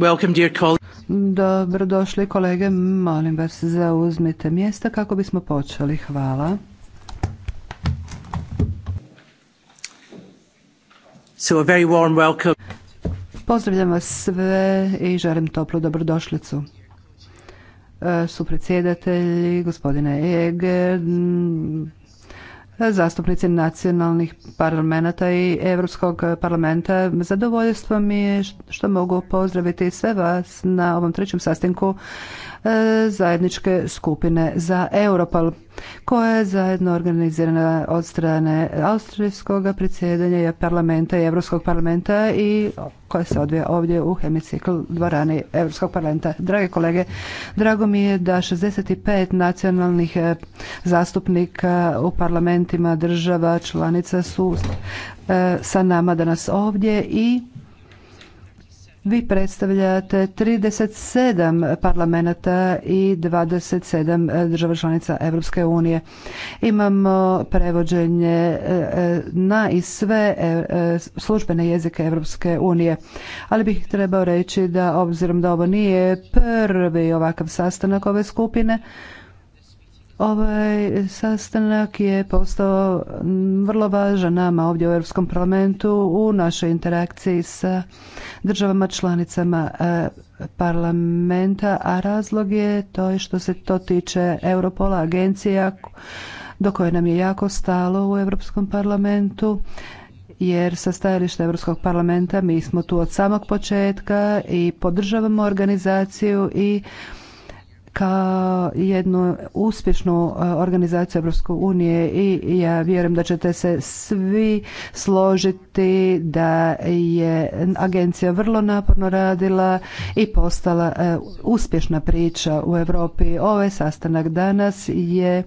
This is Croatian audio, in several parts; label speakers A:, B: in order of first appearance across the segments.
A: Welcome, dear Dobrodošli kolege, molim vas zauzmite mjesta kako bismo počeli. Hvala. So a very warm welcome. Pozdravljam vas sve i želim toplu dobrodošlicu e, su predsjedatelji, gospodine Eger, zastupnici nacionalnih parlamenta i Europskog parlamenta. Zadovoljstvo mi je što mogu pozdraviti sve vas na ovom trećem sastanku E, zajedničke skupine za Europol koja je zajedno organizirana od strane austrijskog predsjedanja parlamenta i Europskog parlamenta i koja se odvija ovdje u hemicikl dvorani Europskog parlamenta. Drage kolege, drago mi je da 65 nacionalnih e, zastupnika u parlamentima država članica su e, sa nama danas ovdje i vi predstavljate 37 parlamenta i 27 e, država članica Europske unije. Imamo prevođenje e, e, na i sve službene jezike Europske unije. Ali bih trebao reći da obzirom da ovo nije prvi ovakav sastanak ove skupine, Ovaj sastanak je postao vrlo važan nama ovdje u Europskom parlamentu u našoj interakciji sa državama članicama e, parlamenta, a razlog je to što se to tiče Europola agencija do koje nam je jako stalo u Europskom parlamentu jer sa stajališta Europskog parlamenta mi smo tu od samog početka i podržavamo organizaciju i kao jednu uspješnu e, organizaciju Europske unije i ja vjerujem da ćete se svi složiti da je agencija vrlo naporno radila i postala e, uspješna priča u Europi. Ovaj sastanak danas je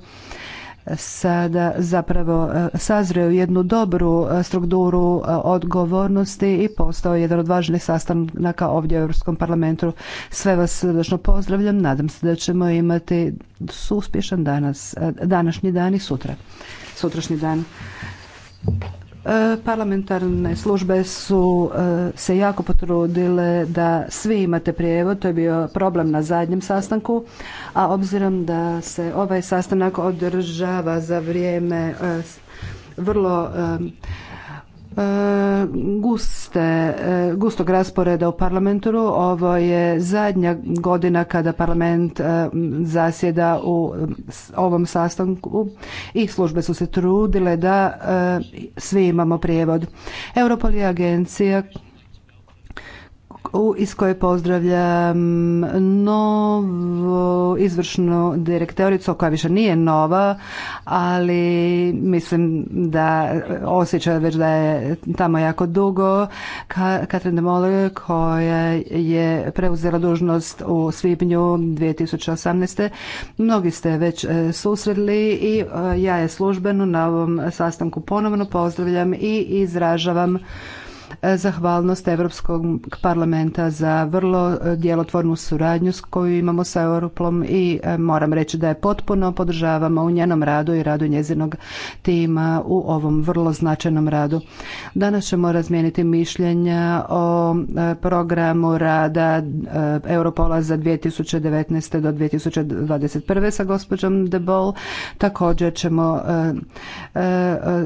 A: sada zapravo e, sazreo jednu dobru e, strukturu e, odgovornosti i postao jedan od važnih sastanaka ovdje u Europskom parlamentu. Sve vas srdečno pozdravljam, nadam se da ćemo imati uspješan danas, današnji dan i sutra, sutrašnji dan. E, parlamentarne službe su e, se jako potrudile da svi imate prijevod, to je bio problem na zadnjem sastanku, a obzirom da se ovaj sastanak održava za vrijeme e, vrlo E, guste, e, gustog rasporeda u parlamentu. Ovo je zadnja godina kada parlament e, zasjeda u ovom sastanku i službe su se trudile da svi imamo prijevod. Europol je agencija iz koje pozdravljam novu izvršnu direktoricu koja više nije nova, ali mislim da e, osjeća već da je tamo jako dugo. Katrin Demole koja je preuzela dužnost u svibnju 2018. Mnogi ste već e, susredli i e, ja je službeno na ovom sastanku ponovno pozdravljam i izražavam E, zahvalnost Europskog parlamenta za vrlo e, djelotvornu suradnju s koju imamo sa Europlom i e, moram reći da je potpuno podržavamo u njenom radu i radu njezinog tima u ovom vrlo značajnom radu. Danas ćemo razmijeniti mišljenja o programu rada Europola za 2019. do 2021. sa gospođom De Također ćemo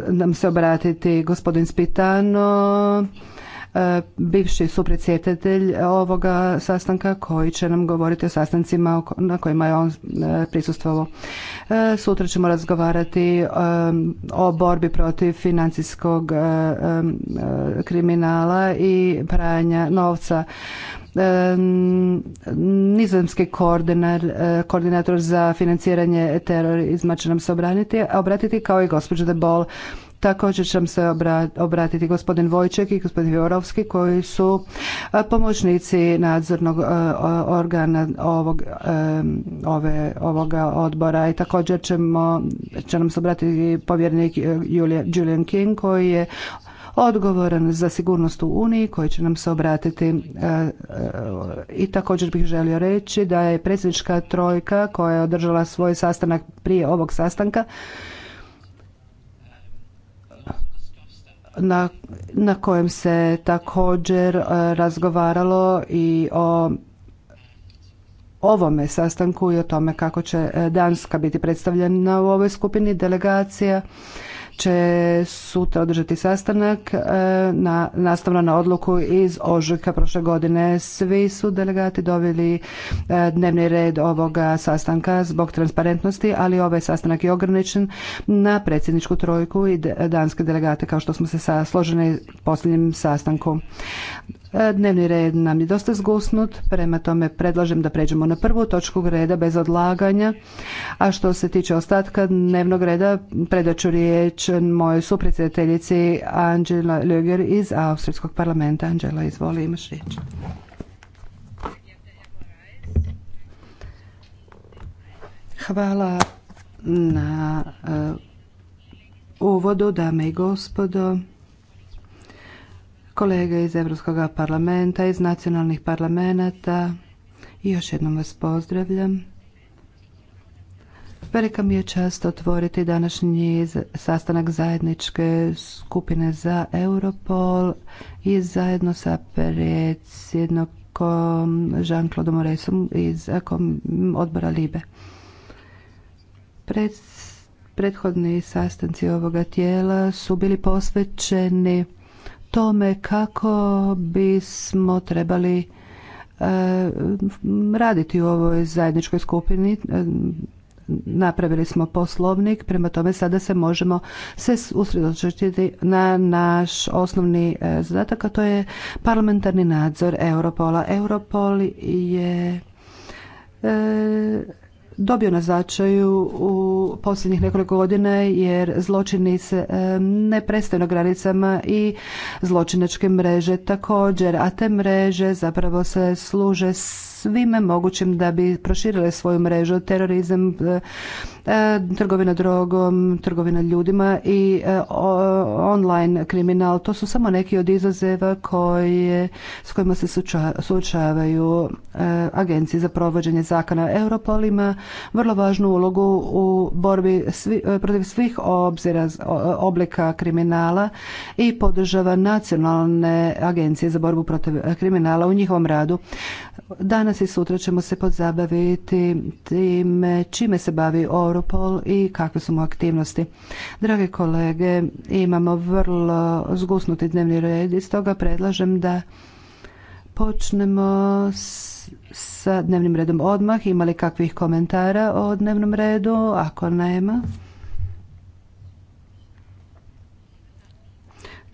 A: nam se obratiti gospodin Spitano E, bivši supredsjedatelj ovoga sastanka koji će nam govoriti o sastancima na kojima je on e, prisustvovao. E, sutra ćemo razgovarati o borbi protiv financijskog kriminala i pranja novca. Nizozemski koordinator za financiranje terorizma će nam se obratiti kao i gospođa De Bol Također nam se obratiti gospodin Vojček i gospodin Vjorovski koji su e, pomoćnici nadzornog e, organa ovog, e, ovoga odbora i također ćemo, će nam se obratiti povjernik Julian King koji je odgovoran za sigurnost u Uniji koji će nam se obratiti i također bih želio reći da je predsjednička trojka koja je održala svoj sastanak prije ovog sastanka na, na kojem se također e, razgovaralo i o ovome sastanku i o tome kako će e, Danska biti predstavljena u ovoj skupini delegacija će sutra održati sastanak e, na, nastavno na odluku iz ožujka prošle godine. Svi su delegati dobili e, dnevni red ovoga sastanka zbog transparentnosti, ali ovaj sastanak je ograničen na predsjedničku trojku i danske delegate kao što smo se složili složeni posljednjem sastanku. E, dnevni red nam je dosta zgusnut, prema tome predlažem da pređemo na prvu točku reda bez odlaganja. A što se tiče ostatka dnevnog reda, predaću riječ mojoj supredsjedateljici Angela Löger iz Austrijskog parlamenta. Angela, izvoli, imaš riječ. Hvala na e, uvodu, dame i gospodo kolege iz Europskog parlamenta, iz nacionalnih parlamenta i još jednom vas pozdravljam. Velika mi je čast otvoriti današnji sastanak zajedničke skupine za Europol i zajedno sa predsjednikom Jean-Claude Moresom iz odbora Libe. prethodni sastanci ovoga tijela su bili posvećeni tome kako bismo trebali e, raditi u ovoj zajedničkoj skupini e, napravili smo poslovnik, prema tome sada se možemo se usredočiti na naš osnovni e, zadatak, a to je parlamentarni nadzor Europola. Europol je dobio na začaju u posljednjih nekoliko godina jer zločini se e, ne prestaju na granicama i zločinačke mreže također, a te mreže zapravo se služe s svime mogućim da bi proširile svoju mrežu terorizam, e, e, trgovina drogom, trgovina ljudima i e, online kriminal. To su samo neki od izazova koje, s kojima se suočavaju agencije za provođenje zakona. Europol ima vrlo važnu ulogu u borbi protiv svih obzira, oblika kriminala i podržava nacionalne agencije za borbu protiv kriminala u njihovom radu. Danas danas i sutra ćemo se podzabaviti time čime se bavi Europol i kakve su mu aktivnosti. Drage kolege, imamo vrlo zgusnuti dnevni red i stoga predlažem da počnemo sa dnevnim redom odmah. Ima li kakvih komentara o dnevnom redu? Ako nema...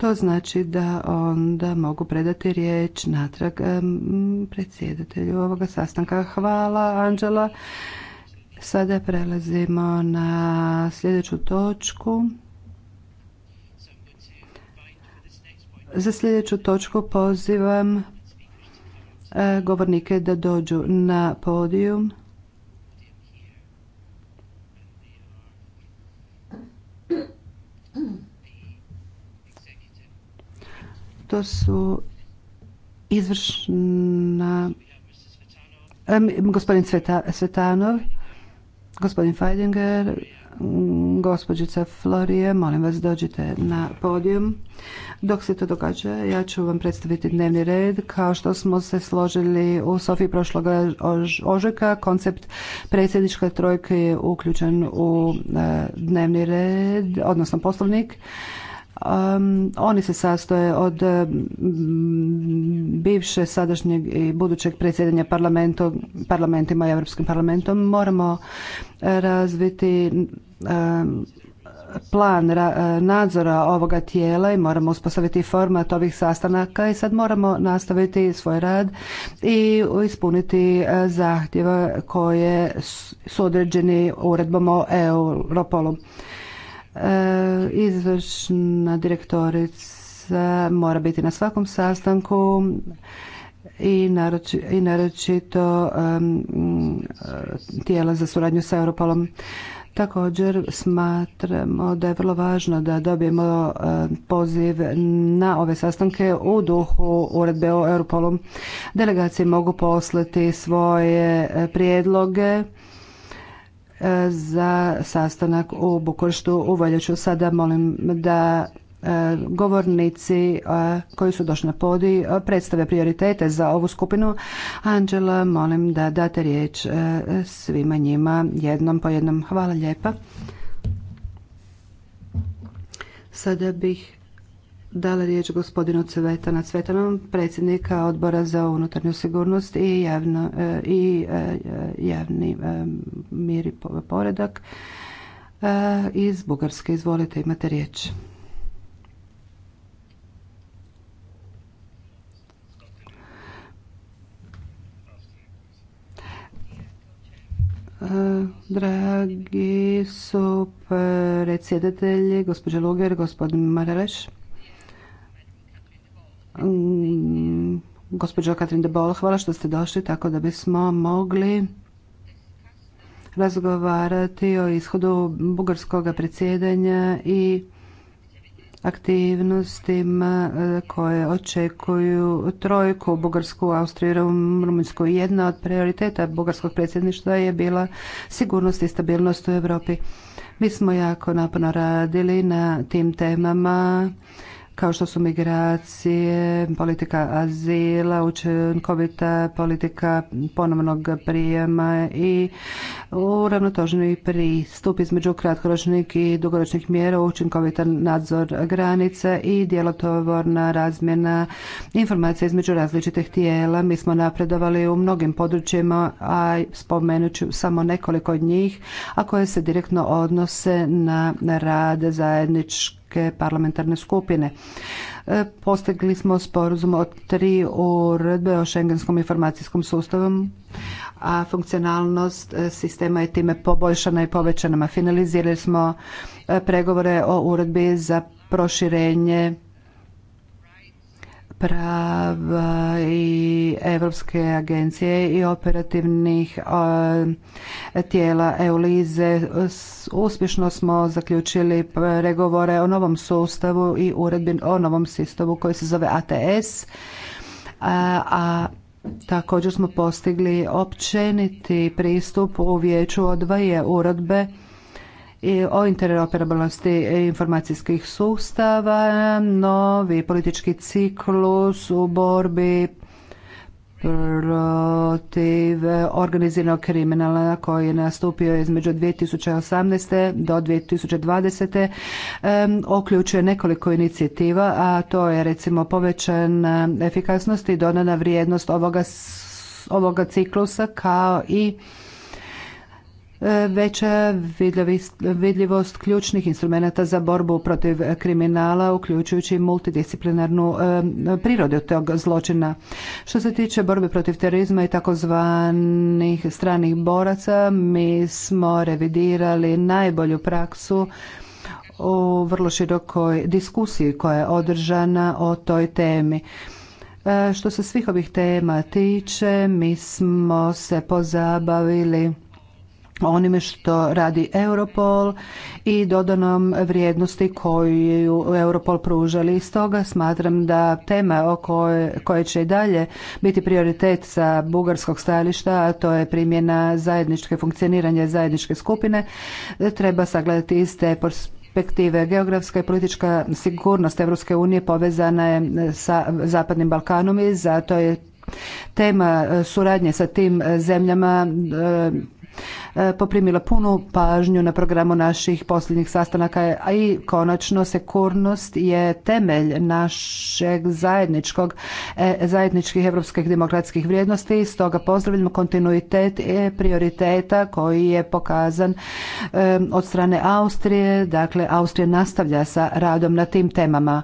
A: To znači da onda mogu predati riječ natrag predsjedatelju ovoga sastanka. Hvala Anđela. Sada prelazimo na sljedeću točku. Za sljedeću točku pozivam e, govornike da dođu na podijum. to su izvršna gospodin Svetanov, gospodin Feidinger, gospođica Florije, molim vas dođite na podijum. Dok se to događa, ja ću vam predstaviti dnevni red. Kao što smo se složili u Sofiji prošloga ožeka, koncept predsjedničke trojke je uključen u e, dnevni red, odnosno poslovnik oni se sastoje od um, bivše, sadašnjeg i budućeg predsjedanja parlamentima i Europskim parlamentom. Moramo razviti plan nadzora ovoga tijela i moramo uspostaviti format ovih sastanaka i sad moramo nastaviti svoj rad i ispuniti zahtjeve koje su određeni uredbom o Europolu. E, izvršna direktorica mora biti na svakom sastanku i naročito mm, tijela za suradnju sa Europolom. Također smatramo da je vrlo važno da dobijemo poziv na ove sastanke u duhu uredbe o Europolu. Delegacije mogu poslati svoje e, prijedloge E, za sastanak u Bukurštu u Valjaču. Sada molim da e, govornici e, koji su došli na podi predstave prioritete za ovu skupinu. Anđela, molim da date riječ svima njima jednom po jednom. Hvala lijepa. Sada bih dala riječ gospodinu Cvetana Cvetanom, predsjednika odbora za unutarnju sigurnost i, javno, e, i e, javni e, mir i poredak iz Bugarske. Izvolite, imate riječ. Dragi su predsjedatelji, gospođa Luger, gospodin Mareleš, Mm, gospođo Katrin de Bol, hvala što ste došli tako da bismo mogli razgovarati o ishodu bugarskog predsjedanja i aktivnostima eh, koje očekuju trojku Bugarsku, Austriju, Rumunjsku. Jedna od prioriteta bugarskog predsjedništva je bila sigurnost i stabilnost u Europi. Mi smo jako naporno radili na tim temama kao što su migracije, politika azila, učinkovita politika ponovnog prijema i uravnotoženi pristup između kratkoročnih i dugoročnih mjera, učinkovitan nadzor granica i djelotvorna razmjena informacija između različitih tijela. Mi smo napredovali u mnogim područjima, a spomenut ću samo nekoliko od njih, a koje se direktno odnose na rad zajedničke parlamentarne skupine. E, postigli smo sporazum od tri uredbe o šengenskom informacijskom sustavu, a funkcionalnost e, sistema je time poboljšana i povećana. Finalizirali smo e, pregovore o uredbi za proširenje prava e, i Europske agencije i operativnih e, tijela EULIZE. Uspješno smo zaključili pregovore o novom sustavu i uredbi o novom sustavu koji se zove ATS, a, također smo postigli općeniti pristup u vijeću od dvije uredbe o interoperabilnosti informacijskih sustava, novi politički ciklus u borbi protiv organiziranog kriminala koji je nastupio između 2018. do 2020. Oključuje nekoliko inicijativa, a to je recimo povećan efikasnost i dodana vrijednost ovoga ciklusa kao i veća vidljivost ključnih instrumenata za borbu protiv kriminala, uključujući multidisciplinarnu prirodu tog zločina. Što se tiče borbe protiv terorizma i takozvanih stranih boraca, mi smo revidirali najbolju praksu u vrlo širokoj diskusiji koja je održana o toj temi. E, što se svih ovih tema tiče, mi smo se pozabavili pa onime što radi Europol i dodanom vrijednosti koju Europol pružali. Stoga smatram da tema o koje, koje će i dalje biti prioritet sa bugarskog stajališta, a to je primjena zajedničke funkcioniranje zajedničke skupine, treba sagledati iste perspektive. Geografska i politička sigurnost Europske unije povezana je sa Zapadnim Balkanom i zato je tema suradnje sa tim zemljama E, poprimila punu pažnju na programu naših posljednjih sastanaka, a i konačno sekurnost je temelj našeg zajedničkog, e, zajedničkih evropskih demokratskih vrijednosti i stoga pozdravljamo kontinuitet e, prioriteta koji je pokazan od strane Austrije, dakle Austrija nastavlja sa radom na tim temama.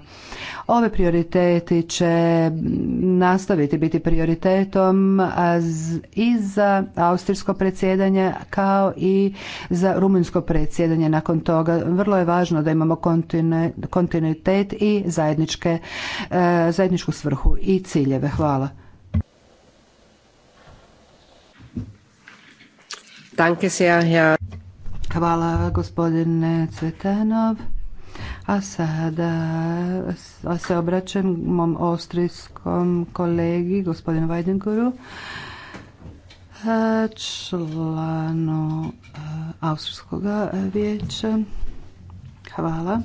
A: Ove prioriteti će nastaviti biti prioritetom i za austrijsko predsjedanje kao i za rumunjsko predsjedanje nakon toga. Vrlo je važno da imamo kontinuitet i zajedničke, e, zajedničku svrhu i ciljeve. Hvala. Hvala gospodine Cvetanov. A sada se obraćam mom austrijskom kolegi, gospodinu Vajdenkuru, članu Austrijskog vijeća. Hvala.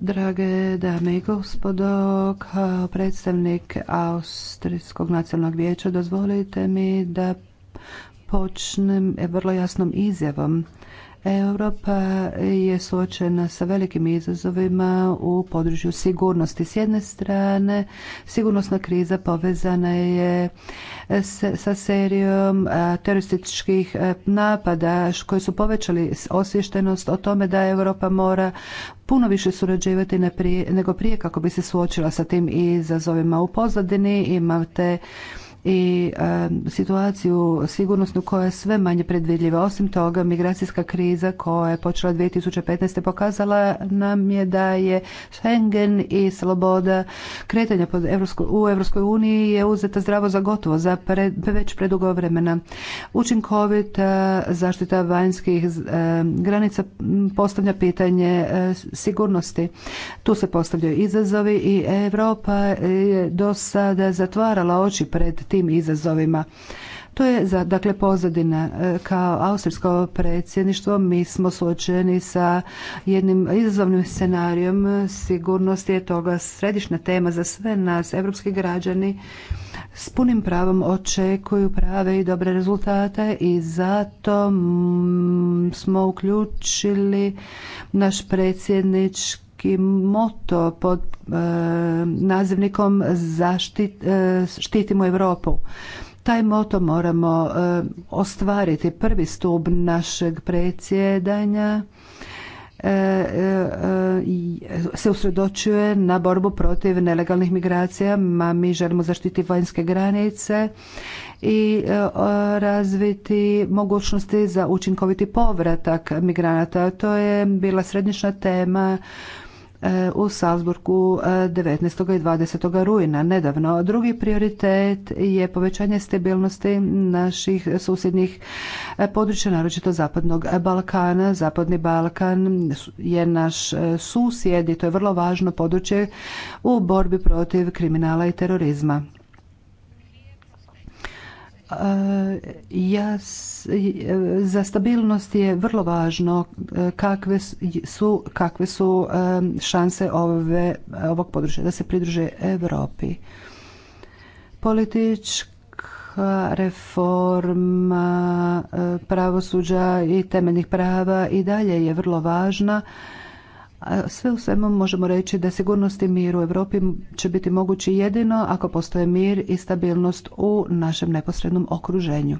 A: Drage dame i gospodo, kao predstavnik Austrijskog nacionalnog vijeća dozvolite mi da počnem vrlo jasnom izjavom. Europa je suočena sa velikim izazovima u području sigurnosti. S jedne strane, sigurnosna kriza povezana je sa serijom terorističkih napada koji su povećali osviještenost o tome da Europa mora puno više surađivati nego prije kako bi se suočila sa tim izazovima. U pozadini imate i e, situaciju sigurnosnu koja je sve manje predvidljiva. Osim toga, migracijska kriza koja je počela 2015. pokazala nam je da je Schengen i sloboda kretanja u Europskoj uniji je uzeta zdravo za gotovo za već predugo vremena. Učinkovita e, zaštita vanjskih e, granica postavlja pitanje sigurnosti. Tu se postavljaju izazovi i Europa je do sada zatvarala oči pred tim izazovima. To je za, dakle pozadina. E, kao austrijsko predsjedništvo mi smo suočeni sa jednim izazovnim scenarijom. Sigurnost je toga središnja tema za sve nas. Evropski građani s punim pravom očekuju prave i dobre rezultate i zato smo uključili naš predsjednički neki moto pod e, nazivnikom zaštit, e, štitimo Europu. Taj moto moramo e, ostvariti prvi stup našeg predsjedanja e, se usredočuje na borbu protiv nelegalnih migracija, ma mi želimo zaštiti vanjske granice i razviti mogućnosti za učinkoviti povratak migranata. To je bila središnja tema E, u Salzburgu 19. E, i 20. rujna nedavno. Drugi prioritet je povećanje stabilnosti naših susjednih e, područja, naročito Zapadnog Balkana. Zapadni Balkan je naš susjed i to je vrlo važno područje u borbi protiv kriminala i terorizma. Eh, ja, eh, za stabilnost je vrlo važno eh, kakve su, kakve su šanse ove, ovog područja da se pridruže Europi. Politička reforma pravosuđa i temeljnih prava i dalje je vrlo važna sve u svemu možemo reći da sigurnost i mir u Europi će biti mogući jedino ako postoje mir i stabilnost u našem neposrednom okruženju.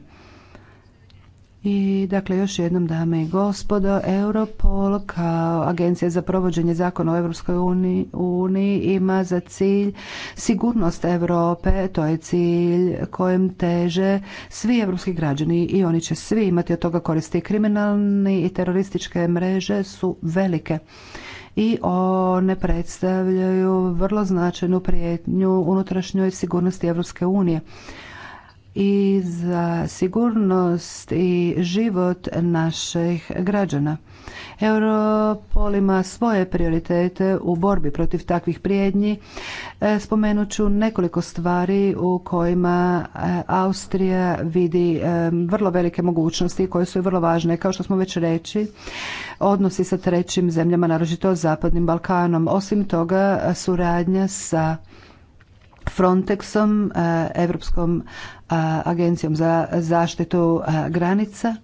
A: I dakle još jednom dame i gospodo, Europol kao agencija za provođenje zakona u Europskoj uniji, ima za cilj sigurnost Europe, to je cilj kojem teže svi europski građani i oni će svi imati od toga koristi. Kriminalni i terorističke mreže su velike i one predstavljaju vrlo značajnu prijetnju unutrašnjoj sigurnosti Europske unije i za sigurnost i život naših građana. Europol ima svoje prioritete u borbi protiv takvih prijednji. E, spomenut ću nekoliko stvari u kojima e, Austrija vidi e, vrlo velike mogućnosti koje su i vrlo važne. Kao što smo već reći, odnosi sa trećim zemljama, naročito Zapadnim Balkanom. Osim toga, suradnja sa Frontexom, Europskom e, agencijom za zaštitu e, granica.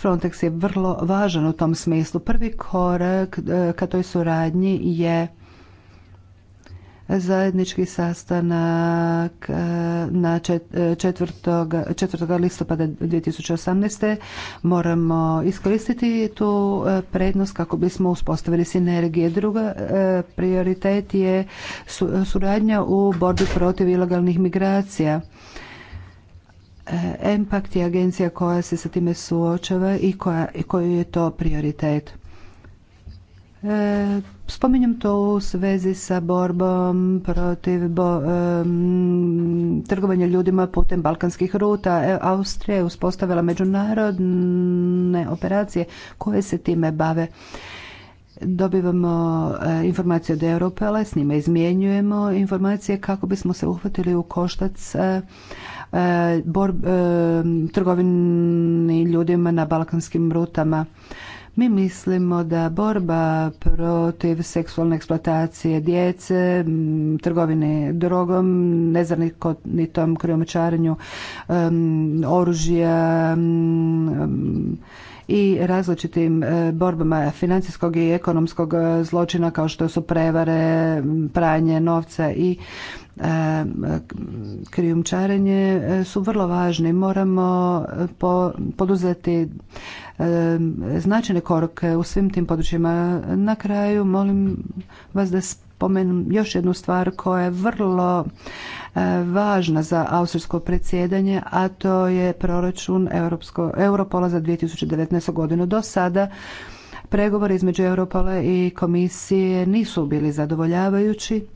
A: Frontex je vrlo važan u tom smislu. Prvi korak e, ka toj suradnji je zajednički sastanak e, na 4. E, listopada 2018. Moramo iskoristiti tu e, prednost kako bismo uspostavili sinergije. Druga prioritet je suradnja u borbi protiv ilegalnih migracija. Empakt je agencija koja se sa time suočava i koja, koju je to prioritet. Spominjem to u svezi sa borbom protiv bo, um, trgovanja ljudima putem balkanskih ruta. E, Austrija je uspostavila međunarodne operacije koje se time bave. Dobivamo e, informacije od Europele, s njima izmjenjujemo informacije kako bismo se uhvatili u koštac e, bor, trgovini ljudima na balkanskim rutama. Mi mislimo da borba protiv seksualne eksploatacije djece, trgovine drogom, nezakonitom krijumčarenju oružja i različitim e, borbama financijskog i ekonomskog e, zločina kao što su prevare, pranje novca i E, krijumčarenje e, su vrlo važni. Moramo e, poduzeti značajne korake u svim tim područjima. Na kraju molim vas da spomenem još jednu stvar koja je vrlo važna za austrijsko predsjedanje, a to je proračun Europola za 2019. godinu. Do sada pregovori između Europola i komisije nisu bili zadovoljavajući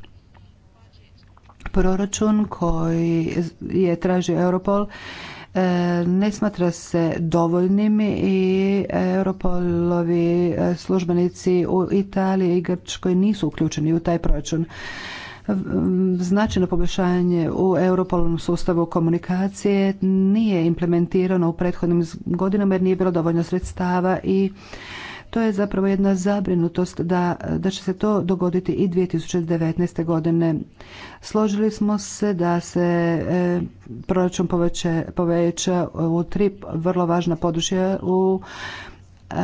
A: proračun koji je tražio Europol e, ne smatra se dovoljnim i Europolovi e, službenici u Italiji i Grčkoj nisu uključeni u taj proračun značajno poboljšanje u Europolnom sustavu komunikacije nije implementirano u prethodnim godinama jer nije bilo dovoljno sredstava i to je zapravo jedna zabrinutost da, da će se to dogoditi i 2019. godine. Složili smo se da se e, proračun poveća u tri vrlo važna područja u e,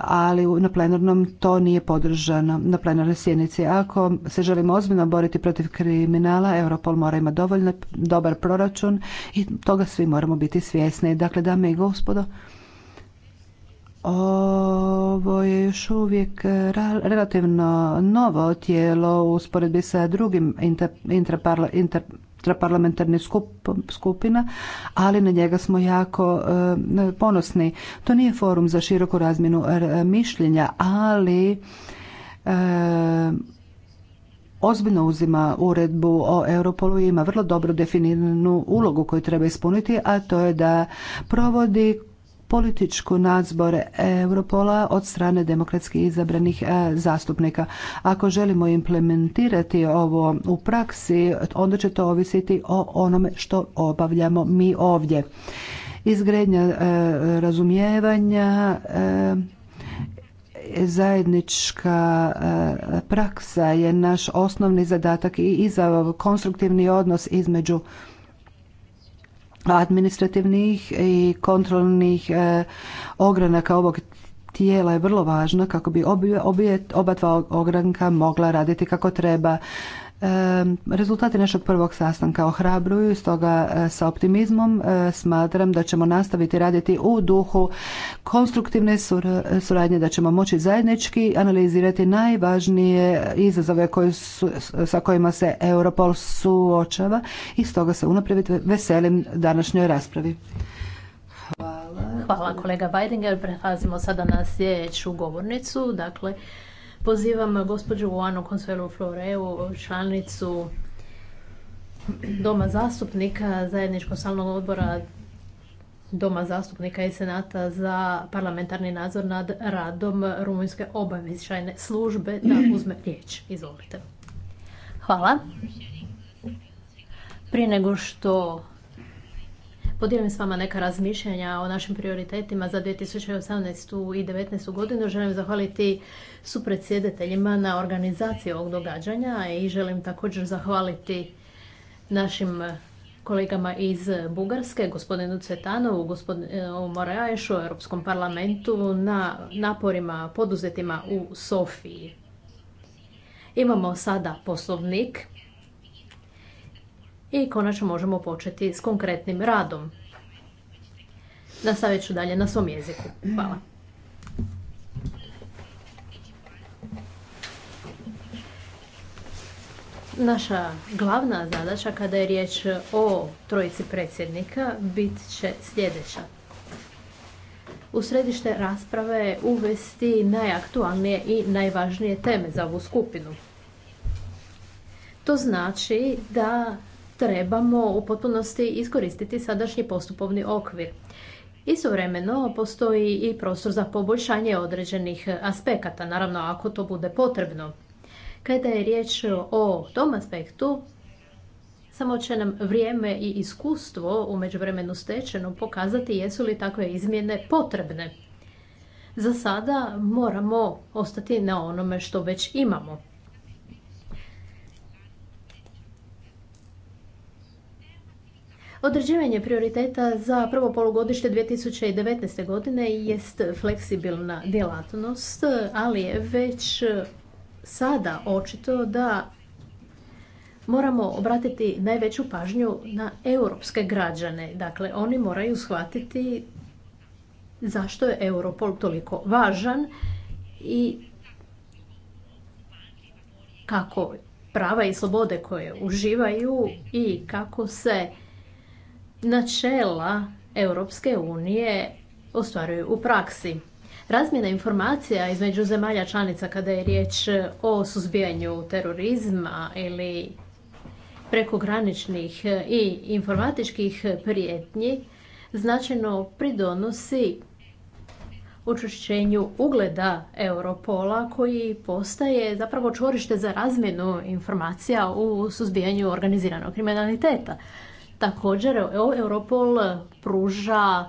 A: ali na plenarnom to nije podržano na plenarnoj sjednici. Ako se želimo ozbiljno boriti protiv kriminala, Europol mora imati dovoljno dobar proračun i toga svi moramo biti svjesni. Dakle, dame i gospodo, ovo je još uvijek e, relativno novo tijelo u usporedbi sa drugim intraparlamentarnim skupina, ali na njega smo jako e, ponosni. To nije forum za široku razmjenu e, mišljenja, ali ozbiljno uzima uredbu o Europolu i ima vrlo dobro definiranu ulogu koju treba ispuniti, a to je da provodi političku nadzbor Europola od strane demokratskih izabranih e, zastupnika. Ako želimo implementirati ovo u praksi, onda će to ovisiti o onome što obavljamo mi ovdje. Izgrednja e, razumijevanja e, zajednička praksa je naš osnovni zadatak i za konstruktivni odnos između administrativnih i kontrolnih e, ogranaka ovog tijela je vrlo važna kako bi oba dva ogranka mogla raditi kako treba. Rezultati našeg prvog sastanka ohrabruju, stoga e, sa optimizmom e, smatram da ćemo nastaviti raditi u duhu konstruktivne suradnje, da ćemo moći zajednički analizirati najvažnije izazove sa kojima se Europol suočava i stoga se unaprijed veselim današnjoj raspravi.
B: Hvala. Hvala kolega Weidinger. Prelazimo sada na sljedeću govornicu. Dakle, Pozivam gospođu Juanu Consuelo Floreu, članicu Doma zastupnika, zajedničkog stalnog odbora Doma zastupnika i Senata za parlamentarni nadzor nad radom Rumunjske obavještajne službe da uzme riječ. Izvolite. Hvala. Prije nego što podijelim s vama neka razmišljanja o našim prioritetima za 2018. i 2019. godinu. Želim zahvaliti supredsjedateljima na organizaciji ovog događanja i želim također zahvaliti našim kolegama iz Bugarske, gospodinu Cetanovu, gospodinu u Europskom parlamentu na naporima poduzetima u Sofiji. Imamo sada poslovnik i konačno možemo početi s konkretnim radom. Nastavit ću dalje na svom jeziku. Hvala. Naša glavna zadaća kada je riječ o trojici predsjednika bit će sljedeća. U središte rasprave uvesti najaktualnije i najvažnije teme za ovu skupinu. To znači da trebamo u potpunosti iskoristiti sadašnji postupovni okvir. Istovremeno postoji i prostor za poboljšanje određenih aspekata, naravno ako to bude potrebno. Kada je riječ o tom aspektu, samo će nam vrijeme i iskustvo u međuvremenu stečeno pokazati jesu li takve izmjene potrebne. Za sada moramo ostati na onome što već imamo. Određivanje prioriteta za prvo polugodište 2019. godine jest fleksibilna djelatnost, ali je već sada očito da moramo obratiti najveću pažnju na europske građane. Dakle, oni moraju shvatiti zašto je Europol toliko važan i kako prava i slobode koje uživaju i kako se načela Europske unije ostvaruju u praksi. Razmjena informacija između zemalja članica kada je riječ o suzbijanju terorizma ili prekograničnih i informatičkih prijetnji značajno pridonosi učušćenju ugleda Europola koji postaje zapravo čvorište za razmjenu informacija u suzbijanju organiziranog kriminaliteta. Također, Europol eh, pruža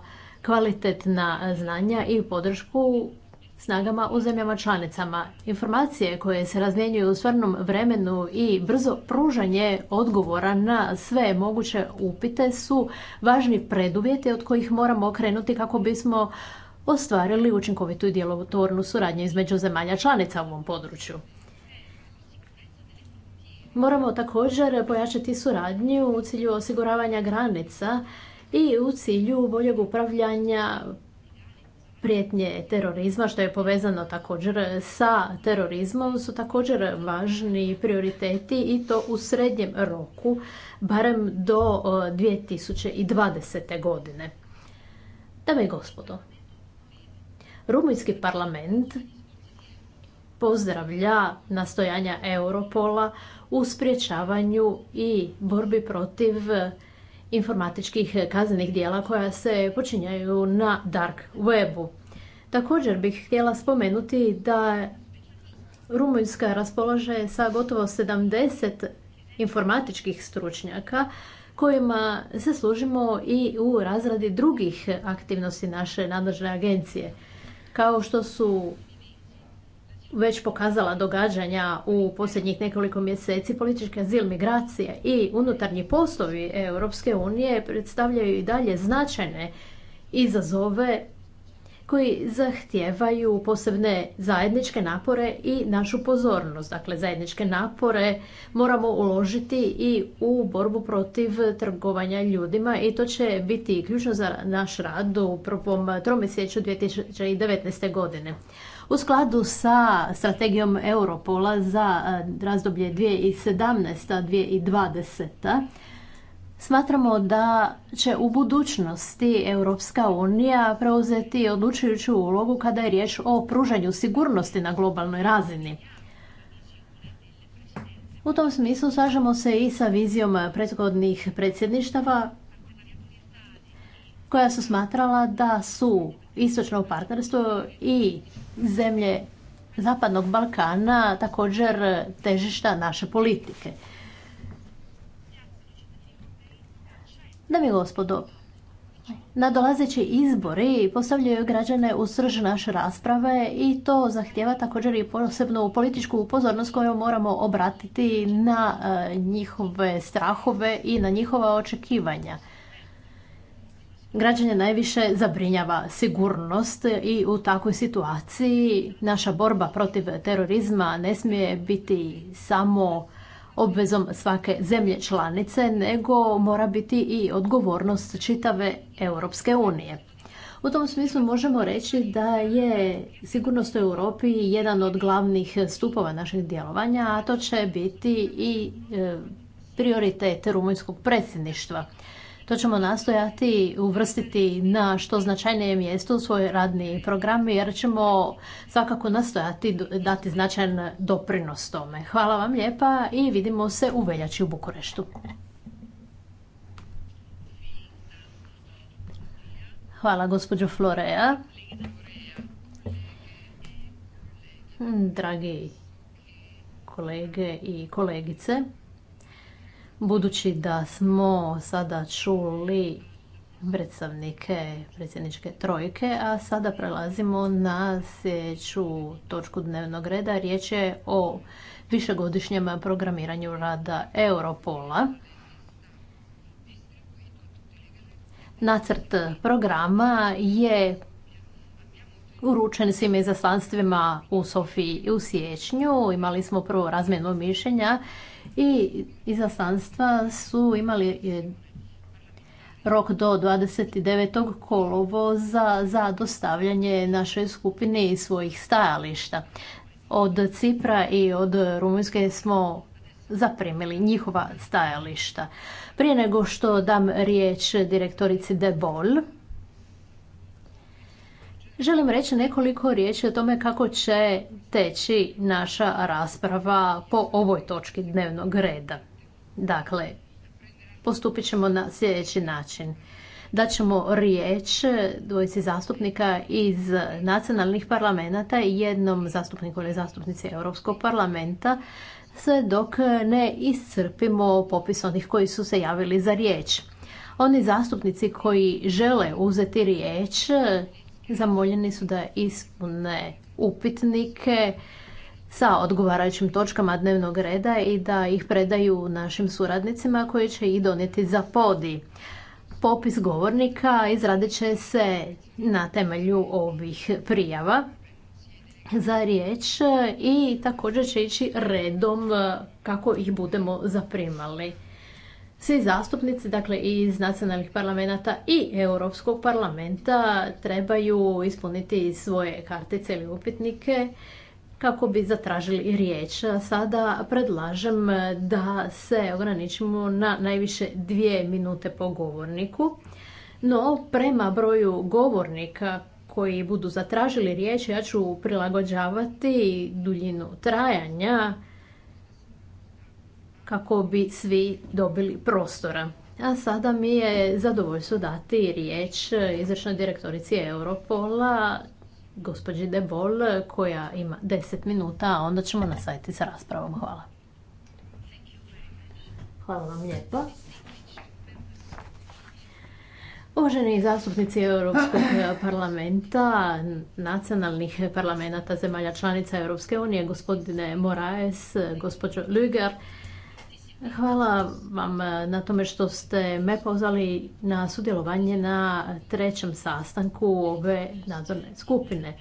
B: kvalitetna eh, znanja i podršku snagama u zemljama članicama. Informacije koje se razmjenjuju u stvarnom vremenu i brzo pružanje odgovora na sve moguće upite su važni preduvjeti od kojih moramo krenuti kako bismo ostvarili učinkovitu i djelotvornu suradnju između zemalja članica u ovom području. Moramo također pojačati suradnju u cilju osiguravanja granica i u cilju boljeg upravljanja prijetnje terorizma, što je povezano također sa terorizmom, su također važni prioriteti i to u srednjem roku, barem do 2020. godine. Dame i gospodo, Rumunjski parlament pozdravlja nastojanja Europola u sprječavanju i borbi protiv informatičkih kaznenih dijela koja se počinjaju na dark webu. Također bih htjela spomenuti da Rumunjska raspolaže sa gotovo 70 informatičkih stručnjaka kojima se služimo i u razradi drugih aktivnosti naše nadležne agencije, kao što su već pokazala događanja u posljednjih nekoliko mjeseci, politički azil, migracija i unutarnji poslovi Europske unije predstavljaju i dalje značajne izazove koji zahtijevaju posebne zajedničke napore i našu pozornost. Dakle, zajedničke napore moramo uložiti i u borbu protiv trgovanja ljudima i to će biti ključno za naš rad u prvom tromjesečju 2019. godine. U skladu sa strategijom Europola za e, razdoblje 2017-2020 Smatramo da će u budućnosti Europska unija preuzeti odlučujuću ulogu kada je riječ o pružanju sigurnosti na globalnoj razini. U tom smislu slažemo se i sa vizijom prethodnih predsjedništava koja su smatrala da su istočnog partnerstva i zemlje Zapadnog Balkana također težišta naše politike. Dami i gospodo, nadolazeći izbori postavljaju građane u srž naše rasprave i to zahtjeva također i posebnu političku upozornost koju moramo obratiti na e, njihove strahove i na njihova očekivanja građane najviše zabrinjava sigurnost i u takvoj situaciji naša borba protiv terorizma ne smije biti samo obvezom svake zemlje članice, nego mora biti i odgovornost čitave Europske unije. U tom smislu možemo reći da je sigurnost u Europi jedan od glavnih stupova naših djelovanja, a to će biti i e, prioritet rumunjskog predsjedništva. To ćemo nastojati uvrstiti na što značajnije mjesto u svoj radni program jer ćemo svakako nastojati dati značajan doprinos tome. Hvala vam lijepa i vidimo se u veljači u Bukureštu. Hvala gospođo Florea. Dragi kolege i kolegice, Budući da smo sada čuli predstavnike predsjedničke trojke, a sada prelazimo na sljedeću točku dnevnog reda. Riječ je o višegodišnjem programiranju rada Europola. Nacrt programa je uručen svim izaslanstvima u Sofiji u siječnju. Imali smo prvo razmjenu mišljenja i izaslanstva su imali rok do 29. kolovoza za dostavljanje našoj skupini svojih stajališta. Od Cipra i od Rumunjske smo zaprimili njihova stajališta. Prije nego što dam riječ direktorici De Bol, Želim reći nekoliko riječi o tome kako će teći naša rasprava po ovoj točki dnevnog reda. Dakle, postupit ćemo na sljedeći način. Daćemo riječ dvojici zastupnika iz nacionalnih parlamenta i jednom zastupniku ili zastupnici Europskog parlamenta sve dok ne iscrpimo popis onih koji su se javili za riječ. Oni zastupnici koji žele uzeti riječ zamoljeni su da ispune upitnike sa odgovarajućim točkama dnevnog reda i da ih predaju našim suradnicima koji će ih donijeti za podi. Popis govornika izradit će se na temelju ovih prijava za riječ i također će ići redom kako ih budemo zaprimali svi zastupnici, dakle iz nacionalnih parlamenta i Europskog parlamenta trebaju ispuniti svoje kartice ili upitnike kako bi zatražili riječ. Sada predlažem da se ograničimo na najviše dvije minute po govorniku. No, prema broju govornika koji budu zatražili riječ, ja ću prilagođavati duljinu trajanja kako bi svi dobili prostora. A sada mi je zadovoljstvo dati riječ izvršnoj direktorici Europola, gospođi Debol, koja ima 10 minuta, a onda ćemo nastaviti sa raspravom. Hvala. Hvala vam lijepo. Uvaženi zastupnici Europskog parlamenta, nacionalnih parlamenta zemalja članica Europske unije, gospodine Moraes, gospođo Lüger, Hvala vam eh, na tome što ste me pozvali na sudjelovanje na trećem sastanku ove nadzorne skupine.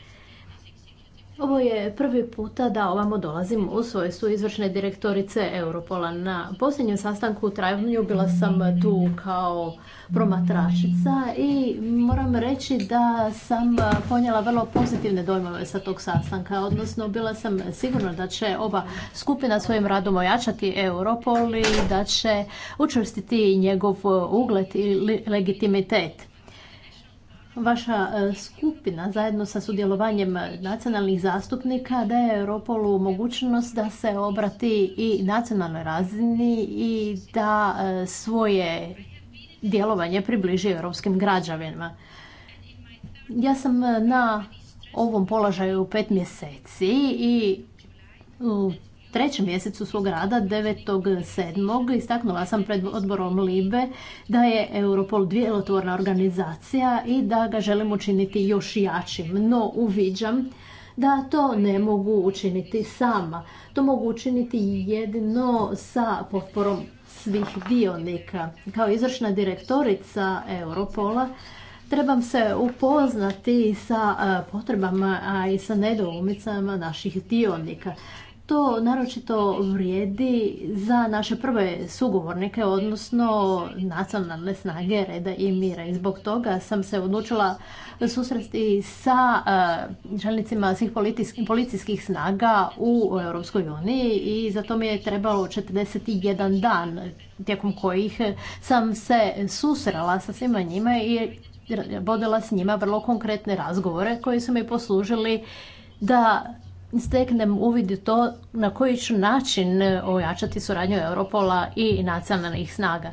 B: Ovo je prvi puta da ovamo dolazim u su izvršne direktorice Europola. Na posljednjem sastanku u travnju bila sam tu kao promatračica i moram reći da sam ponijela vrlo pozitivne dojmove sa tog sastanka, odnosno bila sam sigurna da će ova skupina svojim radom ojačati Europol i da će učvrstiti njegov ugled i legitimitet. Vaša e, skupina zajedno sa sudjelovanjem e, nacionalnih zastupnika daje Europolu mogućnost da se obrati i nacionalnoj razini i da e, svoje djelovanje približi europskim građanima. Ja sam na ovom položaju pet mjeseci i u trećem mjesecu svog rada, 9.7. istaknula sam pred odborom Libe da je Europol djelotvorna organizacija i da ga želim učiniti još jačim. No, uviđam da to ne mogu učiniti sama. To mogu učiniti jedino sa potporom svih dionika. Kao izvršna direktorica Europola trebam se upoznati sa e, potrebama, a i sa nedoumicama naših dionika. To naročito vrijedi za naše prve sugovornike, odnosno nacionalne snage reda i mira. I zbog toga sam se odlučila susresti sa eh, čelnicima svih policijskih snaga u Europskoj uniji i za to mi je trebalo 41 dan tijekom kojih sam se susrela sa svima njima i vodila s njima vrlo konkretne razgovore koji su mi poslužili da steknem uvid to na koji ću način e, ojačati suradnju Europola i nacionalnih snaga.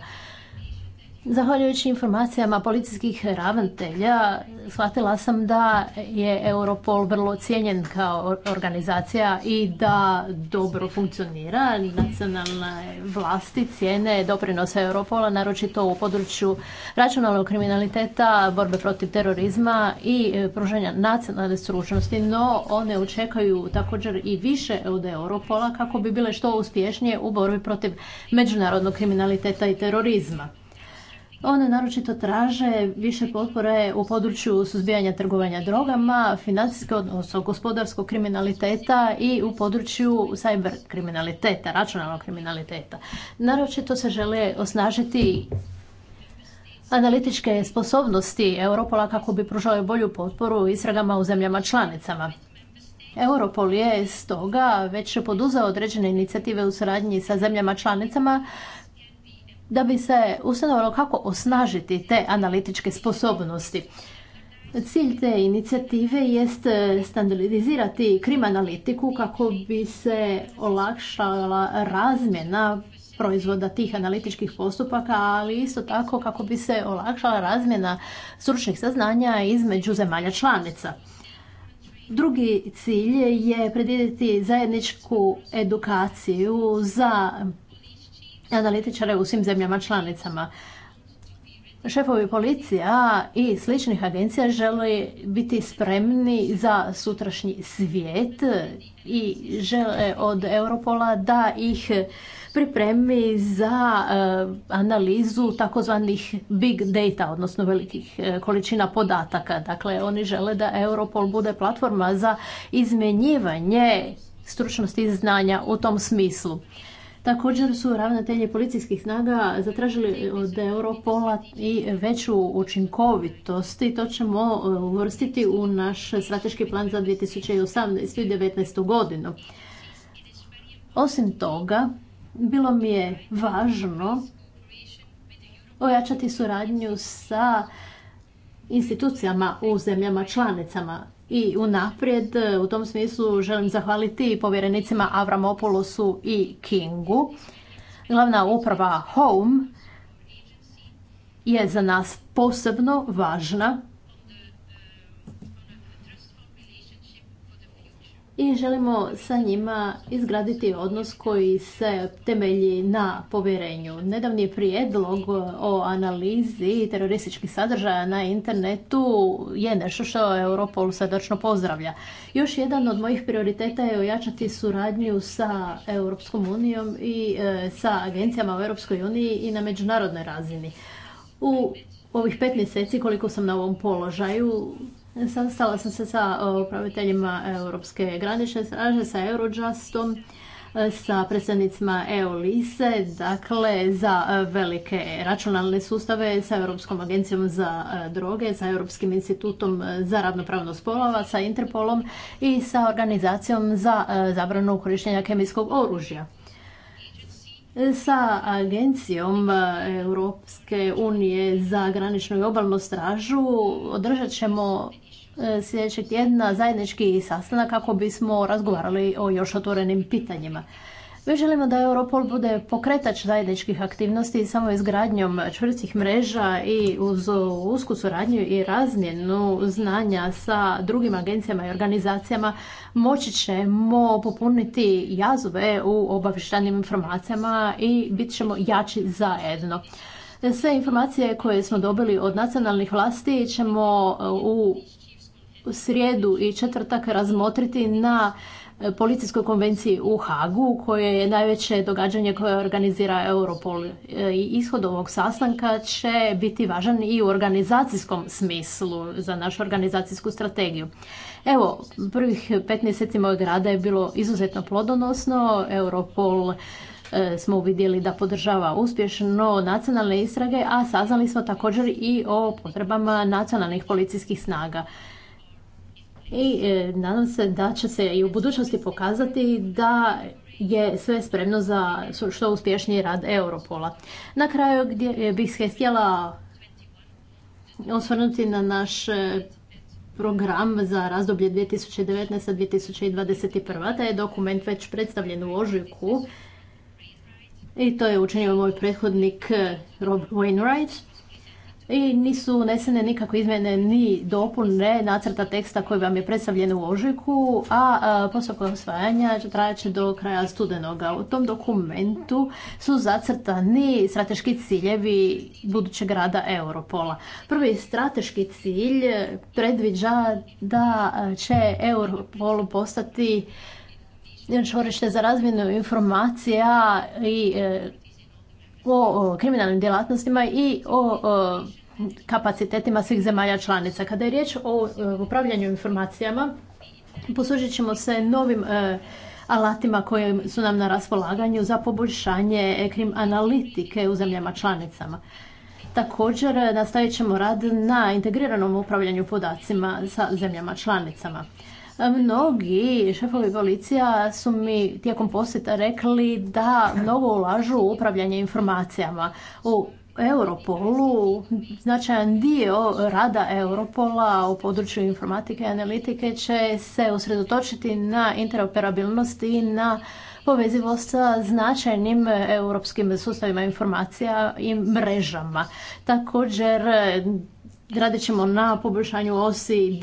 B: Zahvaljujući informacijama policijskih ravnatelja, shvatila sam da je Europol vrlo cijenjen kao organizacija i da dobro funkcionira. Nacionalne vlasti cijene doprinose Europola, naročito u području računalnog kriminaliteta, borbe protiv terorizma i e, pružanja nacionalne stručnosti, no one očekaju također i više od Europola kako bi bile što uspješnije u borbi protiv međunarodnog kriminaliteta i terorizma. One naročito traže više potpore u području suzbijanja trgovanja drogama, financijske odnosno gospodarskog kriminaliteta i u području cyber kriminaliteta, računalnog kriminaliteta. Naročito se žele osnažiti analitičke sposobnosti Europola kako bi pružao bolju potporu istragama u zemljama članicama. Europol je stoga već poduzeo određene inicijative u suradnji sa zemljama članicama da bi se ustanovalo kako osnažiti te analitičke sposobnosti. Cilj te inicijative jest e, standardizirati krim analitiku kako bi se olakšala razmjena proizvoda tih analitičkih postupaka, ali isto tako kako bi se olakšala razmjena stručnih saznanja između zemalja članica. Drugi cilj je predvidjeti zajedničku edukaciju za analitičare u svim zemljama članicama. Šefovi policija i sličnih agencija žele biti spremni za sutrašnji svijet i žele od Europola da ih pripremi za e, analizu takozvanih big data, odnosno velikih e, količina podataka. Dakle, oni žele da Europol bude platforma za izmenjivanje stručnosti i znanja u tom smislu. Također su ravnatelji policijskih snaga zatražili od Europola i veću učinkovitost i to ćemo e, uvrstiti u naš strateški plan za 2018. i 2019. godinu. Osim toga, bilo mi je važno ojačati suradnju sa institucijama u zemljama članicama i unaprijed u tom smislu želim zahvaliti povjerenicima Avramopoulosu i Kingu. Glavna uprava Home je za nas posebno važna i želimo sa njima izgraditi odnos koji se temelji na povjerenju. Nedavni prijedlog o analizi terorističkih sadržaja na internetu je nešto što Europol sadačno pozdravlja. Još jedan od mojih prioriteta je ojačati suradnju sa Europskom unijom i e, sa agencijama u Europskoj uniji i na međunarodnoj razini. U ovih pet mjeseci koliko sam na ovom položaju Sastala sam se sa upraviteljima Europske granične straže, sa Eurojustom, e, sa predsjednicima EOLISE, dakle za e, velike računalne sustave, sa Europskom agencijom za e, droge, sa Europskim institutom za ravnopravnost spolova, sa Interpolom i sa organizacijom za zabranu korištenja kemijskog oružja. Sa agencijom Europske unije za graničnu i obalnu stražu održat ćemo E, sljedećeg tjedna zajednički sastanak kako bismo razgovarali o još otvorenim pitanjima. Mi želimo da Europol bude pokretač zajedničkih aktivnosti samo izgradnjom čvrstih mreža i uz usku suradnju i razmjenu znanja sa drugim agencijama i organizacijama moći ćemo popuniti jazove u obavještajnim informacijama i bit ćemo jači zajedno. Sve informacije koje smo dobili od nacionalnih vlasti ćemo u u srijedu i četvrtak razmotriti na e, policijskoj konvenciji u Hagu, koje je najveće događanje koje organizira Europol. E, ishod ovog sastanka će biti važan i u organizacijskom smislu za našu organizacijsku strategiju. Evo, prvih pet mjeseci mojeg rada je bilo izuzetno plodonosno. Europol e, smo vidjeli da podržava uspješno nacionalne istrage, a saznali smo također i o potrebama nacionalnih policijskih snaga i e, nadam se da će se i u budućnosti pokazati da je sve spremno za što uspješniji rad Europola. Na kraju gdje e, bih se htjela osvrnuti na naš e, program za razdoblje 2019-2021. Taj je dokument već predstavljen u ožujku i to je učinio moj prethodnik Rob Wainwright i nisu unesene nikakve izmjene ni dopune nacrta teksta koji vam je predstavljen u ožujku, a postupak osvajanja trajat će do kraja studenoga. U tom dokumentu su zacrtani strateški ciljevi budućeg rada Europola. Prvi strateški cilj predviđa da će Europol postati čvorište za razmjenu informacija i e, o kriminalnim djelatnostima i o kapacitetima svih zemalja članica. Kada je riječ o upravljanju informacijama, poslužit ćemo se novim e, alatima koje su nam na raspolaganju za poboljšanje e, krim analitike u zemljama članicama. Također e, nastavit ćemo rad na integriranom upravljanju podacima sa zemljama članicama. Mnogi šefovi policija su mi tijekom posjeta rekli da mnogo ulažu u upravljanje informacijama. U Europolu značajan dio rada Europola u području informatike i analitike će se usredotočiti na interoperabilnost i na povezivost sa značajnim europskim sustavima informacija i mrežama. Također radit ćemo na poboljšanju osi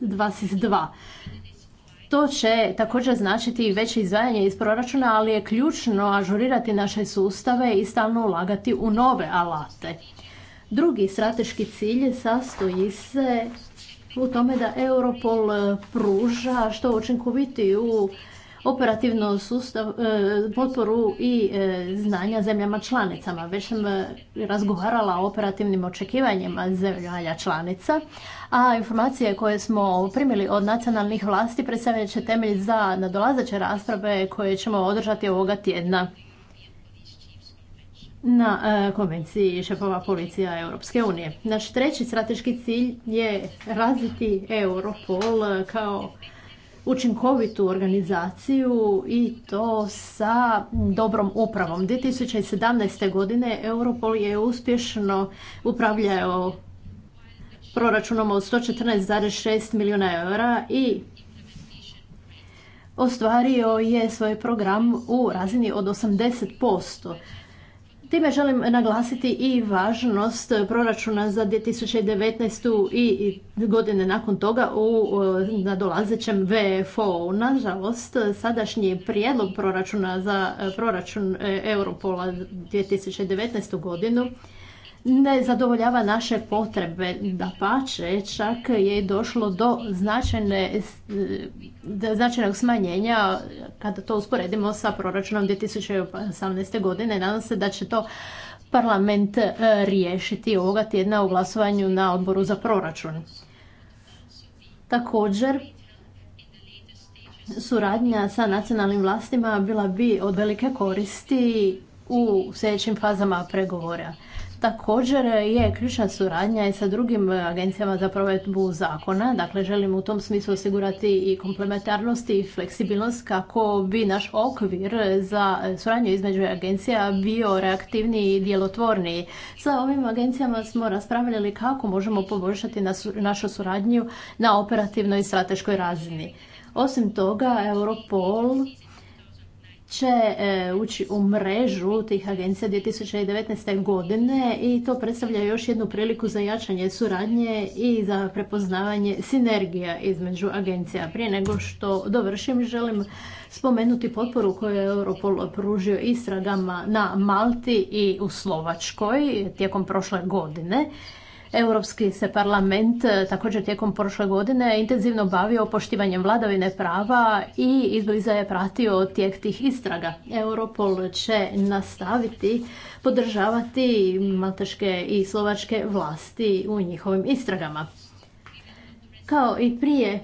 B: 2 to će također značiti i veće izdvajanje iz proračuna, ali je ključno ažurirati naše sustave i stalno ulagati u nove alate. Drugi strateški cilj sastoji se u tome da Europol pruža što učinkovitiju operativnu sustav, e, potporu i e, znanja zemljama članicama. Već sam e, razgovarala o operativnim očekivanjima zemlja članica, a informacije koje smo primili od nacionalnih vlasti predstavljat će temelj za nadolazeće rasprave koje ćemo održati ovoga tjedna na konvenciji šefova policija Europske unije. Naš treći strateški cilj je razviti Europol kao učinkovitu organizaciju i to sa dobrom upravom. 2017. godine Europol je uspješno upravljao proračunom od 114,6 milijuna eura i ostvario je svoj program u razini od 80%. Time želim naglasiti i važnost proračuna za 2019. i godine nakon toga u e, nadolazećem vfo Nažalost, sadašnji prijedlog proračuna za e, proračun e, Europola 2019. godinu ne zadovoljava naše potrebe. Da pače, čak je došlo do značajne, e, značajnog smanjenja kada to usporedimo sa proračunom 2018. godine. Nadam se da će to parlament e, riješiti ovoga tjedna u glasovanju na odboru za proračun. Također, suradnja sa nacionalnim vlastima bila bi od velike koristi u sljedećim fazama pregovora. Također je ključna suradnja i sa drugim e, agencijama za provedbu zakona. Dakle, želimo u tom smislu osigurati i komplementarnost i fleksibilnost kako bi naš okvir za suradnju između agencija bio reaktivniji i djelotvorniji. Sa ovim agencijama smo raspravljali kako možemo poboljšati našu suradnju na operativnoj i strateškoj razini. Osim toga, Europol će e, ući u mrežu tih agencija 2019. godine i to predstavlja još jednu priliku za jačanje suradnje i za prepoznavanje sinergija između agencija. Prije nego što dovršim, želim spomenuti potporu koju je Europol pružio istragama na Malti i u Slovačkoj tijekom prošle godine Europski se parlament e, također tijekom prošle godine intenzivno bavio poštivanjem vladavine prava i izbliza je pratio tijek tih istraga. Europol će nastaviti podržavati malteške i slovačke vlasti u njihovim istragama. Kao i prije,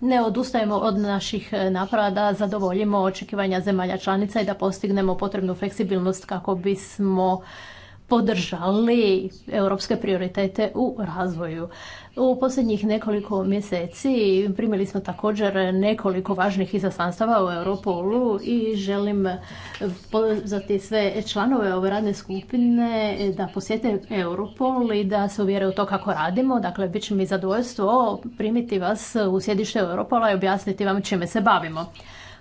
B: ne odustajemo od naših naprava da zadovoljimo očekivanja zemalja članica i da postignemo potrebnu fleksibilnost kako bismo podržali europske prioritete u razvoju. U posljednjih nekoliko mjeseci primili smo također nekoliko važnih izaslanstava u Europolu i želim pozvati sve članove ove radne skupine da posjete Europol i da se uvjere u to kako radimo. Dakle, bit će mi zadovoljstvo primiti vas u sjedište Europola i objasniti vam čime se bavimo.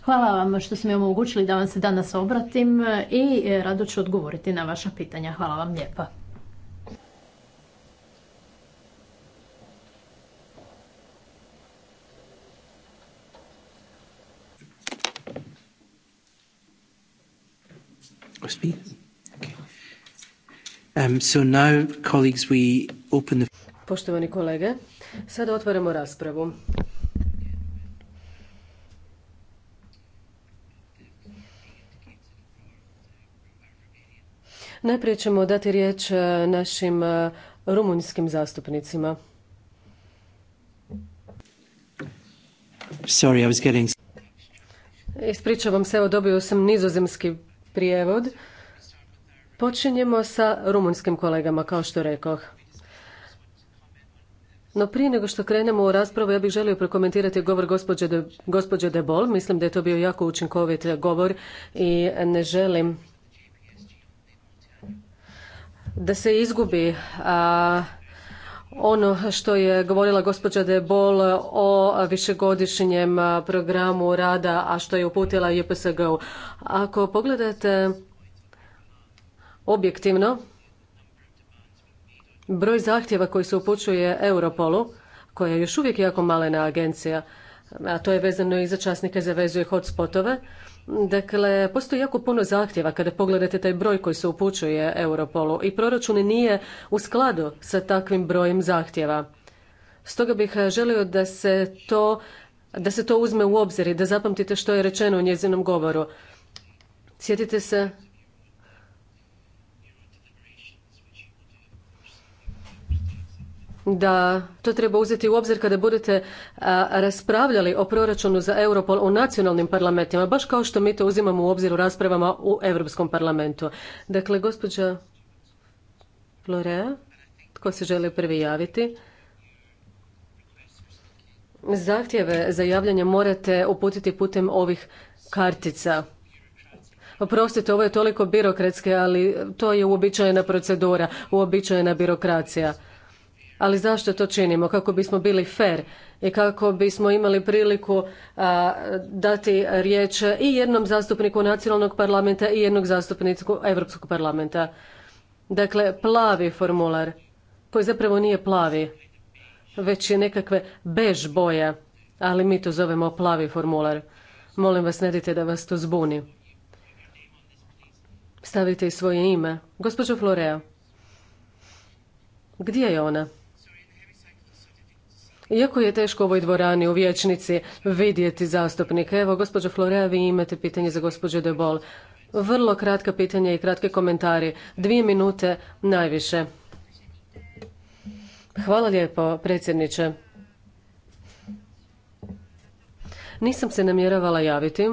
B: Hvala vam što ste mi omogućili da vam se danas obratim i e, rado ću odgovoriti na vaša pitanja. Hvala vam lijepa.
A: Um,
C: Poštovani kolege, sada otvaramo raspravu. Najprije ćemo dati riječ e, našim e, rumunjskim zastupnicima. Ispričavam se, evo dobio sam nizozemski prijevod. Počinjemo sa rumunskim kolegama, kao što rekoh. No prije nego što krenemo u raspravu, ja bih želio prokomentirati govor gospođe Debol. De Bol. Mislim da je to bio jako učinkovit e, govor i ne želim da se izgubi ono što je govorila gospođa De Bol o višegodišnjem programu rada, a što je uputila jpsg Ako pogledate objektivno broj zahtjeva koji se upućuje Europolu, koja je još uvijek jako malena agencija, a to je vezano i za časnike za vezu i hotspotove, Dakle, postoji jako puno zahtjeva kada pogledate taj broj koji se upućuje Europolu i proračun nije u skladu sa takvim brojem zahtjeva. Stoga bih eh, želio da se to, da se to uzme u obzir i da zapamtite što je rečeno u njezinom govoru. Sjetite se da to treba uzeti u obzir kada budete raspravljali o proračunu za Europol u nacionalnim parlamentima, baš kao što mi to uzimamo u obzir u raspravama u Europskom parlamentu. Dakle, gospođa Florea, tko se želi prvi javiti? Zahtjeve za javljanje morate uputiti putem ovih kartica. Oprostite, ovo je toliko birokratske, ali to je uobičajena procedura, uobičajena birokracija. Ali zašto to činimo? Kako bismo bili fer i kako bismo imali priliku dati riječ i jednom zastupniku nacionalnog parlamenta i jednog zastupniku Europskog parlamenta. Dakle, plavi formular koji zapravo nije plavi, već je nekakve bež boje, ali mi to zovemo plavi formular. Molim vas, ne dite da vas to zbuni. Stavite i svoje ime. Gospođo Florea, gdje je ona? Iako je teško u ovoj dvorani u vijećnici vidjeti zastupnike, evo gospođo Florea, vi imate pitanje za gospođu Debol. Vrlo kratka pitanja i kratki komentari. Dvije minute najviše. Hvala lijepo, predsjedniče. Nisam se namjeravala javiti.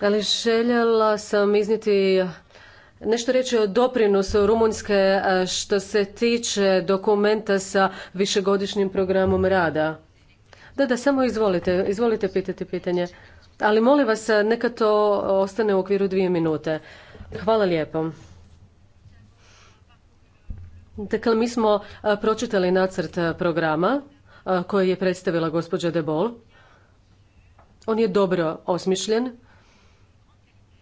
C: Ali željela sam iznijeti nešto reći o doprinosu Rumunjske e, što se tiče dokumenta sa višegodišnjim programom rada? Da, da, samo izvolite, izvolite pitati pitanje. Ali molim vas, e, neka to ostane u okviru dvije minute. Hvala lijepo. Dakle, mi smo e, pročitali nacrt programa koji je predstavila gospođa Debol. On je dobro osmišljen,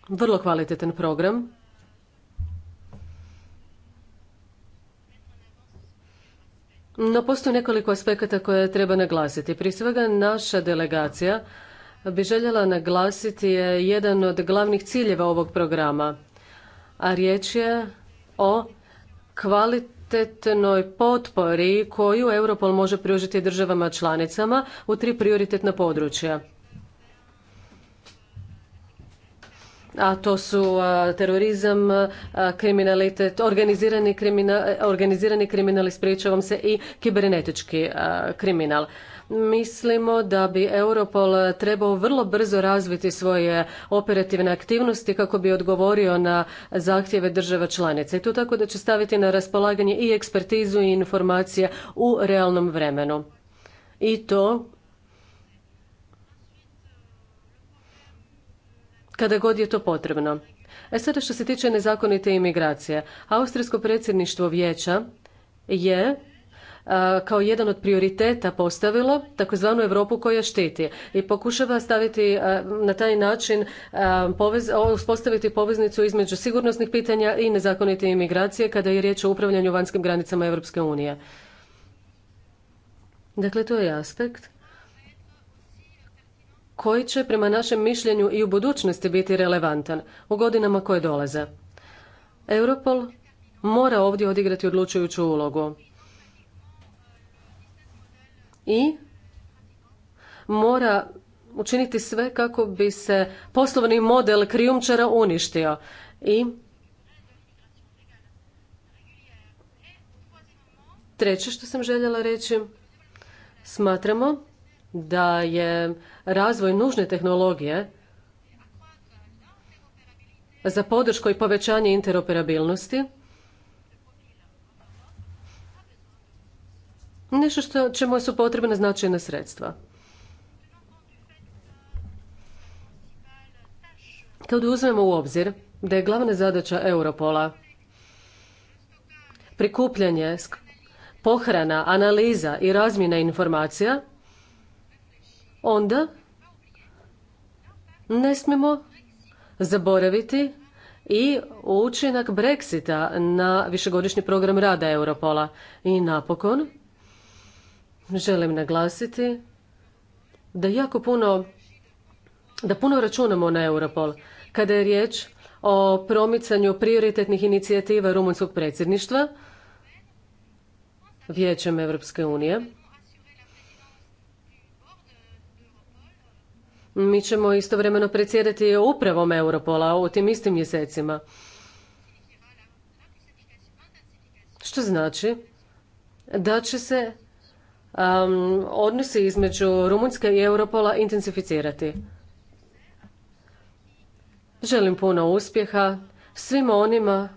C: vrlo kvalitetan program No, postoji nekoliko aspekata koje treba naglasiti. Prije svega, naša delegacija bi željela naglasiti jedan od glavnih ciljeva ovog programa, a riječ je o kvalitetnoj potpori koju Europol može pružiti državama članicama u tri prioritetna područja. a to su terorizam, kriminalitet, organizirani kriminal, organizirani kriminal ispričavam se i kibernetički kriminal. Mislimo da bi Europol trebao vrlo brzo razviti svoje operativne aktivnosti kako bi odgovorio na zahtjeve država članica i to tako da će staviti na raspolaganje i ekspertizu i informacije u realnom vremenu. I to kada god je to potrebno. E sada što se tiče nezakonite imigracije, Austrijsko predsjedništvo vijeća je kao jedan od prioriteta postavilo takozvanu Europu koja štiti i pokušava staviti na taj način uspostaviti poveznicu između sigurnosnih pitanja i nezakonite imigracije kada je riječ o upravljanju vanjskim granicama Europske unije. Dakle, to je aspekt koji će prema našem mišljenju i u budućnosti biti relevantan u godinama koje dolaze. Europol mora ovdje odigrati odlučujuću ulogu i mora učiniti sve kako bi se poslovni model krijumčara uništio i treće što sam željela reći smatramo da je razvoj nužne tehnologije za podršku i povećanje interoperabilnosti nešto što, čemu su potrebna značajna sredstva. Kada uzmemo u obzir da je glavna zadaća Europola prikupljanje, pohrana, analiza i razmjena informacija, onda ne smijemo zaboraviti i učinak Brexita na višegodišnji program rada Europola. I napokon želim naglasiti da jako puno da puno računamo na Europol kada je riječ o promicanju prioritetnih inicijativa rumunjskog predsjedništva Vijećem Europske unije Mi ćemo istovremeno predsjedati upravom Europola u tim istim mjesecima. Što znači da će se odnosi između Rumunjske i Europola intensificirati. Želim puno uspjeha svima onima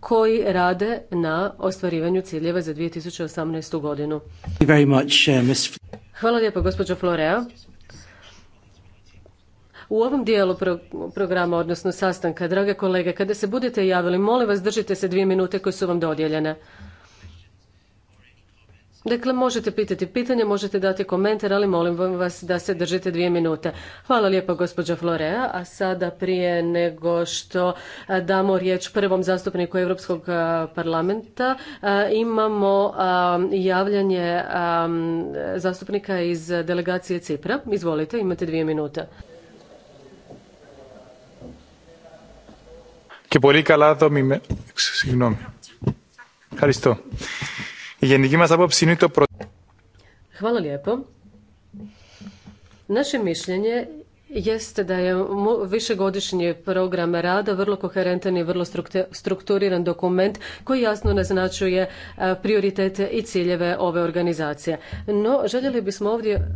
C: koji rade na ostvarivanju ciljeva za 2018. godinu.
A: Uh,
C: Hvala lijepo, gospođo Florea. U ovom dijelu programa, odnosno sastanka, drage kolege, kada se budete javili, molim vas držite se dvije minute koje su vam dodijeljene. Dakle, možete pitati pitanje, možete dati komentar, ali molim vas da se držite dvije minute. Hvala lijepo, gospođa Florea. A sada prije nego što damo riječ prvom zastupniku Europskog parlamenta, imamo javljanje zastupnika iz delegacije Cipra. Izvolite, imate dvije minute. και πολύ Hvala lijepo. Naše mišljenje jeste da je višegodišnji program rada vrlo koherentan i vrlo strukturiran dokument koji jasno naznačuje e, prioritete i ciljeve ove organizacije. No, željeli bismo ovdje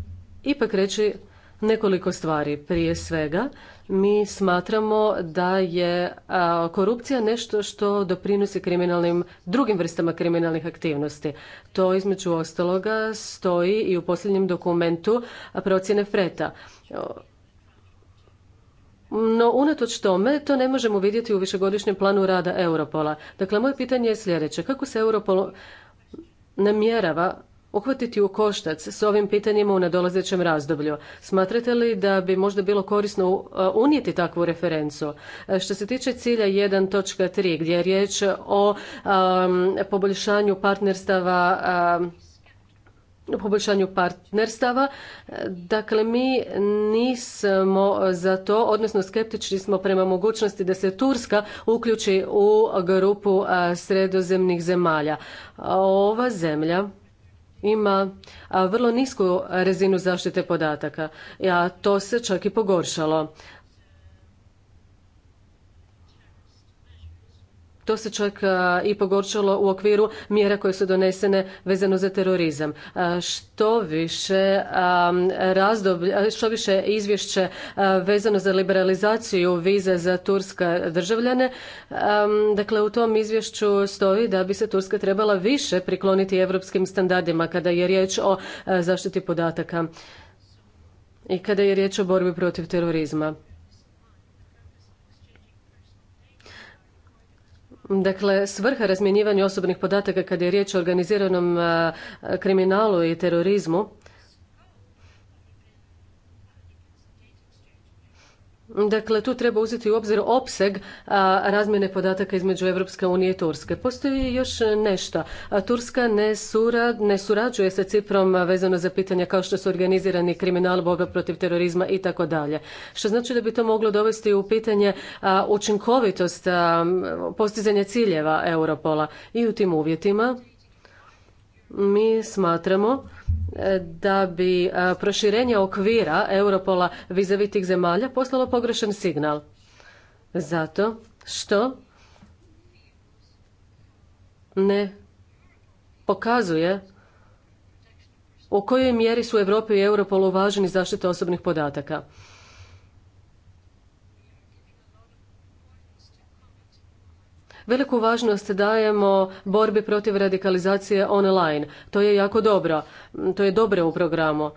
C: ipak reći nekoliko stvari. Prije svega, mi smatramo da je korupcija nešto što doprinosi kriminalnim, drugim vrstama kriminalnih aktivnosti. To između ostaloga stoji i u posljednjem dokumentu procjene Freta. No, unatoč tome, to ne možemo vidjeti u višegodišnjem planu rada Europola. Dakle, moje pitanje je sljedeće. Kako se Europol namjerava uhvatiti u koštac s ovim pitanjima u nadolazećem razdoblju. Smatrate li da bi možda bilo korisno uh, unijeti takvu referencu? Uh, što se tiče cilja 1.3 gdje je riječ o um, poboljšanju partnerstava um, poboljšanju partnerstava. Dakle, mi nismo za to, odnosno skeptični smo prema mogućnosti da se Turska uključi u grupu uh, sredozemnih zemalja. Ova zemlja ima vrlo nisku razinu zaštite podataka, a to se čak i pogoršalo. To se čak e, i pogoršalo u okviru mjera koje su donesene vezano za terorizam. E, što više e, što više izvješće vezano za liberalizaciju vize za turske državljane, dakle u tom izvješću stoji da bi se Turska trebala više prikloniti europskim standardima kada je riječ o zaštiti podataka i kada je riječ o borbi protiv terorizma. Dakle, svrha razmjenjivanja osobnih podataka kad je riječ o organiziranom kriminalu i terorizmu Dakle, tu treba uzeti u obzir opseg razmjene podataka između Europske unije i Turske. Postoji još nešto. Turska ne, surađuje sa Ciprom vezano za pitanja kao što su organizirani kriminal, boga protiv terorizma i tako dalje. Što znači da bi to moglo dovesti u pitanje učinkovitost postizanja ciljeva Europola. I u tim uvjetima mi smatramo da bi e, proširenje okvira Europola vizavi tih zemalja poslalo pogrešan signal. Zato što ne pokazuje u kojoj mjeri su Europi i Europolu važni zaštita osobnih podataka. Veliku važnost dajemo borbi protiv radikalizacije online. To je jako dobro. To je dobro u programu.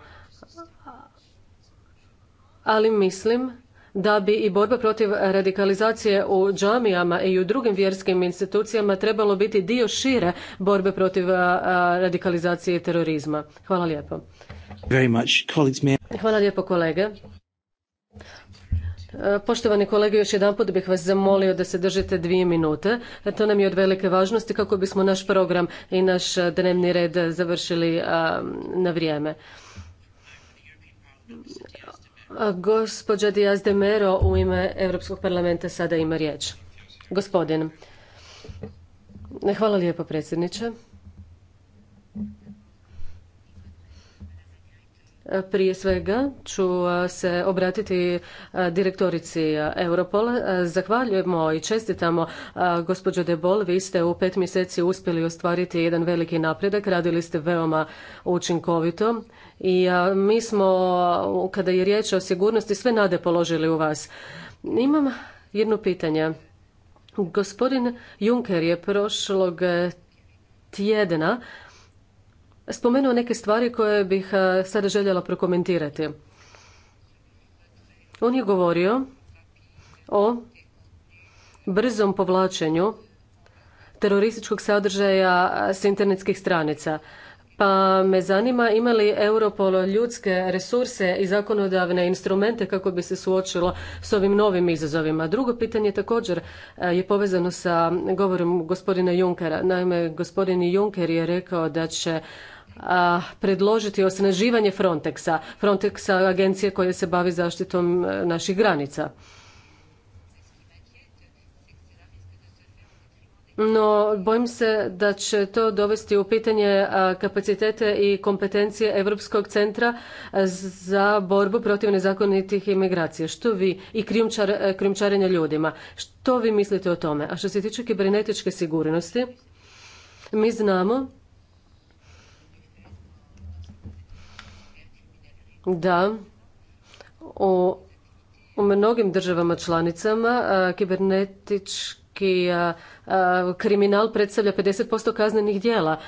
C: Ali mislim da bi i borba protiv radikalizacije u džamijama i u drugim vjerskim institucijama trebalo biti dio šire borbe protiv radikalizacije i terorizma. Hvala lijepo. Hvala lijepo kolege. Poštovani kolege, još jedanput bih vas zamolio da se držite dvije minute. To nam je od velike važnosti kako bismo naš program i naš dnevni red završili na vrijeme. Gospođa Diaz de Mero u ime Europskog parlamenta sada ima riječ. Gospodin. Hvala lijepo predsjedniče. Prije svega ću se obratiti direktorici Europola. Zahvaljujemo i čestitamo gospođo De Vi ste u pet mjeseci uspjeli ostvariti jedan veliki napredak. Radili ste veoma učinkovito i mi smo, kada je riječ o sigurnosti, sve nade položili u vas. Imam jedno pitanje. Gospodin Juncker je prošlog tjedna spomenuo neke stvari koje bih e, sada željela prokomentirati. On je govorio o brzom povlačenju terorističkog sadržaja s internetskih stranica. Pa me zanima ima li Europol ljudske resurse i zakonodavne instrumente kako bi se suočilo s ovim novim izazovima. Drugo pitanje također e, je povezano sa govorom gospodina Junkera. Naime, gospodin Juncker je rekao da će a, predložiti osnaživanje Frontexa, Frontexa agencije koja se bavi zaštitom e, naših granica. No, bojim se da će to dovesti u pitanje e, kapacitete i kompetencije Europskog centra e, za borbu protiv nezakonitih imigracija. Što vi i krijumčarenje ljudima. Što vi mislite o tome? A što se tiče kibernetičke sigurnosti, mi znamo da u, u mnogim državama članicama kibernetički kriminal predstavlja 50% kaznenih djela.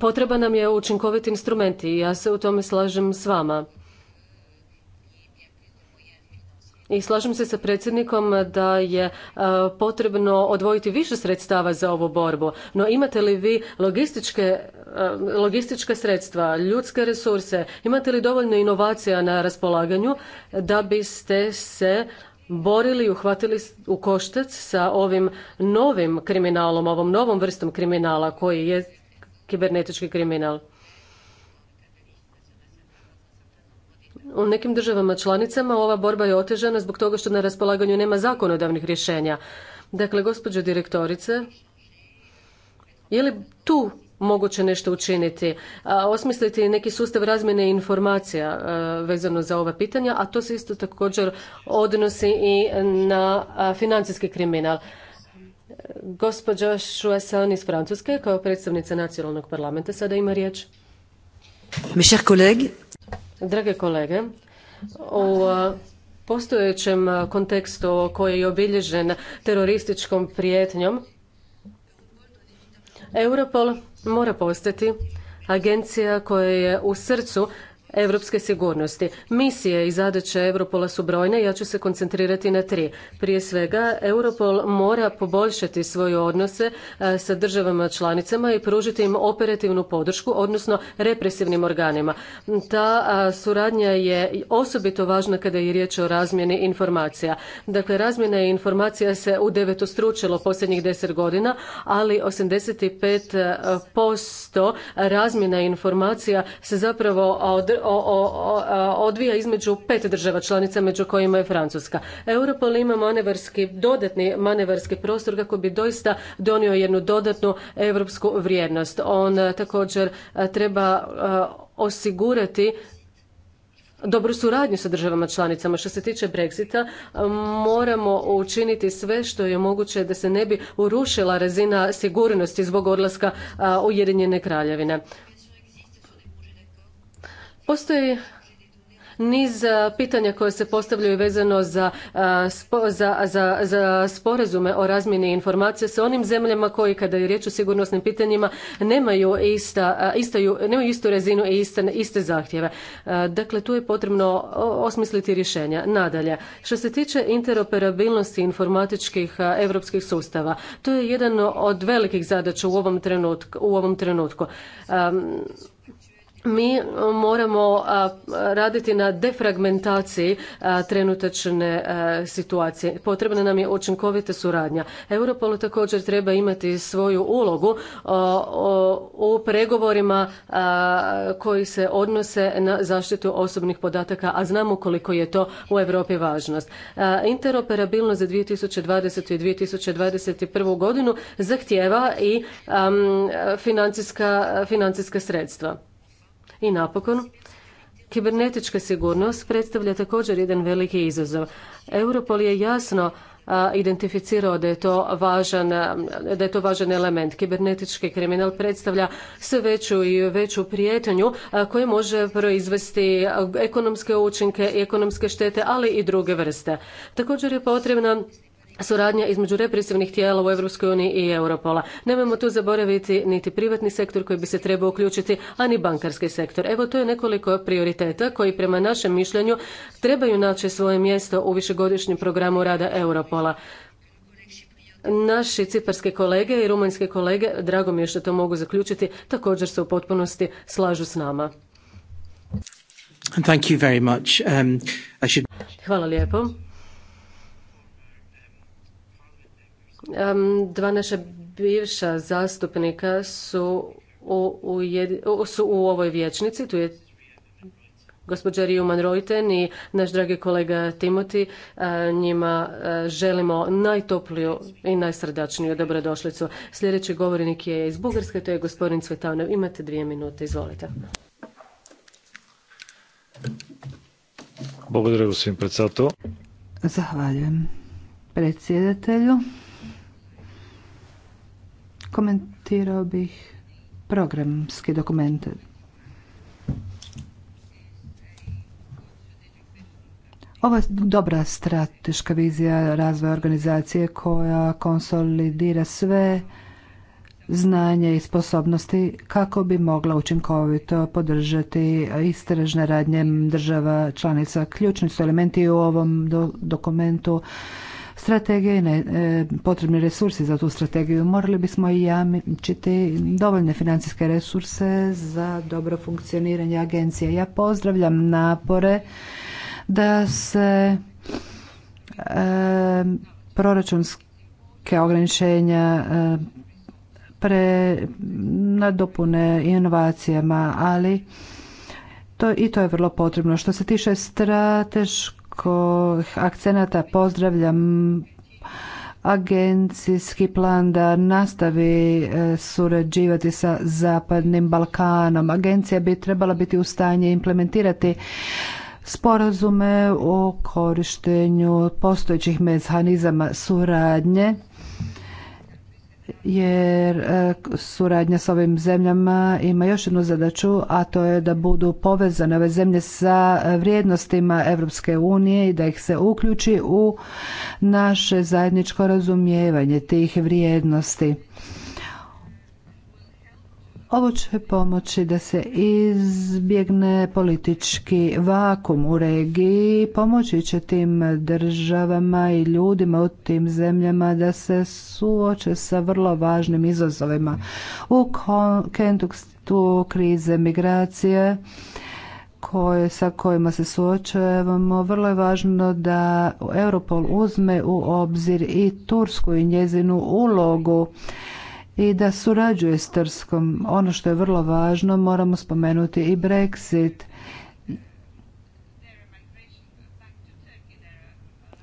C: Potreba nam je učinkoviti instrumenti i ja se u tome slažem s vama. i slažem se sa predsjednikom da je e, potrebno odvojiti više sredstava za ovu borbu. No imate li vi logističke, e, logistička sredstva, ljudske resurse, imate li dovoljno inovacija na raspolaganju da biste se borili i uhvatili u koštac sa ovim novim kriminalom, ovom novom vrstom kriminala koji je kibernetički kriminal. u nekim državama članicama ova borba je otežana zbog toga što na raspolaganju nema zakonodavnih rješenja. Dakle, gospođo direktorice, je li tu moguće nešto učiniti, a, osmisliti neki sustav razmjene informacija e, vezano za ova pitanja, a to se isto također odnosi i na financijski kriminal. Gospođa Šuasan iz Francuske, kao predstavnica nacionalnog parlamenta, sada ima riječ. Mes chers Drage kolege, u uh, postojećem kontekstu koji je obilježen terorističkom prijetnjom, Europol mora postati agencija koja je u srcu europske sigurnosti. Misije i zadaće Europola su brojne, ja ću se koncentrirati na tri. Prije svega, Europol mora poboljšati svoje odnose e, sa državama članicama i pružiti im operativnu podršku, odnosno represivnim organima. Ta suradnja je osobito važna kada je riječ o razmjeni informacija. Dakle, razmjena informacija se u stručilo posljednjih deset godina, ali 85% e, razmjena informacija se zapravo od odvija između pet država članica među kojima je Francuska. Europol ima manevarski, dodatni manevarski prostor kako bi doista donio jednu dodatnu europsku vrijednost. On također treba osigurati dobru suradnju sa državama članicama. Što se tiče Brexita, moramo učiniti sve što je moguće da se ne bi urušila razina sigurnosti zbog odlaska Ujedinjene kraljevine. Postoji niz e, pitanja koje se postavljaju vezano e, za, za, sporazume o razmjeni informacija sa onim zemljama koji kada je riječ o sigurnosnim pitanjima nemaju, ista, e, nemaju istu razinu i iste, zahtjeve. Dakle, tu je potrebno osmisliti rješenja. Nadalje, što se tiče interoperabilnosti informatičkih europskih sustava, to je jedan od velikih zadaća u ovom trenutku. U ovom trenutku mi e, moramo e, raditi na defragmentaciji e, trenutačne situacije. Potrebna nam je učinkovita suradnja. Europol također treba imati svoju ulogu u pregovorima koji se odnose na zaštitu osobnih podataka, a znamo koliko je to u Europi važnost. Interoperabilnost za 2020. i 2021. godinu zahtjeva i financijska, financijska sredstva. I napokon, kibernetička sigurnost predstavlja također jedan veliki izazov. Europol je jasno identificirao da je to važan, da je to važan element. Kibernetički kriminal predstavlja sve veću i veću prijetanju koje može proizvesti ekonomske učinke, i ekonomske štete, ali i druge vrste. Također je potrebna suradnja između represivnih tijela u Europskoj uniji i Europola. Nemojmo tu zaboraviti niti privatni sektor koji bi se trebao uključiti, a ni bankarski sektor. Evo to je nekoliko prioriteta koji prema našem mišljenju trebaju naći svoje mjesto u višegodišnjem programu rada Europola. Naši ciparske kolege i rumanjske kolege, drago mi je što to mogu zaključiti, također se u potpunosti slažu s nama. Um, Hvala lijepo. Dva naša bivša zastupnika su u, ovoj vječnici. Tu je gospođa riuman Rojten i naš dragi kolega Timoti. E, njima e, želimo najtopliju i najsrdačniju dobrodošlicu. Sljedeći govornik je iz Bugarske, to je gospodin Cvetanov. Imate dvije minute, izvolite.
A: Zahvaljujem predsjedatelju. Komentirao bih programski dokumente. Ovo je dobra strateška vizija razvoja organizacije koja konsolidira sve znanje i sposobnosti kako bi mogla učinkovito podržati istražne radnje država članica. Ključni su elementi u ovom dokumentu strategije i e, potrebni resursi za tu strategiju. Morali bismo i jamčiti dovoljne financijske resurse za dobro funkcioniranje agencije. Ja pozdravljam napore da se e, proračunske ograničenja e, pre nadopune inovacijama, ali to i to je vrlo potrebno. Što se tiče strateškog nekoliko akcenata pozdravljam agencijski plan da nastavi e, surađivati sa Zapadnim Balkanom. Agencija bi trebala biti u stanju implementirati sporazume o korištenju postojećih mehanizama suradnje jer e, suradnja s ovim zemljama ima još jednu zadaću, a to je da budu povezane ove zemlje sa vrijednostima Europske unije i da ih se uključi u naše zajedničko razumijevanje tih vrijednosti. Ovo će pomoći da se izbjegne politički vakum u regiji, pomoći će tim državama i ljudima u tim zemljama da se suoče sa vrlo važnim izazovima u kontekstu krize migracije koje, sa kojima se suočavamo, vrlo je važno da Europol uzme u obzir i Tursku i njezinu ulogu i da surađuje s Trskom. Ono što je vrlo važno, moramo spomenuti i Brexit.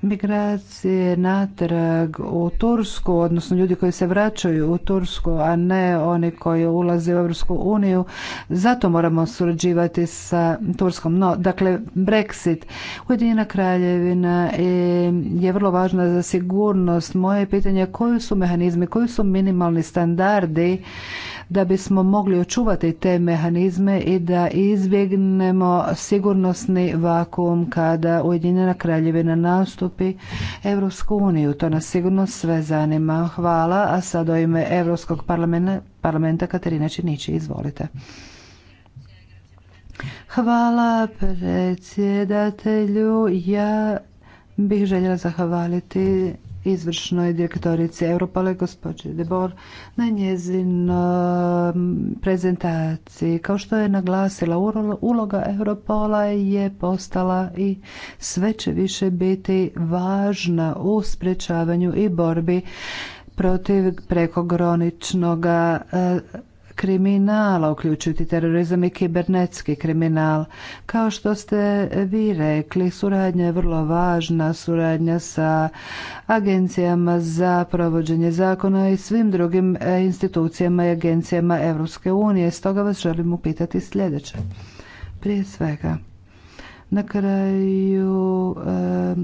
A: migracije natrag u Tursku, odnosno ljudi koji se vraćaju u Tursku, a ne oni koji ulaze u Europsku uniju. Zato moramo surađivati sa Turskom. No, dakle, Brexit, Ujedinjena kraljevina je vrlo važna za sigurnost. Moje pitanje je koji su mehanizmi, koji su minimalni standardi da bismo mogli očuvati te mehanizme i da izbjegnemo sigurnosni vakuum kada Ujedinjena kraljevina nastupi Evropsku uniju. To nas sigurno sve zanima. Hvala. A sad o ime Europskog parlamenta, parlamenta Katarina Činići. Izvolite. Hvala predsjedatelju. Ja bih željela zahvaliti izvršnoj direktorici Europole, gospođe Debor, na njezin um, prezentaciji. Kao što je naglasila, uloga Europola je postala i sve će više biti važna u sprečavanju i borbi protiv prekograničnog kriminala, uključujući terorizam i kibernetski kriminal. Kao što ste vi rekli, suradnja je vrlo važna, suradnja sa agencijama za provođenje zakona i svim drugim e, institucijama i agencijama Europske unije. Stoga vas želim upitati sljedeće. Prije svega, na kraju e,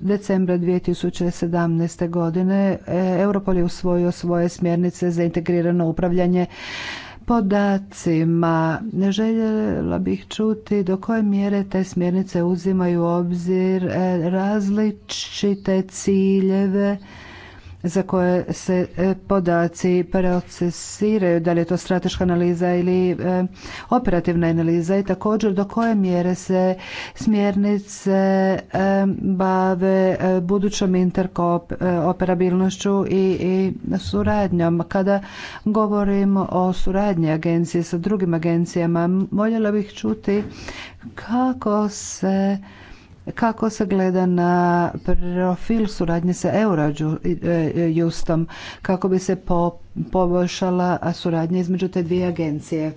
A: decembra 2017. godine e, Europol je usvojio svoje smjernice za integrirano upravljanje podacima. Ne željela bih čuti do koje mjere te smjernice uzimaju u obzir e, različite ciljeve za koje se e, podaci procesiraju, da li je to strateška analiza ili e, operativna analiza i također do koje mjere se smjernice e, bave budućom operabilnošću i suradnjom. Kada govorimo o suradnji agencije sa drugim agencijama, voljela bih čuti kako se kako se gleda na profil suradnje sa Eurojustom kako bi se poboljšala suradnja između te dvije agencije.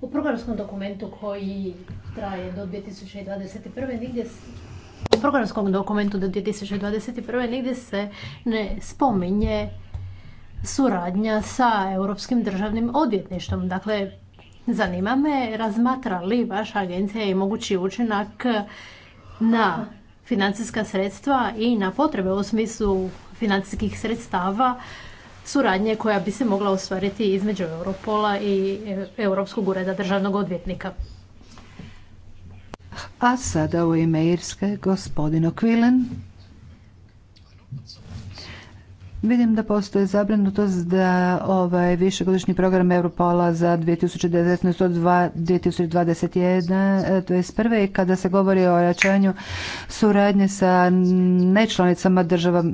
B: U programskom dokumentu koji traje do 2021. nigdje u programskom dokumentu do 2021. nigdje se ne spominje suradnja sa Europskim državnim odvjetništvom. Dakle, zanima me razmatra li vaša agencija i mogući učinak na financijska sredstva i na potrebe u smislu financijskih sredstava suradnje koja bi se mogla ostvariti između Europola i e, Europskog ureda državnog odvjetnika.
A: A sada u ime Irske gospodin Okvilen. Vidim da postoje zabrinutost da ovaj višegodišnji program Europola za 2019. do 2021. prve i kada se govori o jačanju suradnje sa nečlanicama država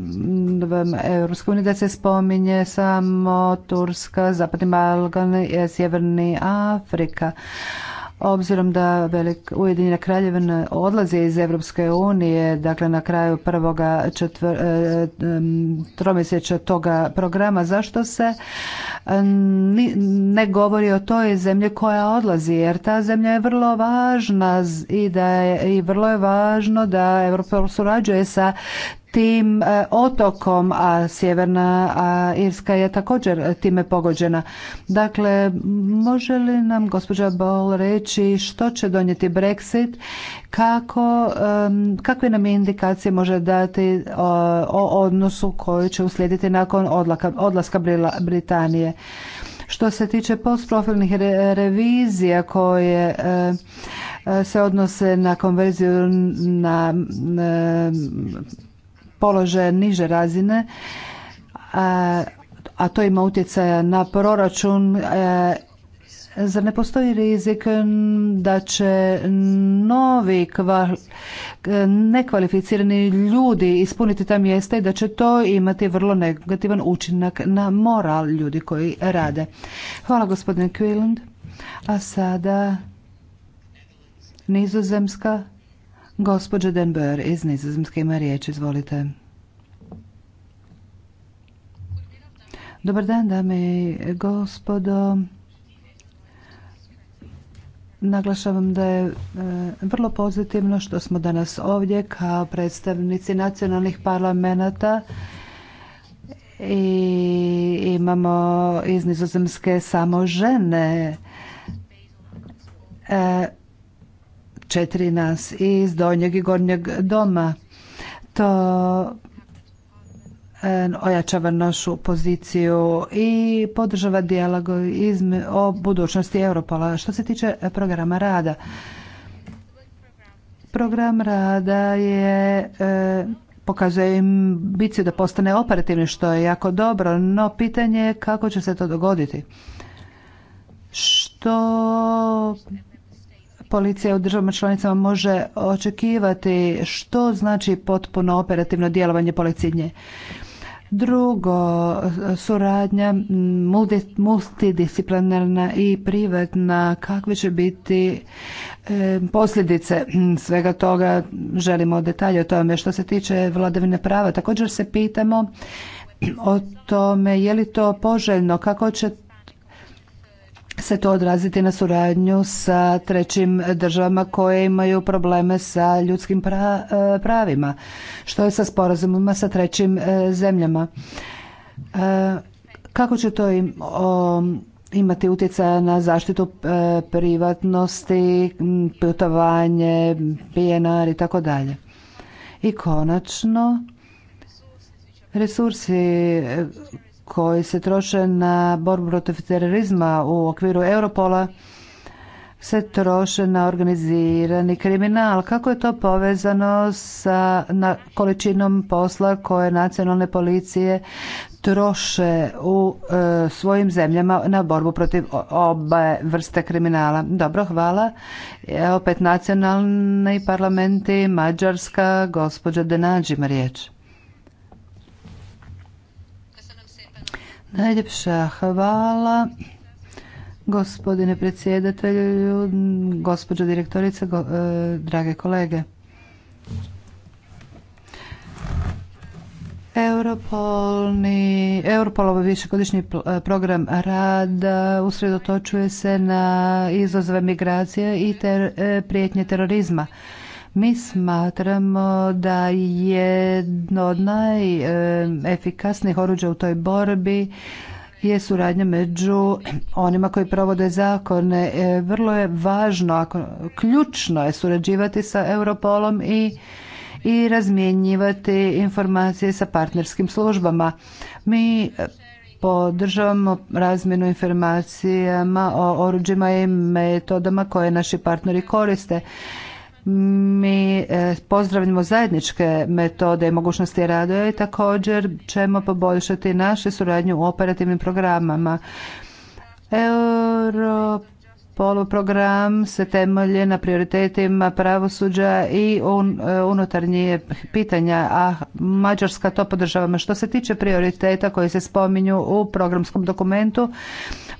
A: Europske unije da se spominje samo Turska, Zapadni Balkan, Sjeverni Afrika. Obzirom da velik Ujedinjena kraljevina odlazi iz Europske unije, dakle na kraju prvoga četvr, e, tromjeseća toga programa, zašto se e, ne govori o toj zemlji koja odlazi, jer ta zemlja je vrlo važna i da je, i vrlo je važno da Europa surađuje sa tim e, otokom, a Sjeverna a Irska je također time pogođena. Dakle, može li nam gospođa Bol reći što će donijeti Brexit, kako, kakve nam indikacije može dati o, odnosu koji će uslijediti nakon odlaska Britanije? Što se tiče postprofilnih revizija koje se odnose na konverziju na polože niže razine, a, to ima utjecaja na proračun e, Zar ne postoji rizik da će novi e, nekvalificirani ljudi ispuniti ta mjesta i da će to imati vrlo negativan učinak na moral ljudi koji rade? Hvala gospodine Quilland. A sada nizozemska Gospođa Denber iz Nizozemske ima riječ, izvolite. Dobar dan, dame i gospodo. Naglašavam da je e, vrlo pozitivno što smo danas ovdje kao predstavnici nacionalnih parlamenta i imamo iz nizozemske samo žene. E, četiri nas iz donjeg i gornjeg doma. To e, ojačava našu poziciju i podržava dijalog o budućnosti Europola. Što se tiče programa rada, program rada je e, pokazuje im biciju da postane operativni, što je jako dobro, no pitanje je kako će se to dogoditi. Što policija u državama članicama može očekivati što znači potpuno operativno djelovanje policinje. Drugo, suradnja multidisciplinarna i privatna, kakve će biti e, posljedice svega toga, želimo detalje o tome. Što se tiče vladavine prava, također se pitamo o tome je li to poželjno, kako će se to odraziti na suradnju sa trećim državama koje imaju probleme sa ljudskim e, pravima, što je sa sporazumima sa trećim e, zemljama. E, kako će to imati utjecaja na zaštitu privatnosti, putovanje, PNR i tako dalje. I konačno, resursi koji se troše na borbu protiv terorizma u okviru Europola se troše na organizirani kriminal. Kako je to povezano sa na količinom posla koje nacionalne policije troše u e, svojim zemljama na borbu protiv oba vrste kriminala? Dobro, hvala. E, opet nacionalni parlamenti, Mađarska, gospođa Denađima riječ. Najljepša hvala gospodine predsjedatelju, gospođo direktorice, e, drage kolege. Europolni, Europolov višegodišnji e, program rada usredotočuje se na izazove migracije i e, prijetnje terorizma. Mi smatramo da jedno od najefikasnijih oruđa u toj borbi je suradnja među onima koji provode zakone. E, vrlo je važno, ako, ključno je surađivati sa Europolom i i razmjenjivati informacije sa partnerskim službama. Mi podržavamo razmjenu informacijama o oruđima i metodama koje naši partneri koriste mi e, pozdravljamo zajedničke metode i mogućnosti rada i također ćemo poboljšati našu suradnju u operativnim programama poluprogram se temelje na prioritetima pravosuđa i e, unutarnje pitanja, a Mađarska to podržava. Što se tiče prioriteta koji se spominju u programskom dokumentu,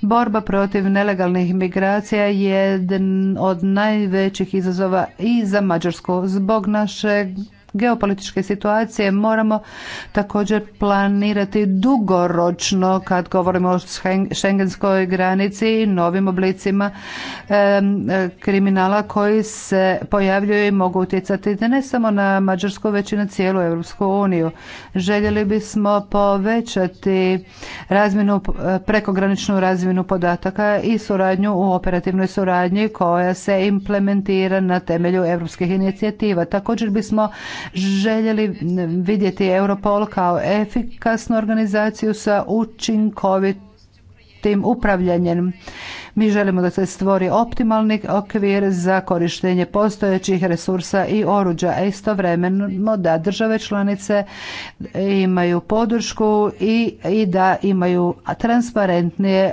A: borba protiv nelegalnih migracija je jedan od najvećih izazova i za Mađarsku. Zbog našeg geopolitičke situacije moramo također planirati dugoročno kad govorimo o šengenskoj granici i novim oblicima kriminala koji se pojavljuju i mogu utjecati ne samo na Mađarsku već i na cijelu Europsku uniju. Željeli bismo povećati razmjenu, eh, prekograničnu razmjenu podataka i suradnju u operativnoj suradnji koja se implementira na temelju europskih inicijativa. Također bismo željeli vidjeti Europol kao efikasnu organizaciju sa učinkovitim tim upravljanjem. Mi želimo da se stvori optimalni okvir za korištenje postojećih resursa i oruđa, a istovremeno da države članice imaju podršku i, i da imaju transparentnije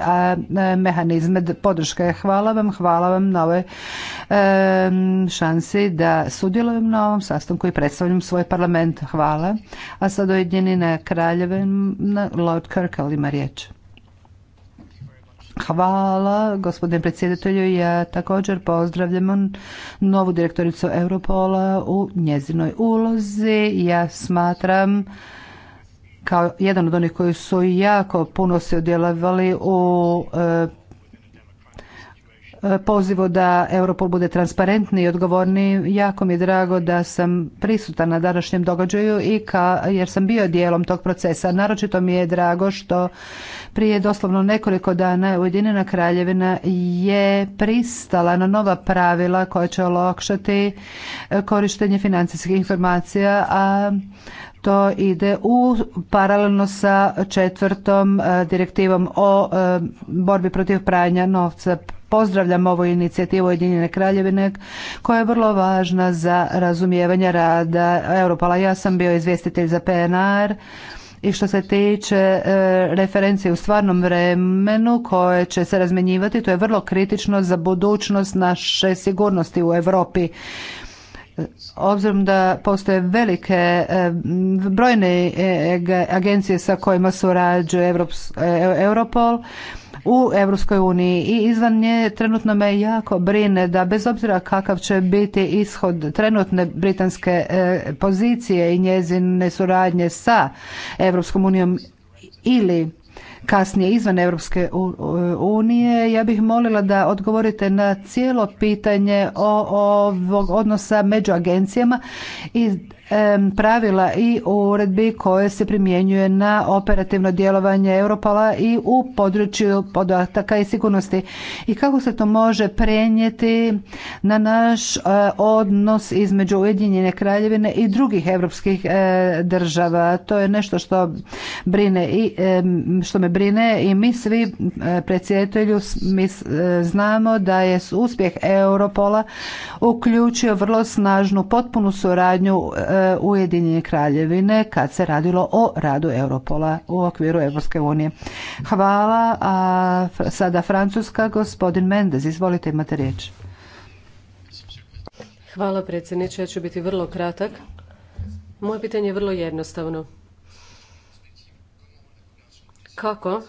A: e, mehanizme podrške. Hvala vam, hvala vam na ovoj e, šansi da sudjelujem na ovom sastanku i predstavljam svoj parlament. Hvala. A sad ujedinjeni na na Lord Kirkall ima riječ. Hvala gospodine predsjedatelju. Ja također pozdravljam novu direktoricu Europola u njezinoj ulozi. Ja smatram kao jedan od onih koji su jako puno se odjelavali u e, pozivu da Europol bude transparentni i odgovorni. Jako mi je drago da sam prisutan na današnjem događaju i ka, jer sam bio dijelom tog procesa. Naročito mi je drago što prije doslovno nekoliko dana Ujedinjena kraljevina je pristala na nova pravila koja će olakšati e, korištenje financijskih informacija, a to ide u paralelno sa četvrtom e, direktivom o e, borbi protiv pranja novca pozdravljam ovu inicijativu Ujedinjene kraljevine koja je vrlo važna za razumijevanje rada Europola. Ja sam bio izvjestitelj za PNR i što se tiče e, referencije u stvarnom vremenu koje će se razmenjivati, to je vrlo kritično za budućnost naše sigurnosti u Europi. Obzirom da postoje velike e, brojne e, agencije sa kojima surađuje Europol, u Europskoj uniji i izvan nje trenutno me jako brine da bez obzira kakav će biti ishod trenutne britanske e, pozicije i njezine suradnje sa Europskom unijom ili kasnije izvan Evropske unije. Ja bih molila da odgovorite na cijelo pitanje ovog odnosa među agencijama i pravila i uredbi koje se primjenjuje na operativno djelovanje Europola i u području podataka i sigurnosti i kako se to može prenijeti na naš e, odnos između Ujedinjene kraljevine i drugih europskih e, država. To je nešto što brine i što me brine i mi svi e, predsjedatelju mi znamo da je uspjeh Europola uključio vrlo snažnu potpunu suradnju E, Ujedinjenje kraljevine kad se radilo o radu Europola u okviru Europske unije. Hvala. A sada Francuska, gospodin Mendez, izvolite imate riječ.
C: Hvala predsjedniče, ja ću biti vrlo kratak. Moje pitanje je vrlo jednostavno. Kako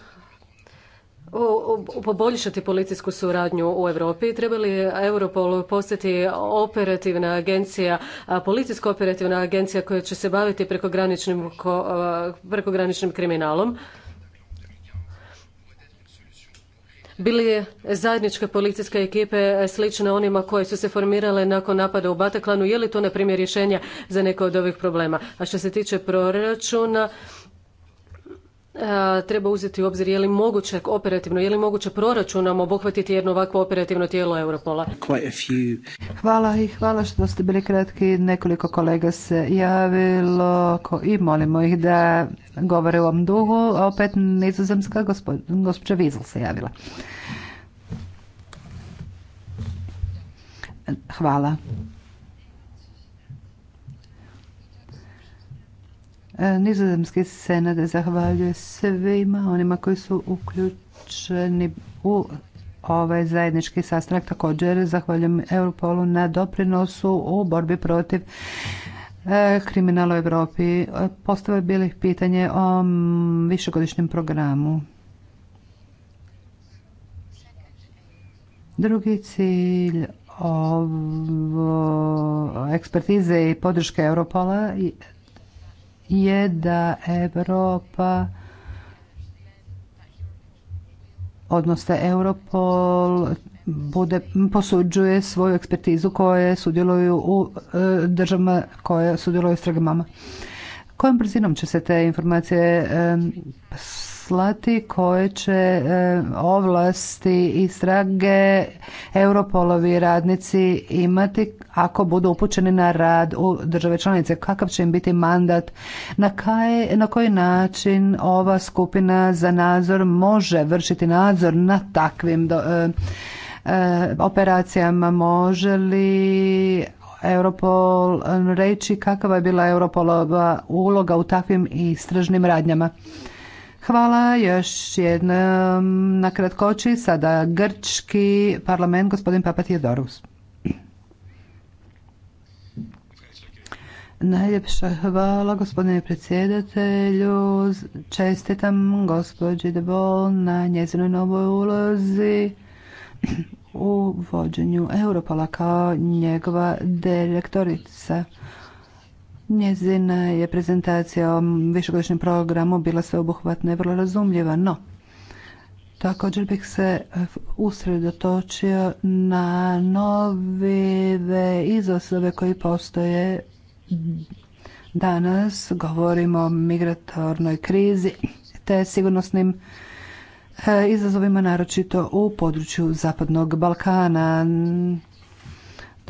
C: poboljšati policijsku suradnju u Europi? Treba li Europol postati operativna agencija, policijsko operativna agencija koja će se baviti prekograničnim, prekograničnim kriminalom? Bili je zajedničke policijske ekipe slične onima koje su se formirale nakon napada u Bataklanu? Je li to, na primjer, rješenje za neke od ovih problema? A što se tiče proračuna, E, treba uzeti u obzir je li moguće operativno, je li moguće proračunom obuhvatiti jedno ovakvo operativno tijelo Europola.
A: Hvala i hvala što ste bili kratki. Nekoliko kolega se javilo i molimo ih da govore u ovom A opet nizozemska gospođa Vizel se javila. Hvala. E, nizozemski senat zahvaljuje svima onima koji su uključeni u ovaj zajednički sastanak. Također zahvaljujem Europolu na doprinosu u borbi protiv e, kriminala u Europi. bilo ih pitanje o višegodišnjem programu. Drugi cilj ekspertize i podrške Europola je da Europa odnosno Europol bude, posuđuje svoju ekspertizu koje sudjeluju u e, državama koje sudjeluju u istragama. Kojom brzinom će se te informacije e, poslati koje će e, ovlasti i strage Europolovi radnici imati ako budu upućeni na rad u države članice. Kakav će im biti mandat? Na, kaj, na koji način ova skupina za nadzor može vršiti nadzor na takvim e, e, operacijama? Može li Europol reći kakva je bila Europolova uloga u takvim istražnim radnjama. Hvala još jednom na kratkoći. Sada grčki parlament, gospodin Papatijadorus. Najljepša hvala gospodine predsjedatelju. Čestitam gospođi De Bol na njezinoj novoj ulozi u vođenju Europola kao njegova direktorica. Njezina je prezentacija o višegodišnjem programu bila sveobuhvatna i vrlo razumljiva, no također bih se eh, usredotočio na nove izazove koji postoje danas. Govorimo o migratornoj krizi te sigurnosnim eh, izazovima naročito u području Zapadnog Balkana.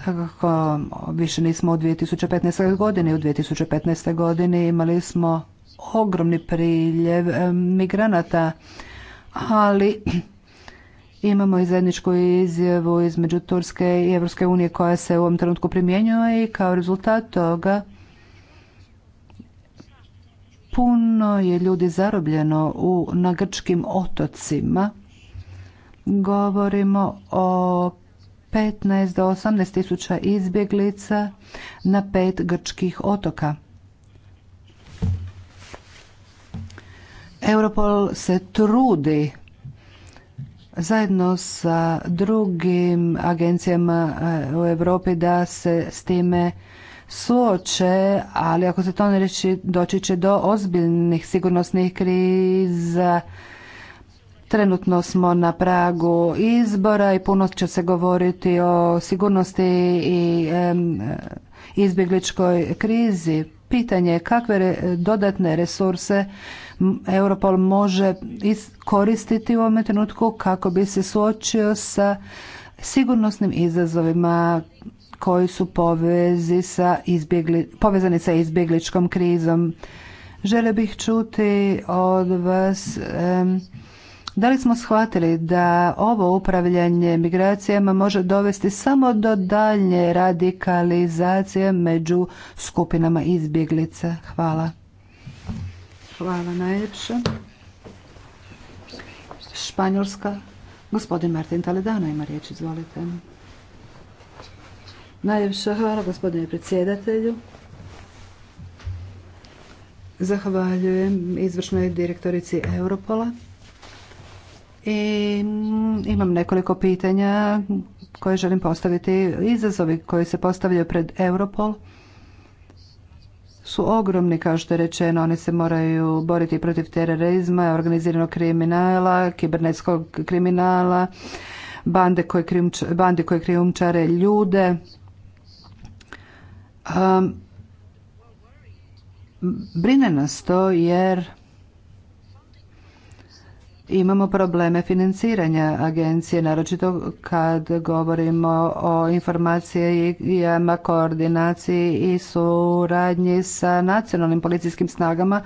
A: Tako više nismo u 2015. godini. U 2015. godini imali smo ogromni priljev e, migranata, ali imamo i zajedničku izjavu između Turske i Evropske unije koja se u ovom trenutku primjenjuje i kao rezultat toga puno je ljudi zarobljeno u, na grčkim otocima. Govorimo o 15 do 18 tisuća izbjeglica na pet grčkih otoka. Europol se trudi zajedno sa drugim agencijama eh, u Europi da se s time suoče, ali ako se to ne reći, doći će do ozbiljnih sigurnosnih kriza Trenutno smo na pragu izbora i puno će se govoriti o sigurnosti i izbjegličkoj krizi. Pitanje je kakve dodatne resurse Europol može koristiti u ovom trenutku kako bi se suočio sa sigurnosnim izazovima koji su povezi sa povezani sa izbjegličkom krizom. Žele bih čuti od vas da li smo shvatili da ovo upravljanje migracijama može dovesti samo do daljnje radikalizacije među skupinama izbjeglica? Hvala. Hvala najljepše. Španjolska. Gospodin Martin Taledano ima riječ, izvolite. Najljepša hvala gospodine predsjedatelju. Zahvaljujem izvršnoj direktorici Europola. I mm, imam nekoliko pitanja koje želim postaviti. Izazovi koji se postavljaju pred Europol su ogromni, kao što je rečeno. Oni se moraju boriti protiv terorizma, organiziranog kriminala, kibernetskog kriminala, bande koje, koje krijumčare ljude. Um, brine nas to jer Imamo probleme financiranja agencije, naročito kad govorimo o informacijama, koordinaciji i suradnji sa nacionalnim policijskim snagama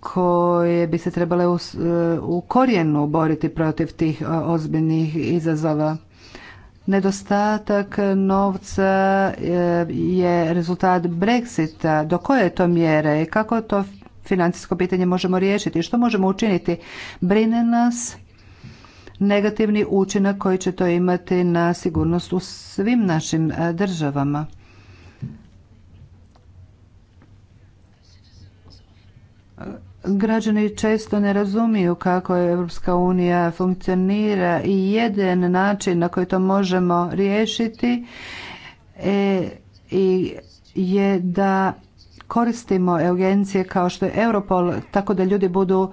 A: koje bi se trebale e, u, korijenu boriti protiv tih e, ozbiljnih izazova. Nedostatak novca e, je rezultat Brexita. Do koje je to mjere i kako to financijsko pitanje možemo riješiti. Što možemo učiniti? Brine nas negativni učinak koji će to imati na sigurnost u svim našim e, državama. Građani često ne razumiju kako Europska unija funkcionira i jedan način na koji to možemo riješiti e, je da koristimo agencije kao što je Europol tako da ljudi budu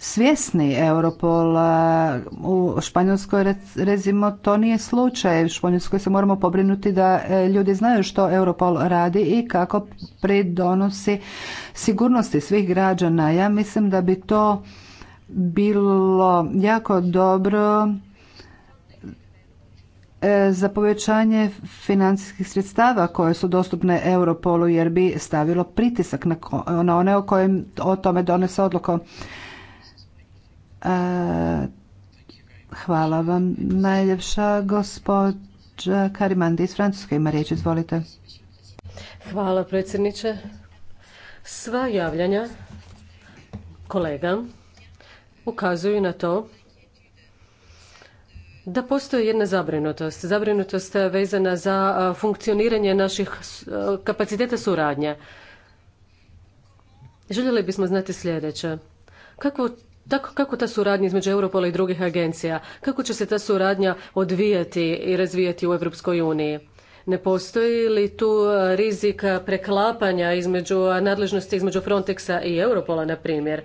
A: svjesni Europola u Španjolskoj recimo to nije slučaj u Španjolskoj se moramo pobrinuti da e, ljudi znaju što Europol radi i kako pridonosi sigurnosti svih građana ja mislim da bi to bilo jako dobro E, za povećanje financijskih sredstava koje su dostupne Europolu jer bi stavilo pritisak na one o kojem o tome donese odluku. E, hvala vam najljepša gospođa Karimandi iz Francuske ima riječ, izvolite.
C: Hvala predsjedniče. Sva javljanja kolega ukazuju na to da postoji jedna zabrinutost, zabrinutost vezana za funkcioniranje naših kapaciteta suradnje. Željeli bismo znati sljedeće. Kako ta suradnja između Europola i drugih agencija, kako će se ta suradnja odvijati i razvijati u Europskoj uniji? Ne postoji li tu rizik preklapanja između nadležnosti između Frontexa i Europola, na primjer?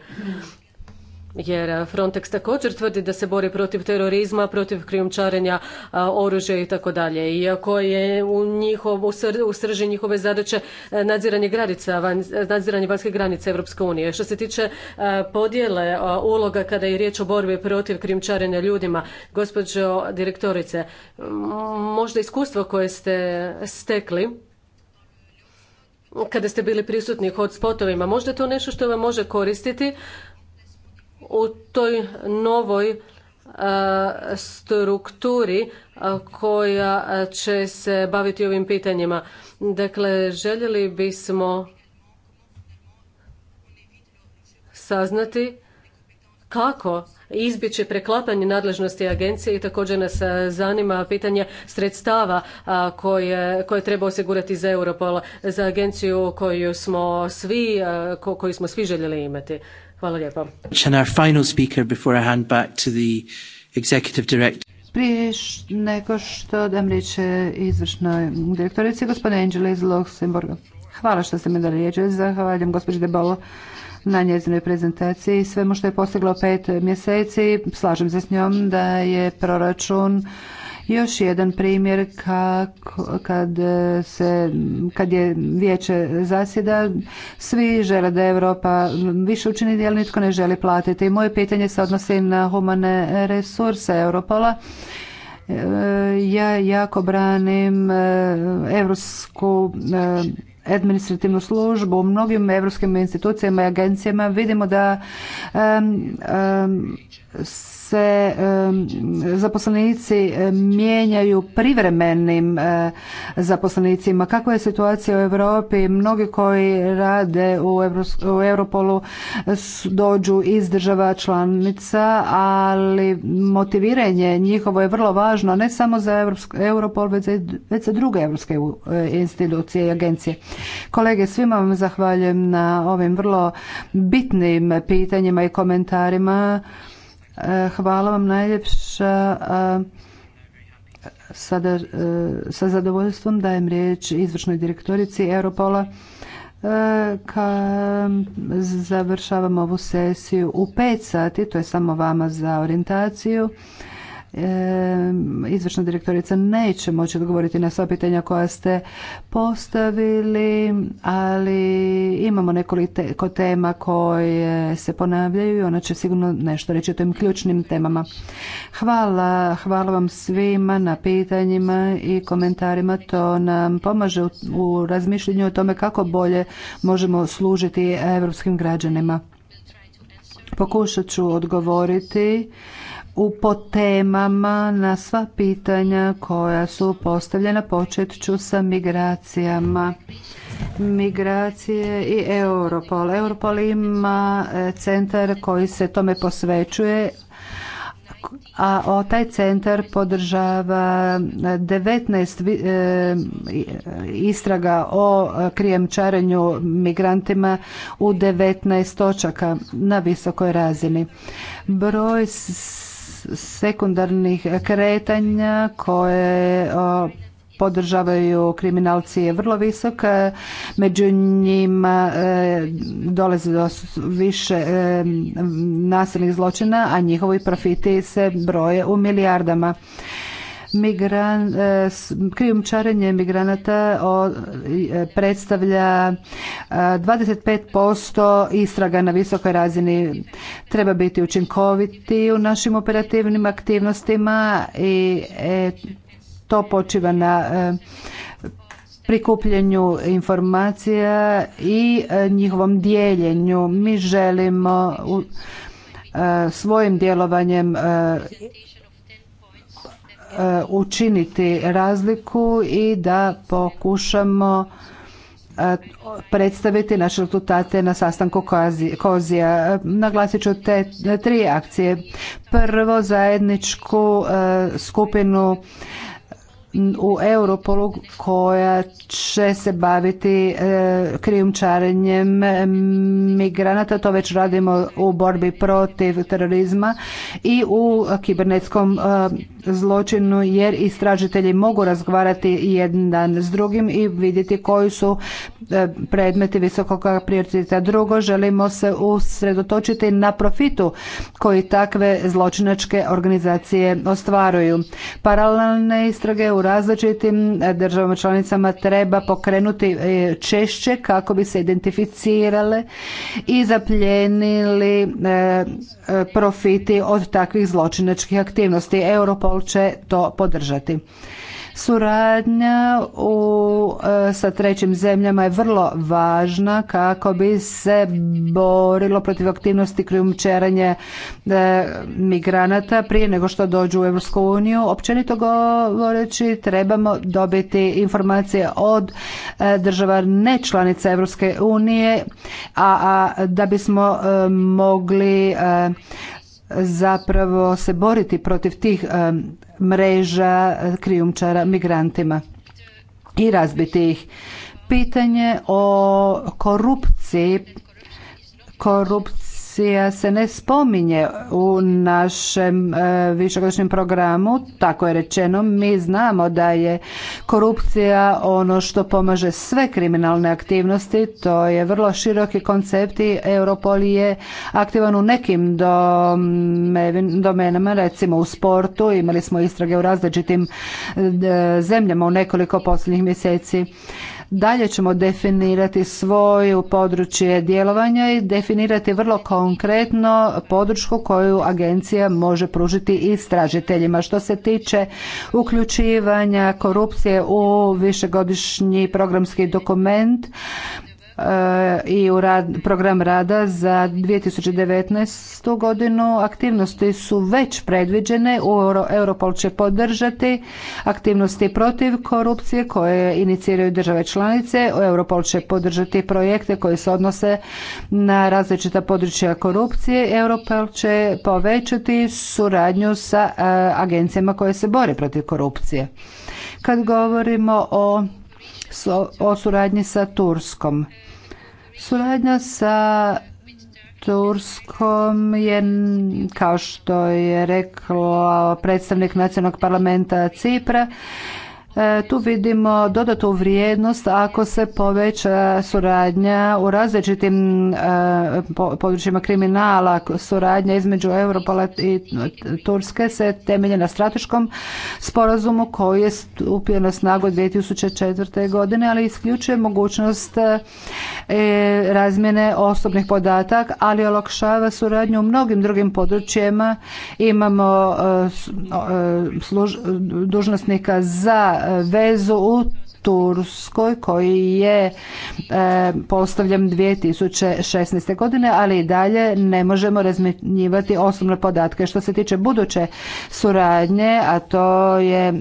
C: jer Frontex također tvrdi da se bori protiv terorizma, protiv krijumčarenja oružja i tako dalje. Iako je u, njihov, u, srži njihove zadaće e, nadziranje granica, e, nadziranje vanjske granice Europske unije. Što se tiče e, podjele uloga kada je riječ o borbi protiv krijumčarenja ljudima, gospođo direktorice, možda iskustvo koje ste stekli kada ste bili prisutni hot spotovima, možda je to nešto što vam može koristiti u toj novoj e, strukturi e, koja će se baviti ovim pitanjima. Dakle, željeli bismo saznati kako izbjeći preklapanje nadležnosti agencije i također nas e, zanima pitanje sredstava koje, treba osigurati za Europol, za agenciju koju smo svi,
A: koju smo svi željeli imati. Hvala lijepo. Prije nego što dam riječ izvršnoj direktorici, gospodine Angela iz Luxemburga. Hvala što ste mi dali riječ. Zahvaljujem gospođi Debolo na njezinoj prezentaciji i svemu što je postiglo pet mjeseci. Slažem se s njom da je proračun još jedan primjer kako, kad, se, kad je vijeće zasjeda, svi žele da Europa više učini, ali nitko ne želi platiti. Moje pitanje se odnosi na humane resurse Europola. E, ja jako branim Europsku e, administrativnu službu u mnogim europskim institucijama i agencijama vidimo da s se zaposlenici mijenjaju privremenim zaposlenicima. Kakva je situacija u Europi? Mnogi koji rade u Europolu dođu iz država članica, ali motiviranje njihovo je vrlo važno, ne samo za Europol, već za druge europske e, institucije i agencije. Kolege, svima vam zahvaljujem na ovim vrlo bitnim pitanjima i komentarima. Eh, hvala vam najljepša. Eh, sada eh, sa zadovoljstvom dajem riječ izvršnoj direktorici Europola. Ka, završavamo ovu sesiju u 5 sati, to je samo vama za orijentaciju izvršna direktorica neće moći odgovoriti na sva pitanja koja ste postavili, ali imamo nekoliko tema koje se ponavljaju i ona će sigurno nešto reći o tim ključnim temama. Hvala, hvala vam svima na pitanjima i komentarima. To nam pomaže u razmišljanju o tome kako bolje možemo služiti europskim građanima. Pokušat ću odgovoriti u potemama na sva pitanja koja su postavljena. Počet ću sa migracijama. Migracije i Europol. Europol ima e, centar koji se tome posvećuje a o taj centar podržava 19 e, istraga o krijemčarenju migrantima u 19 točaka na visokoj razini. Broj sekundarnih kretanja koje podržavaju kriminalci je vrlo visoka. među njima e, dolazi do više e, nasilnih zločina, a njihovi profiti se broje u milijardama migran, e, krijumčarenje migranata e, predstavlja 25% e, istraga na visokoj razini. Treba biti učinkoviti u našim operativnim aktivnostima i to počiva na prikupljenju informacija i njihovom dijeljenju. Mi želimo svojim djelovanjem E, učiniti razliku i da pokušamo e, predstaviti naše rezultate na sastanku Kozija. E, naglasit ću te tri akcije. Prvo zajedničku skupinu u Europolu koja će se baviti e, krijumčarenjem migranata. To već radimo u borbi protiv terorizma i u kibernetskom e, zločinu jer istražitelji mogu razgovarati jedan s drugim i vidjeti koji su e, predmeti visokog prioriteta. Drugo, želimo se usredotočiti na profitu koji takve zločinačke organizacije ostvaruju. Paralelne istrage u različitim e, državama članicama treba pokrenuti e, češće kako bi se identificirale i zapljenili e, profiti od takvih zločinačkih aktivnosti. Europol će to podržati. Suradnja u, e, sa trećim zemljama je vrlo važna kako bi se borilo protiv aktivnosti krijumčarenja e, migranata prije nego što dođu u Europsku uniju. Općenito govoreći trebamo dobiti informacije od e, država ne članica Europske unije, a, da bismo mogli zapravo se boriti protiv tih e, mreža krijumčara migrantima i razbiti ih. Pitanje o korupciji, korupciji. Rusija se ne spominje u našem e, višegodišnjem programu, tako je rečeno. Mi znamo da je korupcija ono što pomaže sve kriminalne aktivnosti, to je vrlo široki koncept i Europol je aktivan u nekim domenama, recimo u sportu, imali smo istrage u različitim e, zemljama u nekoliko posljednjih mjeseci. Dalje ćemo definirati svoju područje djelovanja i definirati vrlo konkretno podršku koju agencija može pružiti stražiteljima Što se tiče uključivanja korupcije u višegodišnji programski dokument, i u rad, program rada za 2019. godinu. Aktivnosti su već predviđene. Europol će podržati aktivnosti protiv korupcije koje iniciraju države članice. Europol će podržati projekte koji se odnose na različita područja korupcije. Europol će povećati suradnju sa e, agencijama koje se bore protiv korupcije. Kad govorimo o o suradnji sa Turskom. Suradnja sa Turskom je, kao što je rekao predstavnik nacionalnog parlamenta Cipra, E, tu vidimo dodatu vrijednost ako se poveća suradnja u različitim e, područjima kriminala. Suradnja između Europola i Turske se temelje na strateškom sporazumu koji je stupio na snagu 2004. godine, ali isključuje mogućnost e, razmjene osobnih podataka, ali olakšava suradnju u mnogim drugim područjima. Imamo dužnosnika za vezu u Turskoj koji je e, postavljen 2016. godine, ali i dalje ne možemo razmjenjivati osobne podatke. Što se tiče buduće suradnje, a to je e,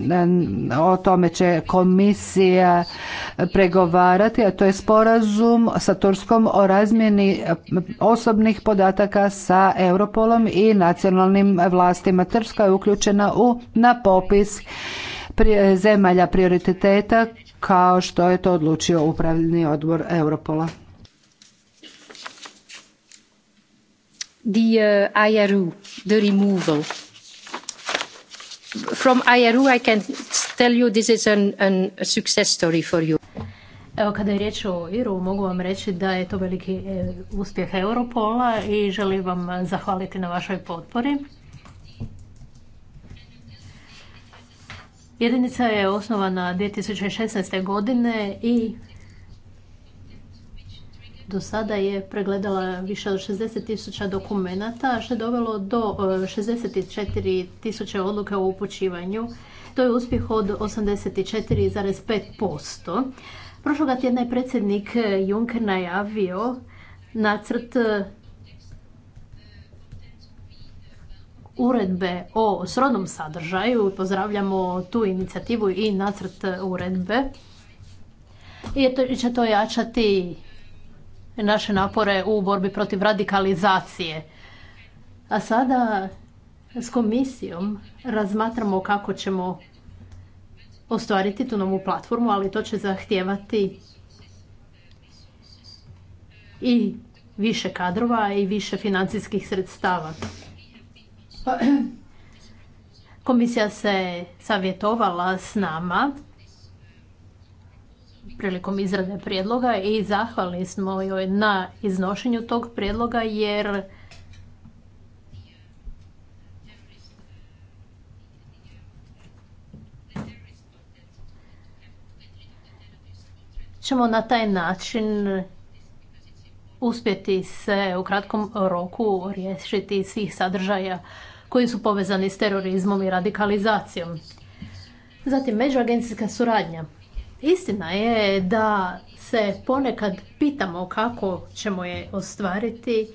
A: o tome će komisija pregovarati, a to je sporazum sa Turskom o razmjeni osobnih podataka sa Europolom i nacionalnim vlastima. Turska je uključena u, na popis zemalja prioriteta kao što je to odlučio upravljeni odbor Europola.
C: The uh, IRU, the removal.
B: From IRU I can tell you this is an, success story for you. Evo kada je riječ o Iru, mogu vam reći da je to veliki e, uspjeh Europola i želim vam zahvaliti na vašoj potpori. Jedinica je osnovana 2016. godine i do sada je pregledala više od 60 tisuća dokumenata, što je dovelo do 64 e, tisuće odluka o upućivanju. To je uspjeh od 84,5%. Prošloga tjedna je predsjednik Juncker najavio nacrt uredbe o srodnom sadržaju. Pozdravljamo tu inicijativu i nacrt uredbe. I to, će to jačati naše napore u borbi protiv radikalizacije. A sada s komisijom razmatramo kako ćemo ostvariti tu novu platformu, ali to će zahtijevati i više kadrova i više financijskih sredstava. komisija se savjetovala s nama prilikom izrade prijedloga i zahvalni smo joj na iznošenju tog prijedloga jer ćemo na taj način uspjeti se u kratkom roku riješiti svih sadržaja koji su povezani s terorizmom i radikalizacijom. Zatim, međuagencijska suradnja. Istina je da se ponekad pitamo kako ćemo je ostvariti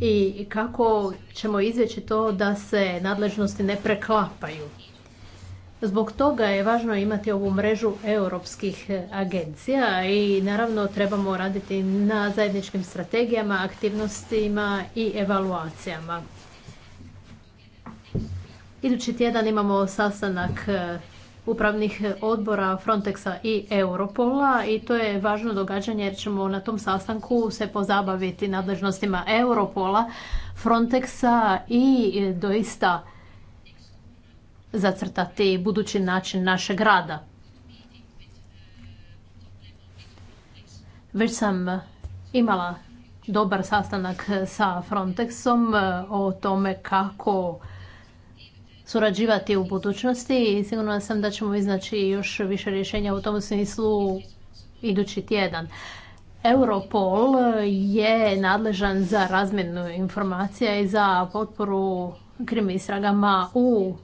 B: i kako ćemo izveći to da se nadležnosti ne preklapaju. Zbog toga je važno imati ovu mrežu europskih agencija i naravno trebamo raditi na zajedničkim strategijama, aktivnostima i evaluacijama. Idući tjedan imamo sastanak e, upravnih odbora Frontexa i Europola i to je važno događanje jer ćemo na tom sastanku se pozabaviti nadležnostima Europola, Frontexa i e, doista zacrtati budući način našeg rada. Već sam imala dobar sastanak sa Frontexom e, o tome kako surađivati u budućnosti i sigurna sam da ćemo iznaći još više rješenja u tom smislu idući tjedan. Europol je nadležan za razmjenu informacija i za potporu krim istragama u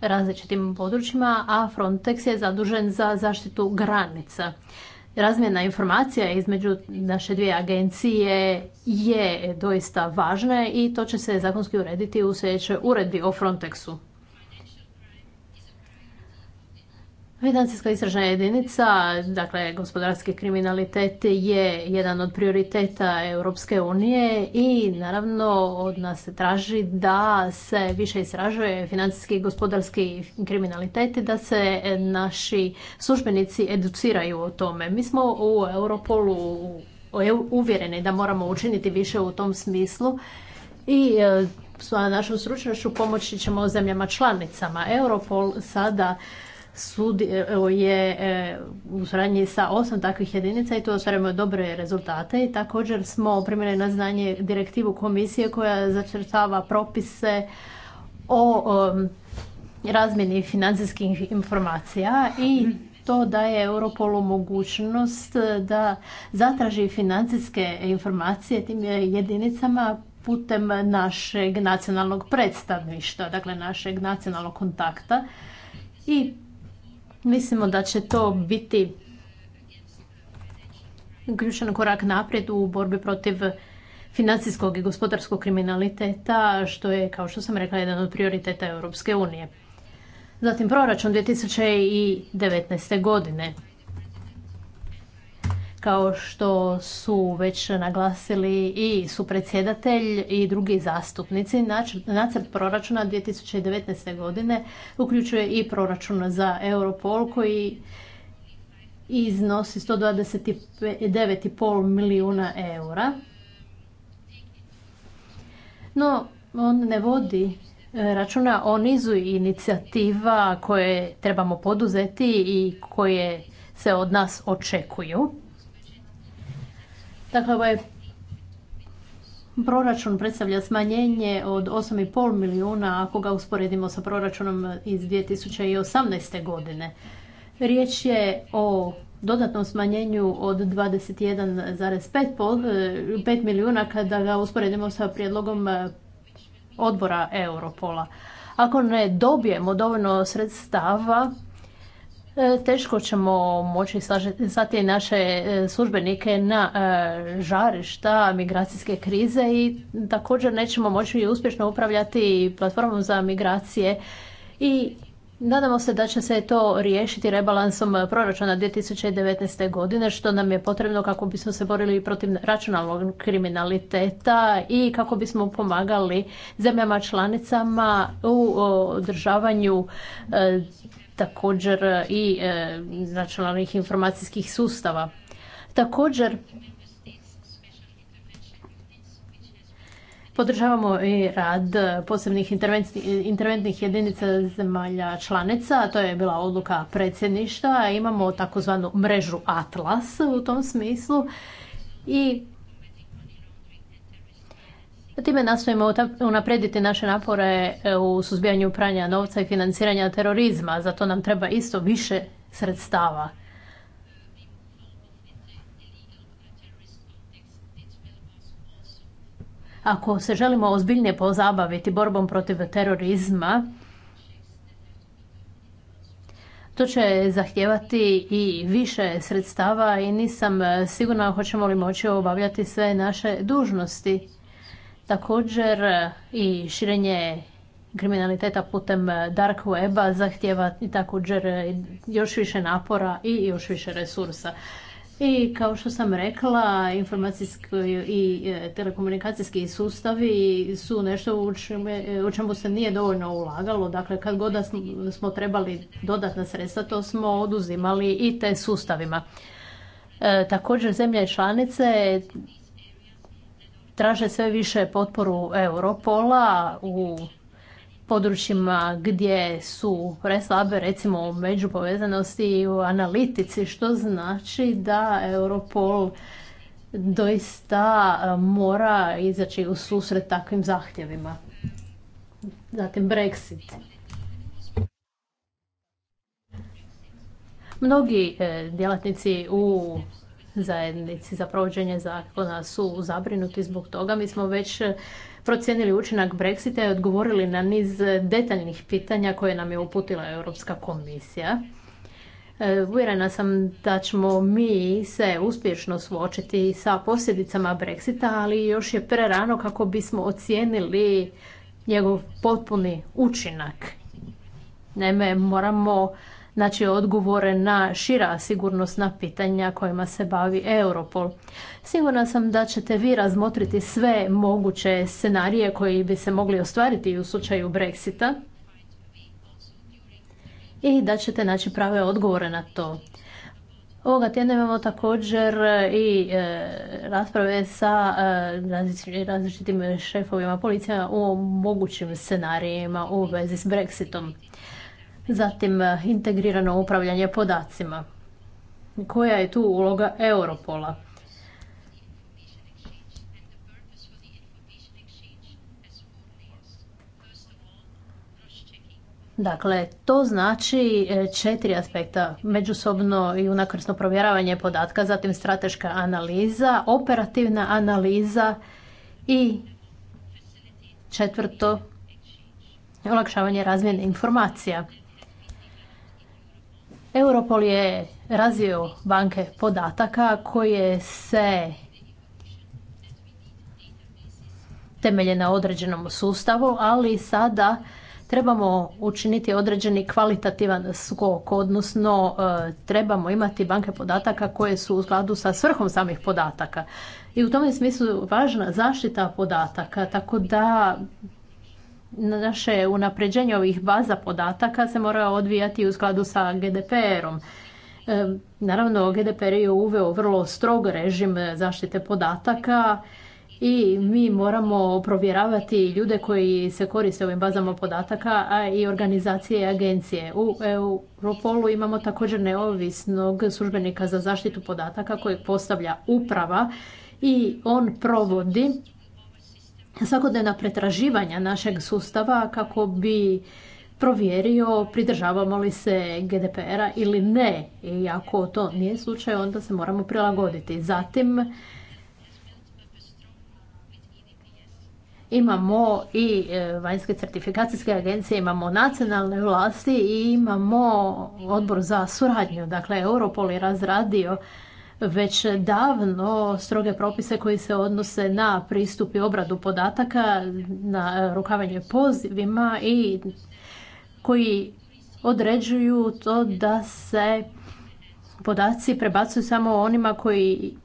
B: različitim područjima, a Frontex je zadužen za zaštitu granica razmjena informacija između naše dvije agencije je doista važna i to će se zakonski urediti u sljedećoj uredbi o Frontexu. Financijska istražna jedinica, dakle gospodarski kriminalitet je jedan od prioriteta Europske unije i naravno od nas se traži da se više istražuje financijski i gospodarski kriminalitet i da se naši službenici educiraju o tome. Mi smo u Europolu uvjereni da moramo učiniti više u tom smislu i e, sva našom stručnošću pomoći ćemo zemljama članicama. Europol sada E, je e, u suradnji sa osam takvih jedinica i tu ostvarujemo dobre rezultate i također smo primili na znanje direktivu komisije koja začrtava propise o razmjeni financijskih informacija i to daje Europolu mogućnost da zatraži financijske informacije tim jedinicama putem našeg nacionalnog predstavništva, dakle našeg nacionalnog kontakta i Mislimo da će to biti ključan korak naprijed u borbi protiv financijskog i gospodarskog kriminaliteta, što je, kao što sam rekla, jedan od prioriteta Europske unije. Zatim proračun 2019. godine. Kao što su već naglasili i su predsjedatelj i drugi zastupnici, nacrt proračuna 2019. godine uključuje i proračun za Europol koji iznosi 129,5 milijuna eura. No, on ne vodi e, računa o nizu inicijativa koje trebamo poduzeti i koje se od nas očekuju. Dakle, ovaj proračun predstavlja smanjenje od 8,5 milijuna ako ga usporedimo sa proračunom iz 2018. godine. Riječ je o dodatnom smanjenju od 21,5 milijuna kada ga usporedimo sa prijedlogom e, odbora Europola. Ako ne dobijemo dovoljno sredstava, E, teško ćemo moći slati naše e, službenike na e, žarišta migracijske krize i također nećemo moći uspješno upravljati platformom za migracije i Nadamo se da će se to riješiti rebalansom proračuna 2019. godine, što nam je potrebno kako bismo se borili protiv računalnog kriminaliteta i kako bismo pomagali zemljama članicama u održavanju također i e, nacionalnih informacijskih sustava. Također, Podržavamo i rad posebnih interventnih jedinica zemalja članica, to je bila odluka predsjedništva. Imamo takozvanu mrežu Atlas u tom smislu i pa time nastojimo unaprediti naše napore e, u suzbijanju pranja novca i financiranja terorizma. Zato nam treba isto više sredstava. Ako se želimo ozbiljnije pozabaviti borbom protiv terorizma, to će zahtijevati i više sredstava i nisam e, sigurna hoćemo li moći obavljati sve naše dužnosti. Također e, i širenje kriminaliteta putem dark weba zahtjeva i također e, još više napora i još više resursa. I kao što sam rekla, informacijski i e, telekomunikacijski sustavi su nešto u, čemu se nije dovoljno ulagalo. Dakle, kad god smo trebali dodatna sredstva, to smo oduzimali i te sustavima. Također, također, zemlje članice traže sve više potporu Europola u područjima gdje su preslabe, recimo u međupovezanosti i u analitici, što znači da Europol doista e, mora izaći u susret takvim zahtjevima. Zatim Brexit. Mnogi e, djelatnici u zajednici za provođenje zakona su zabrinuti zbog toga. Mi smo već procijenili učinak Brexita i odgovorili na niz detaljnih pitanja koje nam je uputila Europska komisija. E, uvjerena sam da ćemo mi se uspješno suočiti sa posljedicama Brexita, ali još je prerano kako bismo ocijenili njegov potpuni učinak. Naime, moramo znači odgovore na šira sigurnosna pitanja kojima se bavi Europol. Sigurna sam da ćete vi razmotriti sve moguće scenarije koji bi se mogli ostvariti u slučaju Brexita i da ćete naći prave odgovore na to. Ovoga tjedna imamo također i e, rasprave sa e, različitim šefovima policija o mogućim scenarijima u vezi s Brexitom. Zatim eh, integrirano upravljanje podacima. Koja je tu uloga Europola? Dakle, to znači eh, četiri aspekta. Međusobno i unakrsno provjeravanje podatka, zatim strateška analiza, operativna analiza i četvrto, olakšavanje razmjene informacija. Europol je razvio banke podataka koje se temelje na određenom sustavu, ali sada trebamo učiniti određeni kvalitativan skok, odnosno e, trebamo imati banke podataka koje su u skladu sa svrhom samih podataka. I u tom smislu važna zaštita podataka, tako da naše unapređenje ovih baza podataka se mora odvijati u skladu sa GDPR-om. E, naravno, GDPR je uveo vrlo strog režim zaštite podataka i mi moramo provjeravati ljude koji se koriste ovim bazama podataka, a i organizacije i agencije. U Europolu imamo također neovisnog službenika za zaštitu podataka kojeg postavlja uprava i on provodi svakodnevna pretraživanja našeg sustava kako bi provjerio pridržavamo li se GDPR-a ili ne. I ako to nije slučaj, onda se moramo prilagoditi. Zatim, imamo i e, vanjske certifikacijske agencije, imamo nacionalne vlasti i imamo odbor za suradnju. Dakle, Europol je razradio već davno stroge propise koji se odnose na pristup i obradu podataka, na rukavanje pozivima i koji određuju to da se podaci prebacuju samo onima koji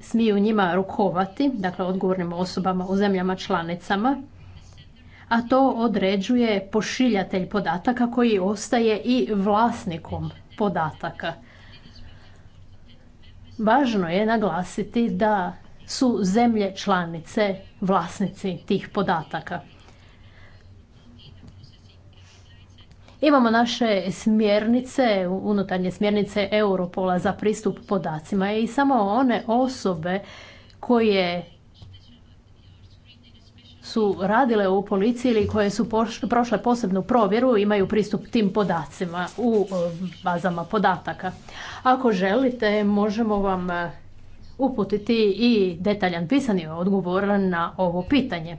B: smiju njima rukovati, dakle odgovornim osobama u zemljama članicama, a to određuje pošiljatelj podataka koji ostaje i vlasnikom podataka. Važno je naglasiti da su zemlje članice vlasnici tih podataka. Imamo naše smjernice, unutarnje smjernice Europola za pristup podacima i samo one osobe koje su radile u policiji ili koje su prošle posebnu provjeru imaju pristup tim podacima u bazama podataka. Ako želite, možemo vam e, uputiti i detaljan pisani odgovor na ovo pitanje.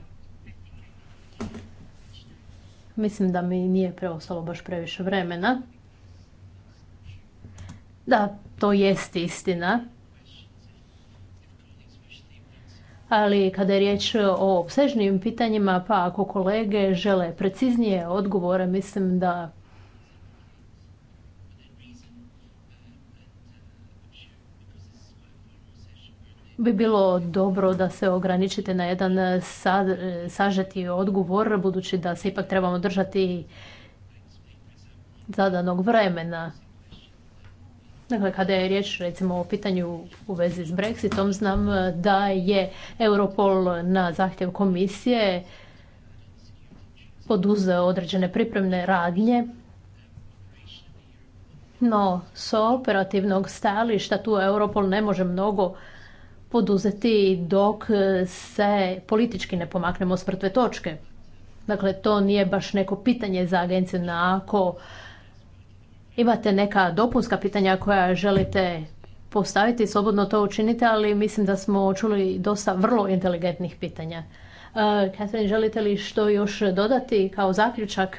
B: Mislim da mi nije preostalo baš previše vremena. Da, to jest istina. ali kada je riječ o obsežnijim pitanjima, pa ako kolege žele preciznije odgovore, mislim da bi bilo dobro da se ograničite na jedan sažeti odgovor, budući da se ipak trebamo držati zadanog vremena. Dakle, kada je riječ recimo o pitanju u vezi s Brexitom, znam e, da je Europol na zahtjev komisije poduzeo određene pripremne radnje no, s operativnog stajališta tu Europol ne može mnogo poduzeti dok se politički ne pomaknemo s mrtve točke. Dakle, to nije baš neko pitanje za agenciju na ako imate neka dopunska pitanja koja želite postaviti, slobodno to učinite, ali mislim da smo čuli dosta vrlo inteligentnih pitanja. Katrin, e, želite li što još dodati kao zaključak?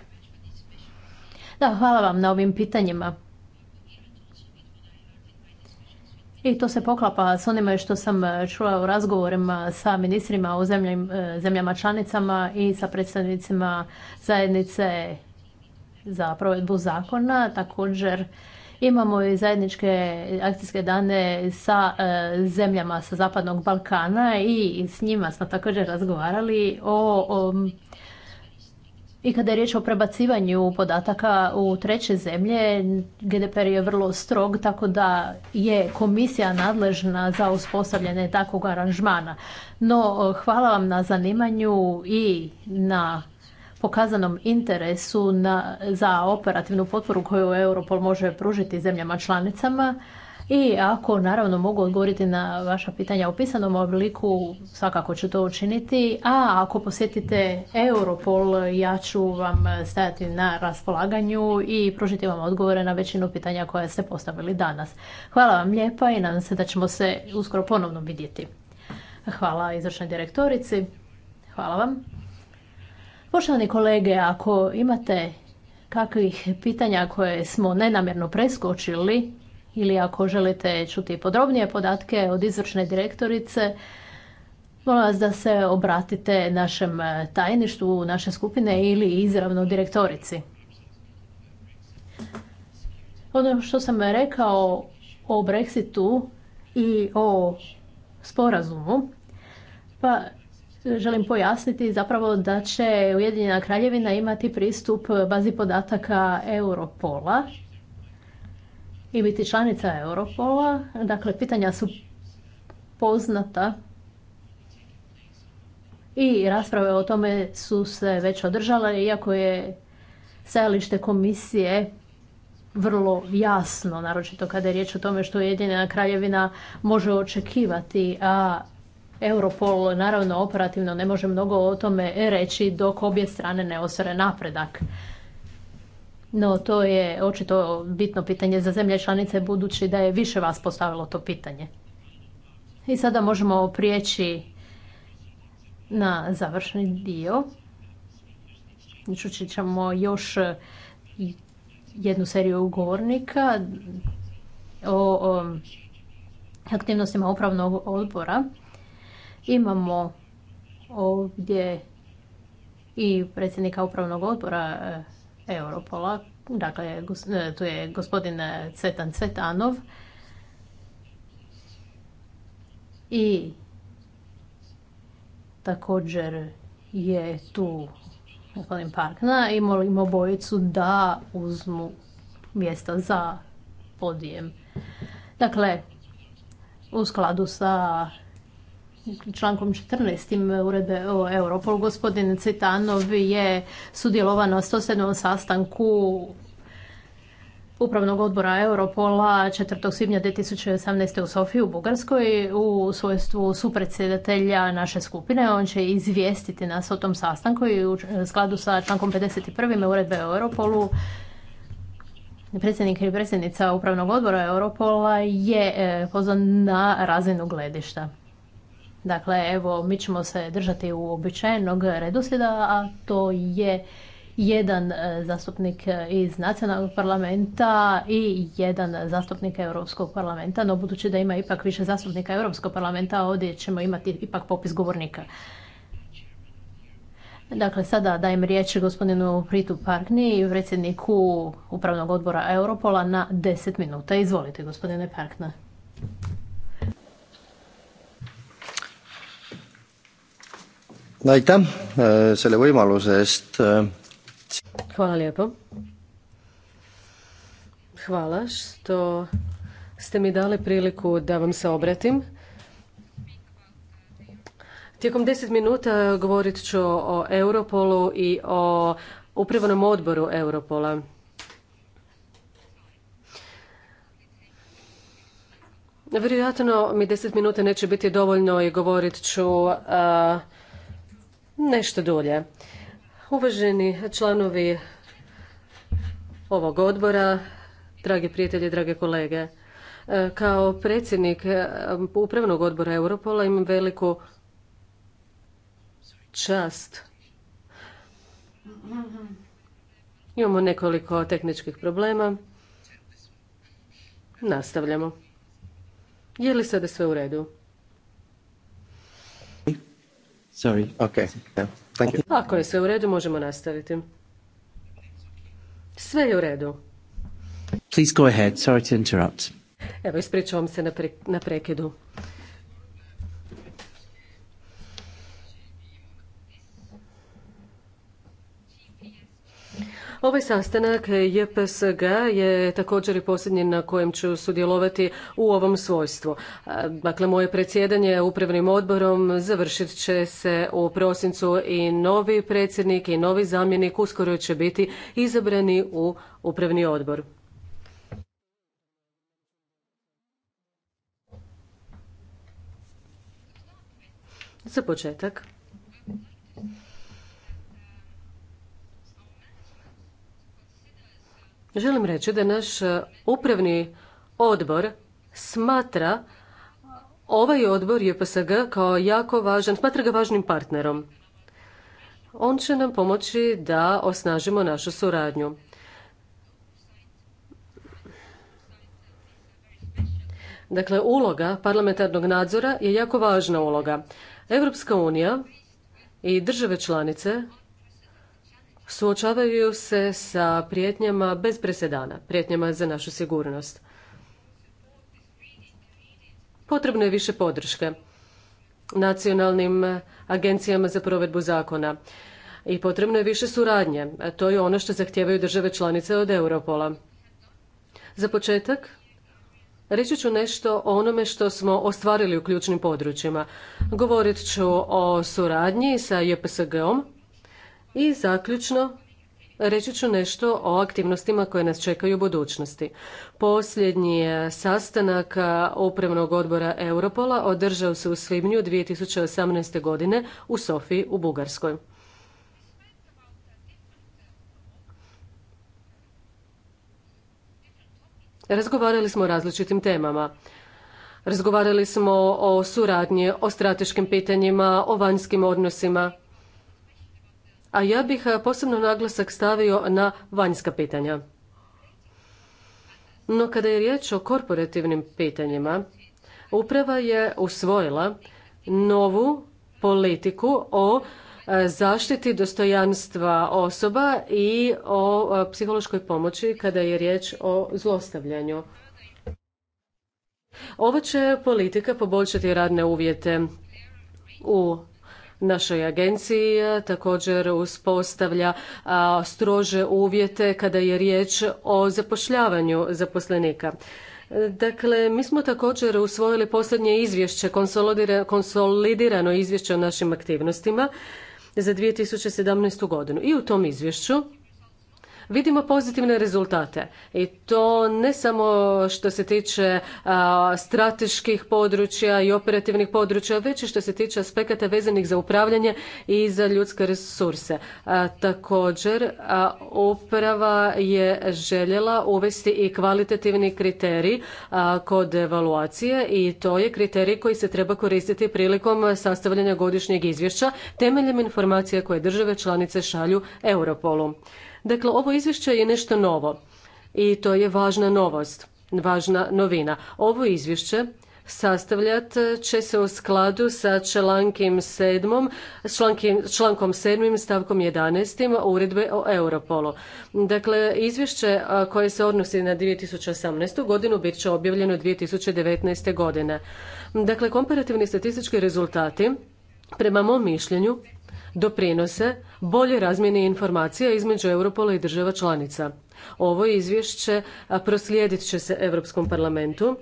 B: Da, hvala vam na ovim pitanjima. I to se poklapa s onima što sam čula u razgovorima sa ministrima u e, zemljama članicama i sa predstavnicima zajednice za provedbu zakona. Također imamo i zajedničke akcijske dane sa e, zemljama sa Zapadnog Balkana i s njima smo također razgovarali o, i kada je riječ o prebacivanju podataka u treće zemlje, GDPR je vrlo strog, tako da je komisija nadležna za uspostavljanje takvog aranžmana. No, e, hvala vam na zanimanju i na pokazanom interesu za operativnu potporu koju Europol može pružiti zemljama članicama. I ako naravno mogu odgovoriti na vaša pitanja u pisanom obliku, svakako ću to učiniti. A ako posjetite Europol, ja ću vam stajati na raspolaganju i pružiti vam odgovore na većinu pitanja koja ste postavili danas. Hvala vam lijepa i nadam se da ćemo se uskoro ponovno vidjeti. Hvala izvršnoj direktorici. Hvala vam. Poštovani kolege, ako imate kakvih pitanja koje smo nenamjerno preskočili ili ako želite čuti podrobnije podatke od izvršne direktorice, molim vas da se obratite našem tajništvu, naše skupine ili izravno direktorici. Ono što sam rekao o Brexitu i o sporazumu, pa želim pojasniti zapravo da će Ujedinjena kraljevina imati pristup bazi podataka Europola i biti članica Europola. Dakle, pitanja su poznata i rasprave o tome su se već održale, iako je stajalište komisije vrlo jasno, naročito kada je riječ o tome što Ujedinjena kraljevina može očekivati, a Europol naravno operativno ne može mnogo o tome reći dok obje strane ne osvare napredak. No to je očito bitno pitanje za zemlje članice budući da je više vas postavilo to pitanje. I sada možemo prijeći na završni dio. Čućit ćemo još jednu seriju ugovornika o aktivnostima upravnog odbora Imamo ovdje i predsjednika upravnog odbora e, Europola, dakle e, tu je gospodin e, Cetan Cetanov i također je tu gospodin Parkna i molimo bojicu da uzmu mjesta za podijem. Dakle, u skladu sa člankom 14. uredbe o Europol. Gospodin Citanov je sudjelovan na 107. sastanku Upravnog odbora Europola 4. svibnja 2018. u Sofiji u Bugarskoj u svojstvu supredsjedatelja naše skupine. On će izvijestiti nas o tom sastanku i u skladu sa člankom 51. uredbe o Europolu predsjednik i predsjednica Upravnog odbora Europola je eh, pozvan na razinu gledišta. Dakle, evo, mi ćemo se držati uobičajenog redoslijeda, a to je jedan e, zastupnik e, iz nacionalnog parlamenta i jedan zastupnik Europskog parlamenta, no budući da ima ipak više zastupnika Europskog parlamenta, ovdje ćemo imati ipak popis govornika. Dakle, sada dajem riječ gospodinu Pritu Parkni, predsjedniku Upravnog odbora Europola na 10 minuta. Izvolite, gospodine Parkna.
A: Äh, äh.
C: Hvala lijepo. Hvala što ste mi dali priliku da vam se obratim. Tijekom deset minuta govorit ću o Europolu i o upravnom odboru Europola. Vjerojatno mi deset minuta neće biti dovoljno i govorit ću nešto dulje. Uvaženi članovi ovog odbora, dragi prijatelji, drage kolege, e, kao predsjednik e, upravnog odbora Europola imam veliku čast. Imamo nekoliko tehničkih problema. Nastavljamo. Je li sada sve u redu?
A: Sorry. Okay. Yeah. Thank you.
C: Ako je sve u redu, možemo nastaviti. Sve je u redu.
A: Please go ahead. Sorry to interrupt.
C: Evo, ispričavam se na, pre, na prekidu. Ovaj sastanak JPSG je također i posljednji na kojem ću sudjelovati u ovom svojstvu. Dakle, moje predsjedanje upravnim odborom završit će se u prosincu i novi predsjednik i novi zamjenik uskoro će biti izabrani u upravni odbor. Za početak Želim reći da naš e, upravni odbor smatra ovaj odbor JPSG kao jako važan, smatra ga važnim partnerom. On će nam pomoći da osnažimo našu suradnju. Dakle, uloga parlamentarnog nadzora je jako važna uloga. Evropska unija i države članice suočavaju se sa prijetnjama bez presedana, prijetnjama za našu sigurnost. Potrebno je više podrške nacionalnim agencijama za provedbu zakona i potrebno je više suradnje. To je ono što zahtijevaju države članice od Europola. Za početak, reći ću nešto o onome što smo ostvarili u ključnim područjima. Govorit ću o suradnji sa JPSG-om, i zaključno, reći ću nešto o aktivnostima koje nas čekaju u budućnosti. Posljednji sastanak upravnog odbora Europola održao se u svibnju 2018. godine u Sofiji u Bugarskoj. Razgovarali smo o različitim temama. Razgovarali smo o suradnji, o strateškim pitanjima, o vanjskim odnosima, a ja bih e, posebno naglasak stavio na vanjska pitanja. No kada je riječ o korporativnim pitanjima, uprava je usvojila novu politiku o e, zaštiti dostojanstva osoba i o e, psihološkoj pomoći kada je riječ o zlostavljanju. Ova će politika poboljšati radne uvjete u našoj agenciji e, također uspostavlja strože uvjete kada je riječ o zapošljavanju zaposlenika. Dakle, mi smo također usvojili posljednje izvješće, konsolidirano izvješće o našim aktivnostima za 2017. godinu. I u tom izvješću vidimo pozitivne rezultate i to ne samo što se tiče strateških područja i operativnih područja, već i što se tiče aspekata vezanih za upravljanje i za ljudske resurse. također, uprava je željela uvesti i kvalitativni kriterij kod evaluacije i to je kriterij koji se treba koristiti prilikom sastavljanja godišnjeg izvješća temeljem informacija koje države članice šalju Europolu. Dakle, ovo izvješće je nešto novo i to je važna novost, važna novina. Ovo izvješće sastavljat će se u skladu sa člankim 7, člankom 7. stavkom 11. uredbe o Europolu. Dakle, izvješće koje se odnosi na 2018. godinu bit će objavljeno 2019. godine. Dakle, komparativni statistički rezultati prema mom mišljenju doprinose boljoj razmjeni informacija između Europola i država članica. Ovo izvješće proslijedit će se Europskom parlamentu,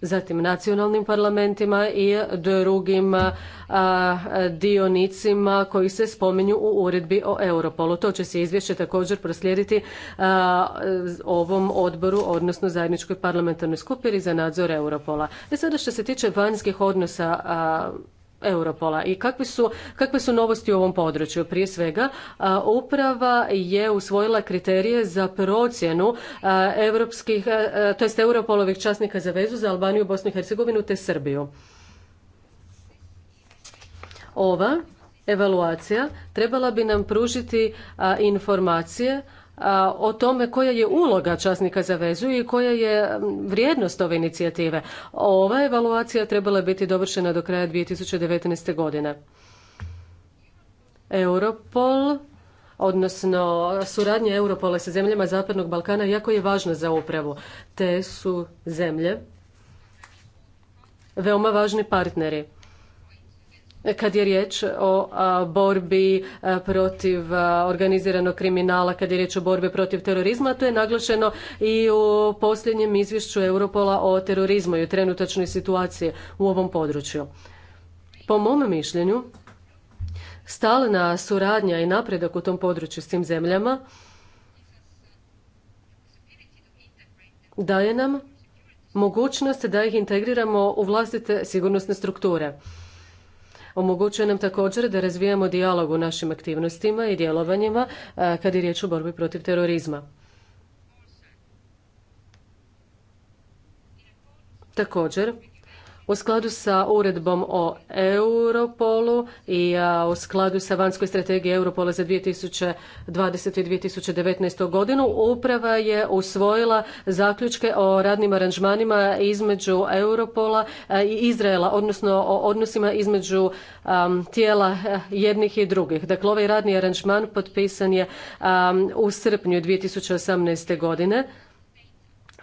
C: zatim nacionalnim parlamentima i drugim dionicima koji se spominju u uredbi o Europolu. To će se izvješće također proslijediti ovom odboru, odnosno zajedničkoj parlamentarnoj skupini za nadzor Europola. E sada što se tiče vanjskih odnosa Europola i kakve su, kakve su novosti u ovom području? Prije svega, uprava je usvojila kriterije za procjenu europskih, to Europolovih časnika za vezu za Albaniju, Bosnu i Hercegovinu te Srbiju. Ova evaluacija trebala bi nam pružiti informacije o tome koja je uloga časnika za vezu i koja je vrijednost ove inicijative. Ova evaluacija trebala biti dovršena do kraja 2019. godine. Europol odnosno suradnja Europola sa zemljama Zapadnog Balkana jako je važna za upravu. Te su zemlje veoma važni partneri kad je riječ o borbi protiv organiziranog kriminala, kad je riječ o borbi protiv terorizma, to je naglašeno i u posljednjem izvješću Europola o terorizmu i trenutačnoj situaciji u ovom području. Po mom mišljenju, stalna suradnja i napredak u tom području s tim zemljama daje nam mogućnost da ih integriramo u vlastite sigurnosne strukture. Omogućuje nam također da razvijamo dijalog u našim aktivnostima i djelovanjima kad je riječ o borbi protiv terorizma. Također, u skladu sa uredbom o Europolu i u skladu sa vanjskoj strategiji Europola za 2020. i 2019. godinu uprava je usvojila zaključke o radnim aranžmanima između Europola i Izraela, odnosno o odnosima između tijela jednih i drugih. Dakle, ovaj radni aranžman potpisan je u srpnju 2018. godine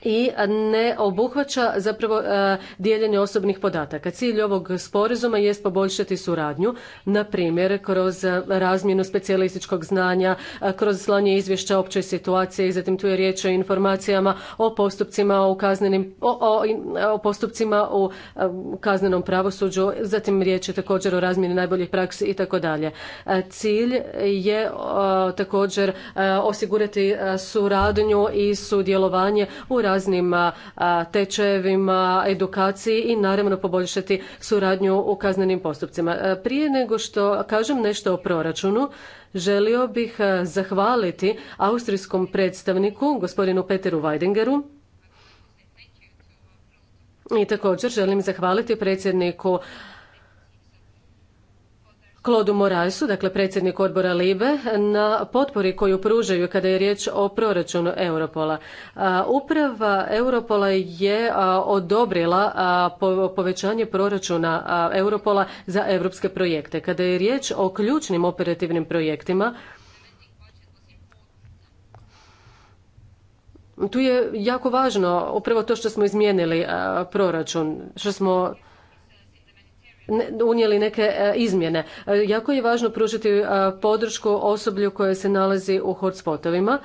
C: i ne obuhvaća zapravo e, dijeljenje osobnih podataka. Cilj ovog sporazuma jest poboljšati suradnju, na primjer kroz razmjenu specijalističkog znanja, e, kroz slanje izvješća općoj situaciji, zatim tu je riječ o informacijama o postupcima u kaznenim, o, o, postupcima u e, kaznenom pravosuđu, zatim riječ je također o razmjeni najboljih praksi i tako dalje. Cilj je također osigurati suradnju i sudjelovanje u raznim tečajevima, edukaciji i naravno poboljšati suradnju u kaznenim postupcima. E, prije nego što kažem nešto o proračunu, želio bih e, zahvaliti austrijskom predstavniku, gospodinu Peteru Weidingeru, i također želim zahvaliti predsjedniku Klodu Morajsu, dakle predsjednik odbora Libe, na potpori koju pružaju kada je riječ o proračunu Europola. Uprava Europola je odobrila povećanje proračuna Europola za europske projekte. Kada je riječ o ključnim operativnim projektima, tu je jako važno upravo to što smo izmijenili proračun, što smo unijeli neke e, izmjene. E, jako je važno pružiti e, podršku osoblju koje se nalazi u hotspotovima.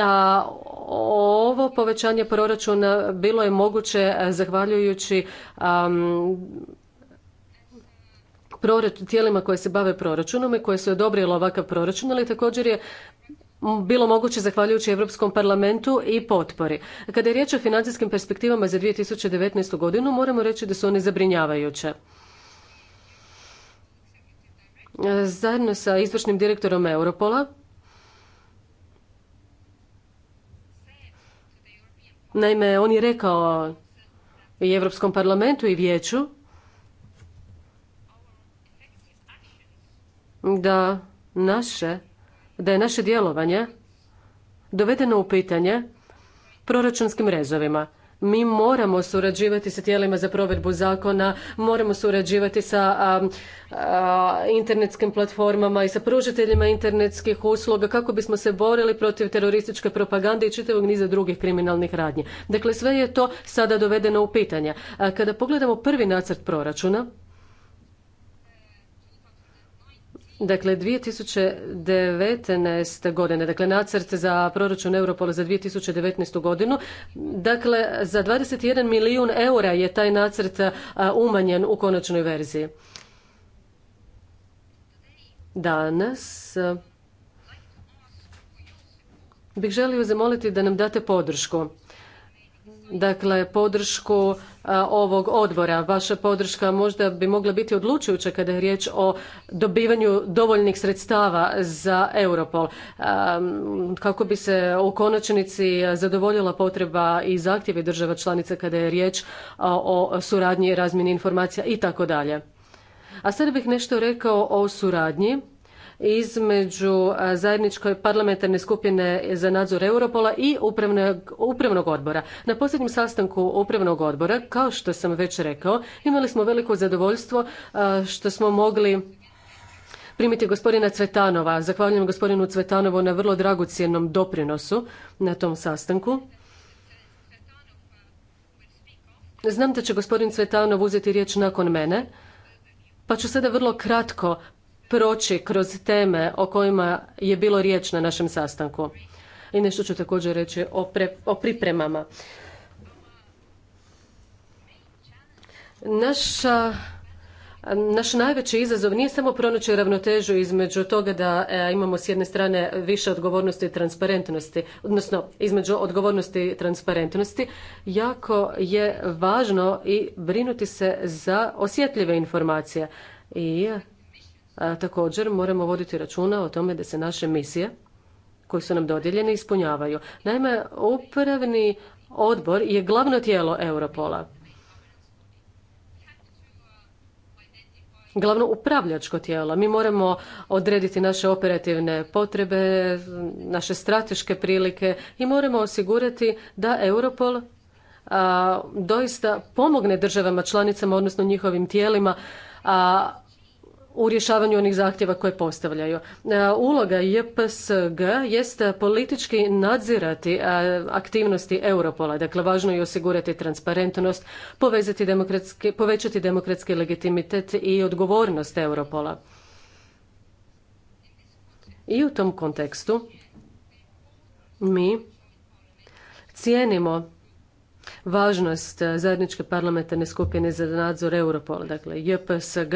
C: A ovo povećanje proračuna bilo je moguće zahvaljujući tijelima koje se bave proračunom i koje su odobrilo ovakav proračun, ali također je bilo moguće zahvaljujući Europskom parlamentu i potpori. Kada je riječ o financijskim perspektivama za 2019. godinu, moramo reći da su one zabrinjavajuće. Zajedno sa izvršnim direktorom Europola, naime, on je rekao i Europskom parlamentu i vijeću da naše da je naše djelovanje dovedeno u pitanje proračunskim rezovima. Mi moramo surađivati sa tijelima za provedbu zakona, moramo surađivati sa internetskim platformama i sa pružiteljima internetskih usluga kako bismo se borili protiv terorističke propagande i čitavog niza drugih kriminalnih radnji. Dakle, sve je to sada dovedeno u pitanje. kada pogledamo prvi nacrt proračuna, Dakle, 2019. godine, dakle nacrt za proračun Europola za 2019. godinu, dakle za 21 milijun eura je taj nacrt umanjen u konačnoj verziji. Danas bih želio zamoliti da nam date podršku. Dakle, podršku ovog odbora. Vaša podrška možda bi mogla biti odlučujuća kada je riječ o dobivanju dovoljnih sredstava za Europol kako bi se u konačnici zadovoljila potreba i zahtjevi država članica kada je riječ o suradnji, razmjeni informacija i tako dalje. A sada bih nešto rekao o suradnji između zajedničke parlamentarne skupine za nadzor Europola i upravnog, odbora. Na posljednjem sastanku upravnog odbora, kao što sam već rekao, imali smo veliko zadovoljstvo što smo mogli primiti gospodina Cvetanova. Zahvaljujem gospodinu Cvetanovu na vrlo dragocjenom doprinosu na tom sastanku. Znam da će gospodin Cvetanov uzeti riječ nakon mene, pa ću sada vrlo kratko proći kroz teme o kojima je bilo riječ na našem sastanku. I nešto ću također reći o, pre, o pripremama. Naša naš najveći izazov nije samo pronaći ravnotežu između toga da e, imamo s jedne strane više odgovornosti i transparentnosti, odnosno između odgovornosti i transparentnosti. Jako je važno i brinuti se za osjetljive informacije. I također moramo voditi računa o tome da se naše misije koji su nam dodijeljene ispunjavaju. Naime, upravni odbor je glavno tijelo Europola. glavno upravljačko tijelo. Mi moramo odrediti naše operativne potrebe, naše strateške prilike i moramo osigurati da Europol a, doista pomogne državama članicama, odnosno njihovim tijelima a, u rješavanju onih zahtjeva koje postavljaju. E, uloga JPSG jest politički nadzirati e, aktivnosti Europola, dakle važno je osigurati transparentnost, povezati demokratski, povećati demokratski legitimitet i odgovornost Europola. I u tom kontekstu mi cijenimo važnost zajedničke parlamentarne skupine za nadzor Europola, dakle JPSG,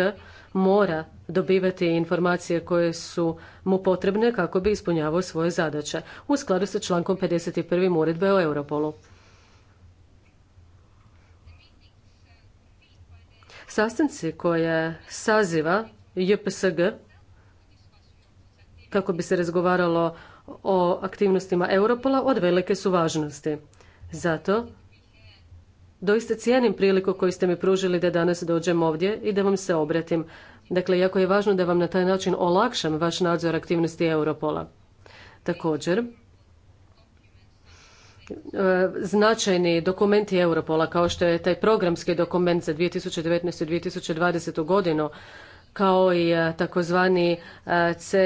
C: mora dobivati informacije koje su mu potrebne kako bi ispunjavao svoje zadaće u skladu sa člankom 51. uredbe o Europolu. Sastanci koje saziva JPSG kako bi se razgovaralo o aktivnostima Europola od velike su važnosti. Zato doista cijenim priliku koju ste mi pružili da danas dođem ovdje i da vam se obratim. Dakle, jako je važno da vam na taj način olakšam vaš nadzor aktivnosti Europola. Također, e, značajni dokumenti Europola, kao što je taj programski dokument za 2019. i 2020. godinu, kao i e, takozvani e, C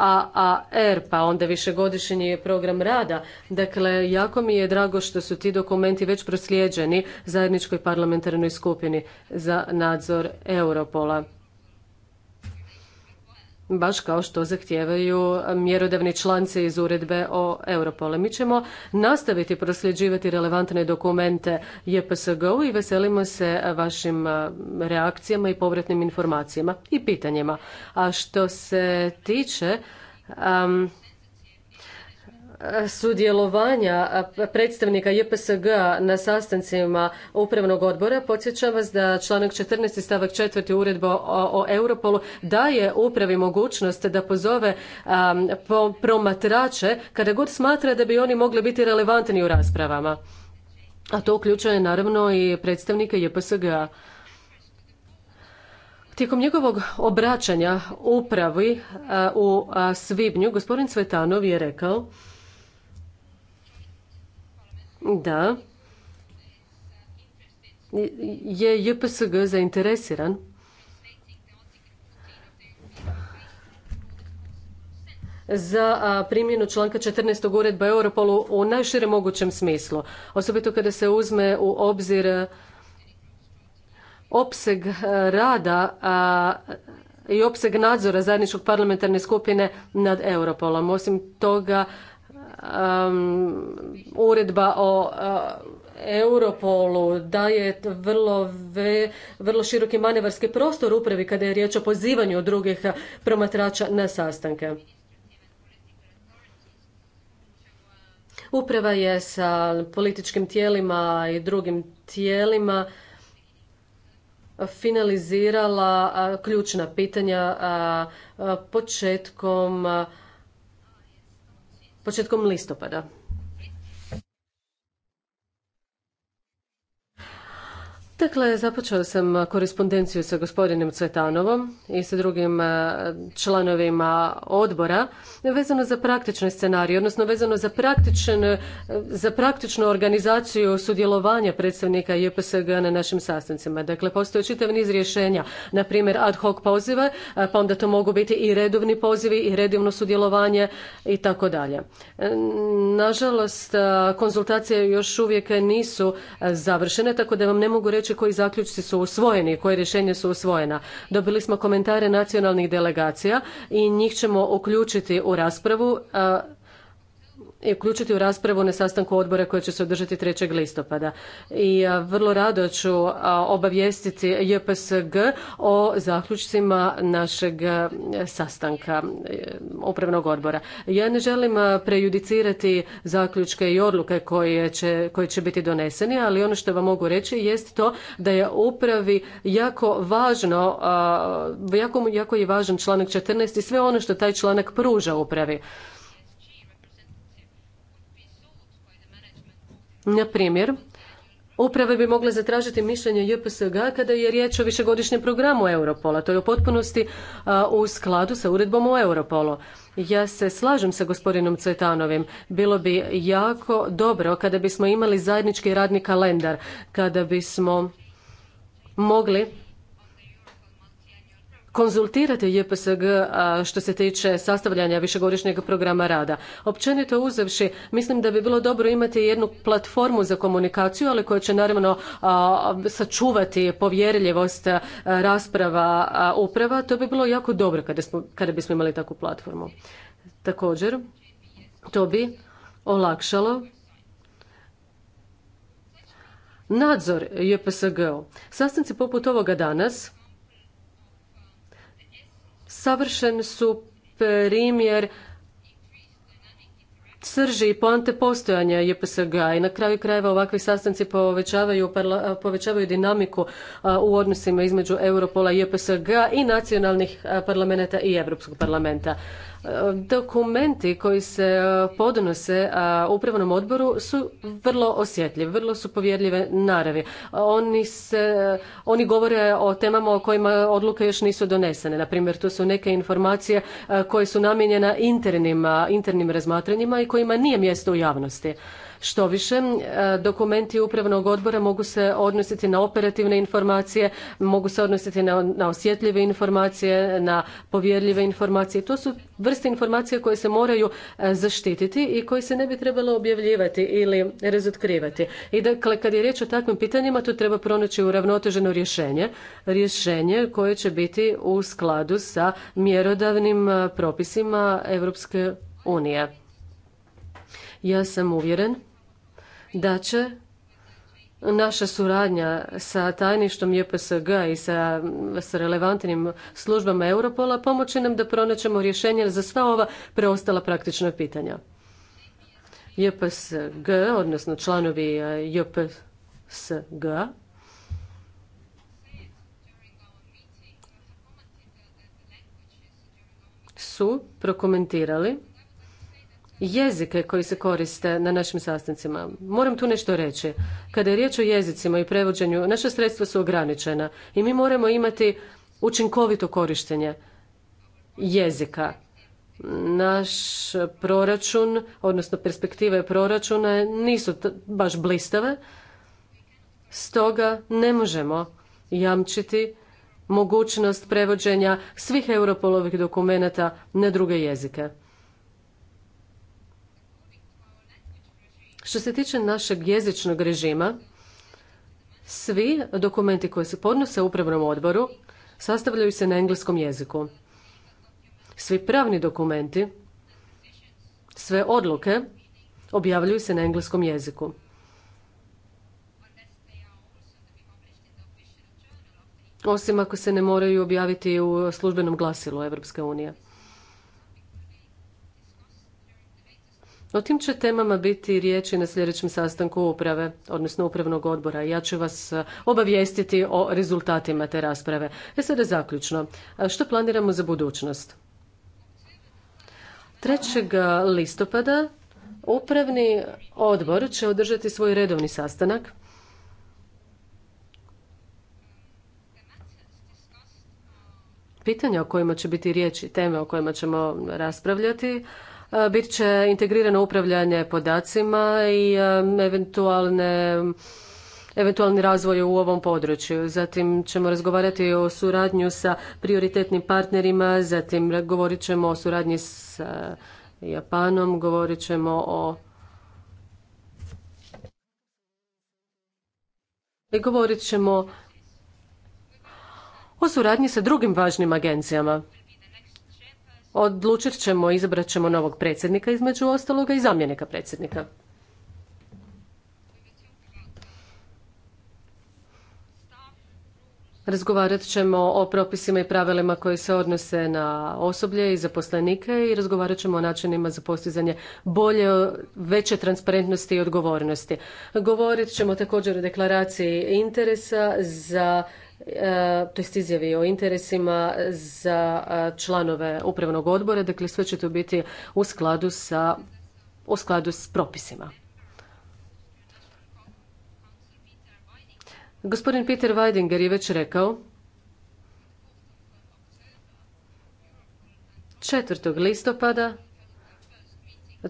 C: AAR, pa onda višegodišnji je program rada. Dakle, jako mi je drago što su ti dokumenti već proslijeđeni zajedničkoj parlamentarnoj skupini za nadzor Europola baš kao što zahtijevaju mjerodavni članci iz uredbe o Europole. Mi ćemo nastaviti prosljeđivati relevantne dokumente JPSGO i veselimo se vašim reakcijama i povratnim informacijama i pitanjima. A što se tiče sudjelovanja predstavnika jpsg na sastancima upravnog odbora, podsjećam vas da članak 14. stavak 4. uredba o, Europolu daje upravi mogućnost da pozove promatrače kada god smatra da bi oni mogli biti relevantni u raspravama. A to uključuje naravno i predstavnike jpsg Tijekom njegovog obraćanja upravi u svibnju gospodin Cvetanov je rekao da je JPSG zainteresiran za primjenu članka 14. uredba Europolu u najširem mogućem smislu, osobito kada se uzme u obzir opseg rada i opseg nadzora zajedničkog parlamentarne skupine nad Europolom. Osim toga, um, uredba o e, Europolu daje vrlo, vrlo široki manevarski prostor upravi kada je riječ o pozivanju drugih promatrača na sastanke. Uprava je sa političkim tijelima i drugim tijelima finalizirala ključna pitanja početkom početkom listopada. Dakle, započeo sam korespondenciju sa gospodinom Cvetanovom i sa drugim e, članovima odbora vezano za praktične scenarije, odnosno vezano za, praktičen, e, za praktičnu organizaciju sudjelovanja predstavnika JPSG na našim sastancima. Dakle, postoje čitav niz rješenja, na primjer ad hoc pozive, e, pa onda to mogu biti i redovni pozivi i redovno sudjelovanje i tako dalje. Nažalost, konzultacije još uvijek nisu završene, tako da vam ne mogu reći koji zaključci su usvojeni, koje rješenje su usvojena. Dobili smo komentare nacionalnih delegacija i njih ćemo uključiti u raspravu i uključiti u raspravu na sastanku odbora koji će se održati 3. listopada. I vrlo rado ću obavijestiti JPSG o zaključcima našeg sastanka e, upravnog odbora. Ja ne želim prejudicirati zaključke i odluke koje će, koji će biti doneseni, ali ono što vam mogu reći jest to da je upravi jako važno, jako, jako je važan članak 14 i sve ono što taj članak pruža upravi. Na primjer, Uprave bi mogle zatražiti mišljenje JPSG kada je riječ o višegodišnjem programu Europola. To je u potpunosti u skladu sa uredbom o Europolu. Ja se slažem sa gospodinom Cvetanovim. Bilo bi jako dobro kada bismo imali zajednički radni kalendar, kada bismo mogli konzultirati JPSG što se tiče sastavljanja višegodišnjeg programa rada. Općenito uzevši, mislim da bi bilo dobro imati jednu platformu za komunikaciju, ali koja će naravno sačuvati povjerljivost rasprava uprava. To bi bilo jako dobro kada, bismo imali takvu platformu. Također, to bi olakšalo nadzor JPSG-u. Sastanci poput ovoga danas savršen su primjer srži i poante postojanja jpsg i na kraju krajeva ovakvi sastanci povećavaju, povećavaju dinamiku u odnosima između Europola i jpsg i nacionalnih parlamenta i Europskog parlamenta dokumenti koji se e, podnose upravnom odboru su vrlo osjetljivi, vrlo su povjerljive naravi. Oni, se, oni govore o temama o kojima odluke još nisu donesene. Naprimjer, tu su neke informacije e, koje su namijenjena internim, internim razmatranjima i kojima nije mjesto u javnosti. Što više, e, dokumenti upravnog odbora mogu se odnositi na operativne informacije, mogu se odnositi na, osjetljive informacije, na povjerljive informacije. To su vrste informacija koje se moraju e, zaštititi i koje se ne bi trebalo objavljivati ili razotkrivati. I dakle, kad je riječ o takvim pitanjima, tu treba pronaći uravnoteženo rješenje, rješenje koje će biti u skladu sa mjerodavnim e, propisima Europske unije. Ja sam uvjeren da će naša suradnja sa tajništom JPSG i sa, relevantnim službama Europola pomoći nam da pronaćemo rješenje za sva ova preostala praktična pitanja. JPSG, odnosno članovi eh, JPSG, su prokomentirali jezike koji se koriste na našim sastancima. Moram tu nešto reći. Kada je riječ o jezicima i prevođenju, naša sredstva su ograničena i mi moramo imati učinkovito korištenje jezika. Naš proračun, odnosno perspektive proračuna nisu baš blistave, stoga ne možemo jamčiti mogućnost prevođenja svih europolovih dokumenata na druge jezike. Što se tiče našeg jezičnog režima, svi dokumenti koji se podnose upravnom odboru sastavljaju se na engleskom jeziku. Svi pravni dokumenti, sve odluke objavljuju se na engleskom jeziku. Osim ako se ne moraju objaviti u službenom glasilu Europske unije. O tim će temama biti riječi na sljedećem sastanku uprave, odnosno upravnog odbora. Ja ću vas e, obavijestiti o rezultatima te rasprave. E sada zaključno, što planiramo za budućnost? 3. E, listopada upravni odbor će održati svoj redovni sastanak. Pitanja o kojima će biti riječi, teme o kojima ćemo raspravljati, E, bit će integrirano upravljanje podacima i e, eventualne eventualni razvoj u ovom području. Zatim ćemo razgovarati o suradnju sa prioritetnim partnerima, zatim govorit ćemo o suradnji s Japanom, govorit ćemo o I govorit ćemo o suradnji sa drugim važnim agencijama. Odlučit ćemo, izabrat ćemo novog predsjednika između ostaloga i zamjenika predsjednika. Razgovarat ćemo o propisima i pravilima koji se odnose na osoblje i zaposlenike i razgovarat ćemo o načinima za postizanje bolje, veće transparentnosti i odgovornosti. Govorit ćemo također o deklaraciji interesa za E, to jest izjavi o interesima za e, članove upravnog odbora, dakle sve će to biti u skladu sa u skladu s propisima. Gospodin Peter Weidinger je već rekao 4. listopada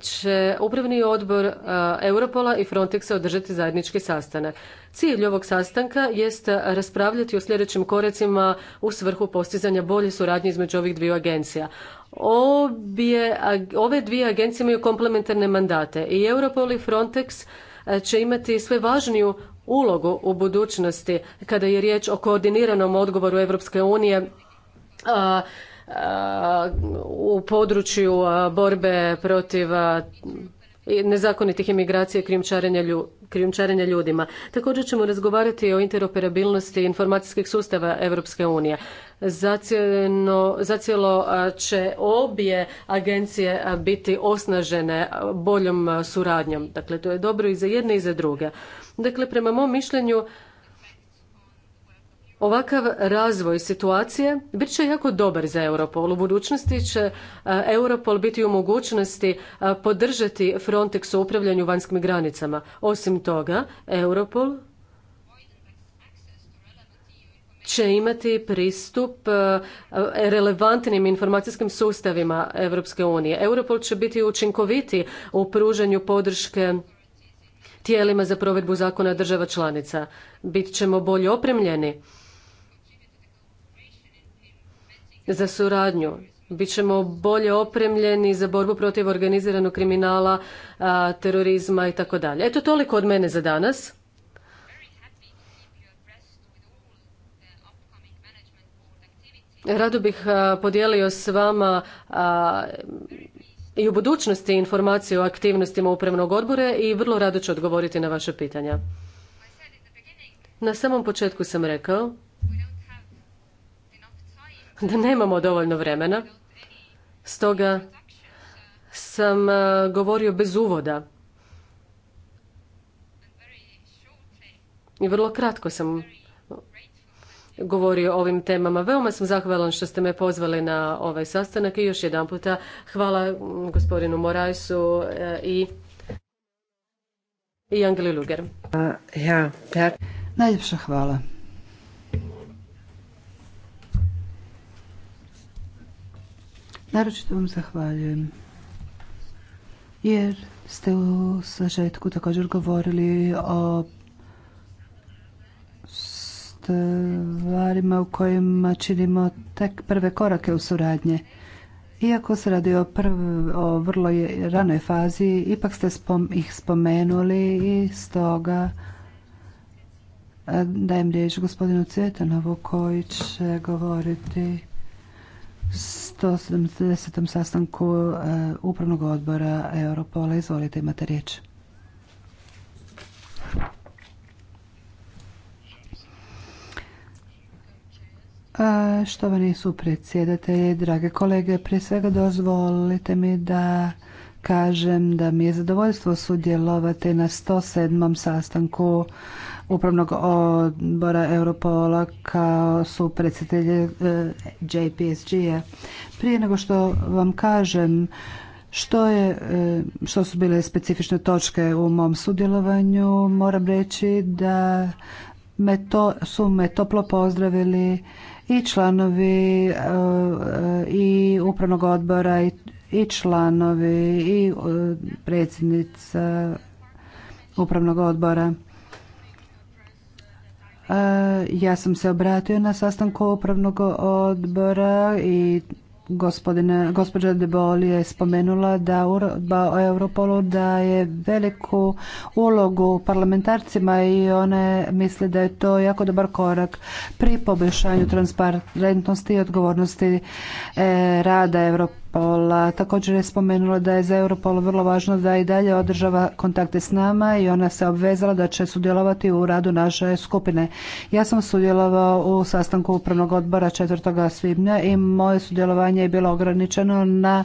C: će upravni odbor e, Europola i Frontexa održati zajednički sastanak. Cilj ovog sastanka jest raspravljati o sljedećim koracima u svrhu postizanja bolje suradnje između ovih dviju agencija. Obje, ove dvije agencije imaju komplementarne mandate i Europol i Frontex e, će imati sve važniju ulogu u budućnosti kada je riječ o koordiniranom odgovoru Europske unije u području borbe protiv nezakonitih imigracija i krijumčarenja ljudima. Također ćemo razgovarati o interoperabilnosti informacijskih sustava Europske unije. Zacijelo će obje agencije biti osnažene boljom suradnjom. Dakle, to je dobro i za jedne i za druge. Dakle, prema mom mišljenju Ovakav razvoj situacije bit će jako dobar za Europol. U budućnosti će e, Europol biti u mogućnosti e, podržati Frontex u upravljanju vanjskim granicama. Osim toga, Europol će imati pristup e, relevantnim informacijskim sustavima Europske unije. Europol će biti učinkoviti u pružanju podrške tijelima za provedbu zakona država članica. Bit ćemo bolje opremljeni za suradnju. Bićemo bolje opremljeni za borbu protiv organiziranog kriminala, terorizma i tako dalje. Eto toliko od mene za danas. Rado bih podijelio s vama i u budućnosti informacije o aktivnostima upravnog odbora i vrlo rado ću odgovoriti na vaše pitanja. Na samom početku sam rekao da nemamo dovoljno vremena. Stoga sam e, govorio bez uvoda. I vrlo kratko sam govorio o ovim temama. Veoma sam zahvalan što ste me pozvali na ovaj sastanak i još jedan puta hvala gospodinu Morajsu e, i i Angeli Luger.
A: Najljepša hvala. Naročito vam zahvaljujem jer ste u sažetku također govorili o stvarima u kojima činimo tek prve korake u suradnje. Iako se radi o, vrlo ranoj fazi, ipak ste spom, ih spomenuli i stoga eh, dajem riječ gospodinu Cvjetanovu koji će govoriti 170. sastanku eh, Upravnog odbora Europola. Izvolite, imate riječ. Eh, štovani su predsjedatelji, drage kolege, prije svega dozvolite mi da kažem da mi je zadovoljstvo sudjelovati na 107. sastanku upravnog odbora Europola kao su predsjedatelje eh, JPSG-a. Prije nego što vam kažem što, je, eh, što su bile specifične točke u mom sudjelovanju, moram reći da me to, su me toplo pozdravili i članovi eh, i upravnog odbora i i članovi i e, predsjednica upravnog odbora. E, ja sam se obratio na sastanku upravnog odbora i gospođa De je spomenula da uredba o Europolu daje veliku ulogu parlamentarcima i one misle da je to jako dobar korak pri poboljšanju transparentnosti i odgovornosti e, rada Europola Također je spomenula da je za Europol vrlo važno da i dalje održava kontakte s nama i ona se obvezala da će sudjelovati u radu naše skupine. Ja sam sudjelovao u sastanku upravnog odbora 4. svibnja i moje sudjelovanje je bilo ograničeno na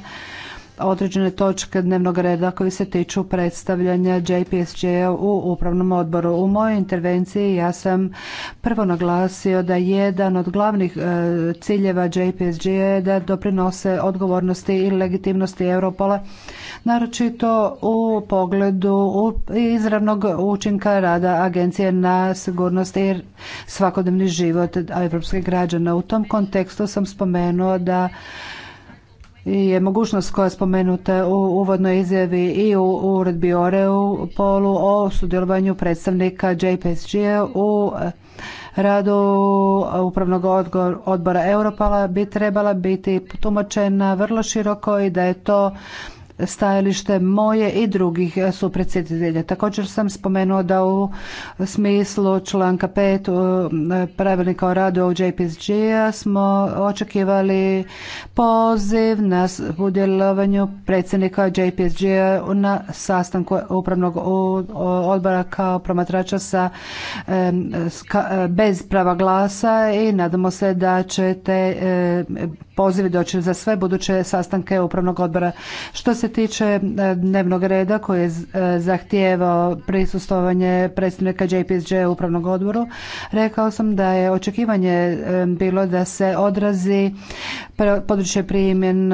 A: određene točke dnevnog reda koji se tiču predstavljanja JPSG u upravnom odboru. U mojoj intervenciji ja sam prvo naglasio da jedan od glavnih e, ciljeva JPSG je da doprinose odgovornosti i legitimnosti Europola, naročito u pogledu izravnog učinka rada agencije na sigurnost i svakodnevni život europskih građana. U tom kontekstu sam spomenuo da je mogućnost koja je spomenuta u uvodnoj izjavi i u uredbi OREU polu o sudjelovanju predstavnika jpsg u eh, radu upravnog odbora Europala bi trebala biti tumačena vrlo široko i da je to stajalište moje i drugih supredsjeditelja. Također sam spomenuo da u smislu članka 5 pravilnika o radu jpsg a smo očekivali poziv na udjelovanju predsjednika JPSG-a na sastanku upravnog odbora kao promatrača sa bez prava glasa i nadamo se da će te pozivi doći za sve buduće sastanke upravnog odbora. Što se tiče e, dnevnog reda koji je e, zahtijevao prisustovanje predstavnika JPSG upravnog odboru, rekao sam da je očekivanje e, bilo da se odrazi područje primjen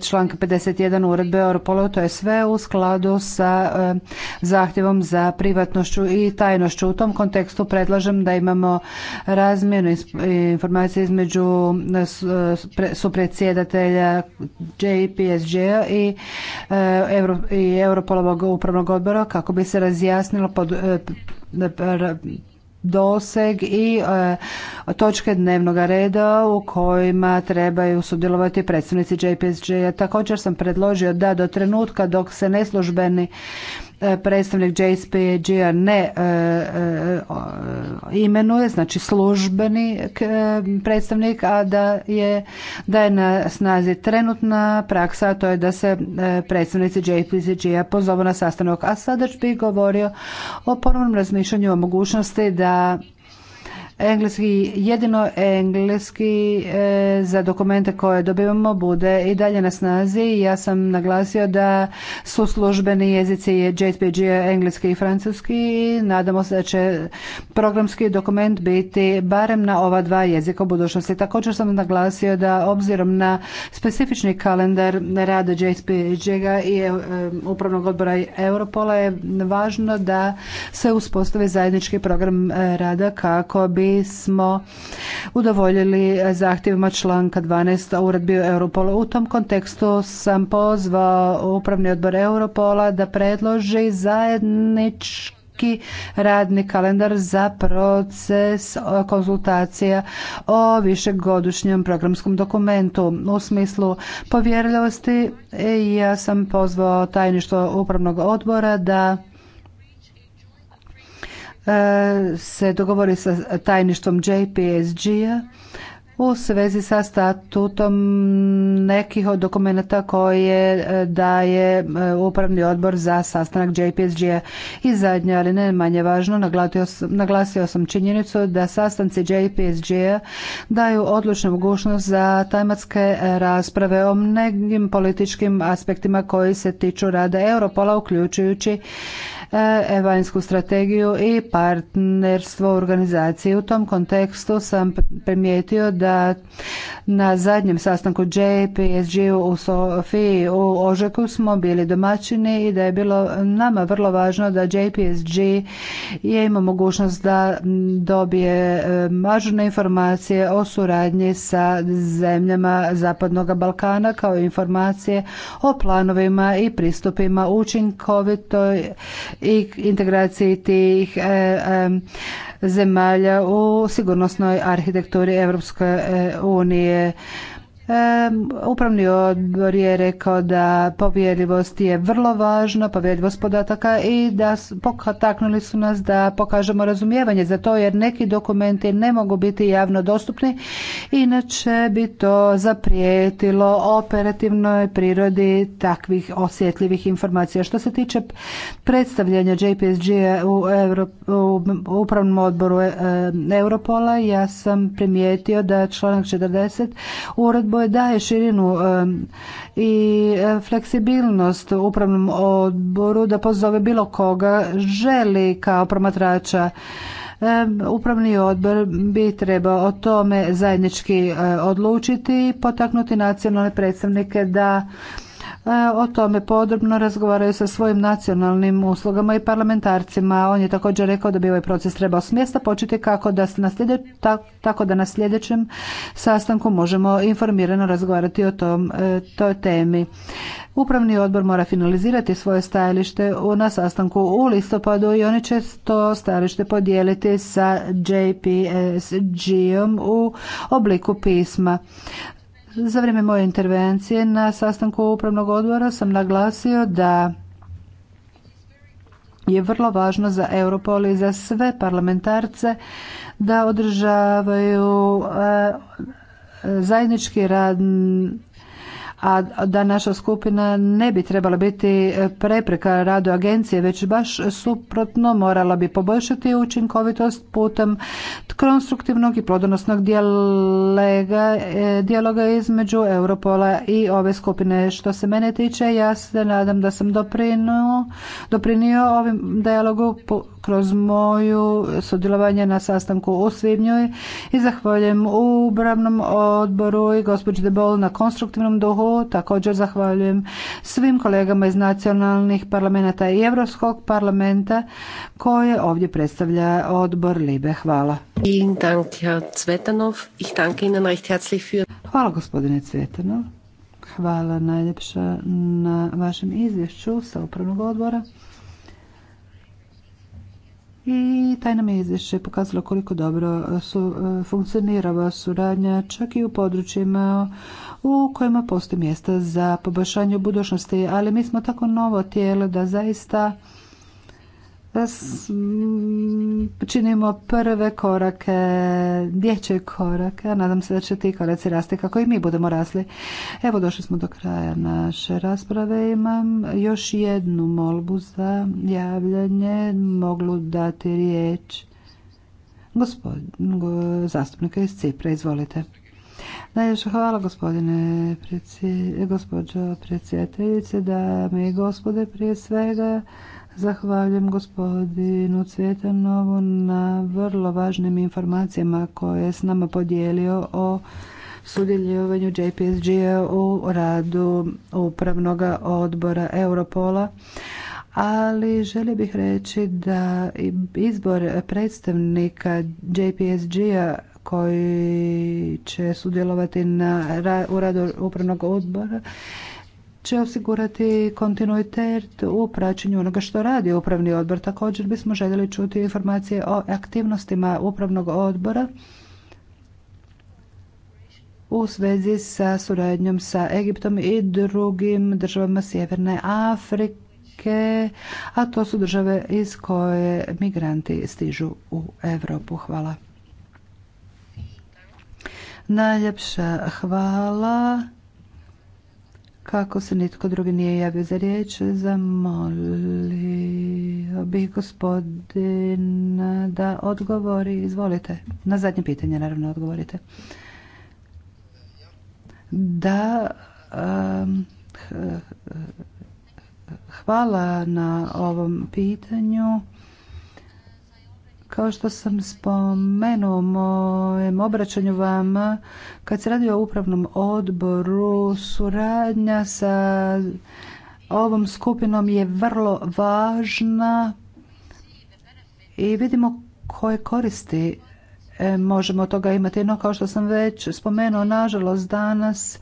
A: članka 51 uredbe Europolu, to je sve u skladu sa zahtjevom za privatnošću i tajnošću. U tom kontekstu predlažem da imamo razmjenu informacije između supredsjedatelja JPSG-a i Eh, i Europolovog upravnog odbora kako bi se razjasnilo pod eh, doseg i eh, točke dnevnog reda u kojima trebaju sudjelovati predstavnici JPSG-a. Također sam predložio da do trenutka dok se neslužbeni E, predstavnik JSPG-a ne e, e, imenuje, znači službeni predstavnik, a da je, da je na snazi trenutna praksa, a to je da se predstavnici jspg a pozovu na sastanak. A sada bih govorio o ponovnom razmišljanju o mogućnosti da engleski, jedino engleski e, za dokumente koje dobivamo bude i dalje na snazi. Ja sam naglasio da su službeni jezici JPG engleski i francuski. Nadamo se da će programski dokument biti barem na ova dva jezika u budućnosti. Također sam naglasio da obzirom na specifični kalendar rada jpg i i e, upravnog odbora Europola je važno da se uspostavi zajednički program e, rada kako bi smo udovoljili zahtjevima članka 12 uredbi Europola. U tom kontekstu sam pozvao upravni odbor Europola da predloži zajednički radni kalendar za proces konzultacija o višegodišnjem programskom dokumentu. U smislu povjerljivosti ja sam pozvao tajništvo upravnog odbora da E, se dogovori sa tajništvom JPSG-a u svezi sa statutom nekih od dokumenta koje e, daje e, upravni odbor za sastanak JPSG-a i zadnja, ali ne manje važno, naglasio sam činjenicu da sastanci JPSG-a daju odlučnu mogućnost za tajmatske rasprave o mnogim političkim aspektima koji se tiču rada Europola, uključujući E, vanjsku strategiju i partnerstvo organizacije. U tom kontekstu sam primijetio da na zadnjem sastanku JPSG u Sofiji u Ožeku smo bili domaćini i da je bilo nama vrlo važno da JPSG je imao mogućnost da dobije e, važne informacije o suradnji sa zemljama Zapadnog Balkana kao informacije o planovima i pristupima učinkovitoj i integraciji tih e, zemalja u sigurnosnoj arhitekturi Europske e, unije. Upravni odbor je rekao da povjerljivost je vrlo važna, povjerljivost podataka i da potaknuli su nas da pokažemo razumijevanje za to jer neki dokumenti ne mogu biti javno dostupni, inače bi to zaprijetilo operativnoj prirodi takvih osjetljivih informacija. Što se tiče predstavljanja JPSG u, u upravnom odboru Europola, ja sam primijetio da članak 40 uredbe daje širinu i e, fleksibilnost upravnom odboru da pozove bilo koga želi kao promatrača. Upravni odbor bi trebao o tome zajednički e, odlučiti i potaknuti nacionalne predstavnike da E, o tome podrobno razgovaraju sa svojim nacionalnim uslugama i parlamentarcima. On je također rekao da bi ovaj proces trebao s mjesta početi kako da tako da na sljedećem sastanku možemo informirano razgovarati o tom, e, toj temi. Upravni odbor mora finalizirati svoje stajalište na sastanku u listopadu i oni će to stajalište podijeliti sa JPSG-om u obliku pisma. Za vrijeme moje intervencije na sastanku upravnog odbora sam naglasio da je vrlo važno za Europol i za sve parlamentarce da održavaju e, zajednički rad a da naša skupina ne bi trebala biti e, prepreka radu agencije, već baš suprotno morala bi poboljšati učinkovitost putem konstruktivnog i plodonosnog e, dijaloga između Europola i ove skupine. Što se mene tiče, ja se nadam da sam doprinuo, doprinio ovim dijalogu kroz moju sudjelovanje na sastanku u Svibnju i zahvaljujem u upravnom odboru i gospođi Debol na konstruktivnom duhu Također zahvaljujem svim kolegama iz nacionalnih parlamenta i Europskog parlamenta koje ovdje predstavlja odbor Libe. Hvala. Hvala gospodine Cvetanov. Hvala najljepša na vašem izvješću sa upravnog odbora. I taj nam je izvješće pokazalo koliko dobro su, e, funkcionirava suradnja čak i u područjima u kojima postoji mjesta za poboljšanje budućnosti, ali mi smo tako novo tijelo da zaista mm, činimo prve korake, dječje korake, a nadam se da će ti koraci rasti kako i mi budemo rasli. Evo došli smo do kraja naše rasprave. Imam još jednu molbu za javljanje. Moglu dati riječ gospodin zastupnika iz Cipra. Izvolite. Najljepša hvala gospodine gospođo predsjedateljice, dame i gospode prije svega. Zahvaljujem gospodinu Cvjetanovu na vrlo važnim informacijama koje je s nama podijelio o sudjeljivanju JPSG-a u radu upravnog odbora Europola. Ali želi bih reći da izbor predstavnika JPSG-a koji će sudjelovati na, u radu upravnog odbora će osigurati kontinuitet u praćenju onoga što radi upravni odbor. Također bismo željeli čuti informacije o aktivnostima upravnog odbora u svezi sa suradnjom sa Egiptom i drugim državama Sjeverne Afrike, a to su države iz koje migranti stižu u Europu. Hvala. Najljepša hvala. Kako se nitko drugi nije javio za riječ, zamolio bih gospodina da odgovori. Izvolite. Na zadnje pitanje, naravno, odgovorite. Da, hvala na ovom pitanju. Kao što sam spomenuo u mojem obraćanju vama, kad se radi o upravnom odboru, suradnja sa ovom skupinom je vrlo važna i vidimo koje koristi e, možemo od toga imati. No, kao što sam već spomenuo, nažalost, danas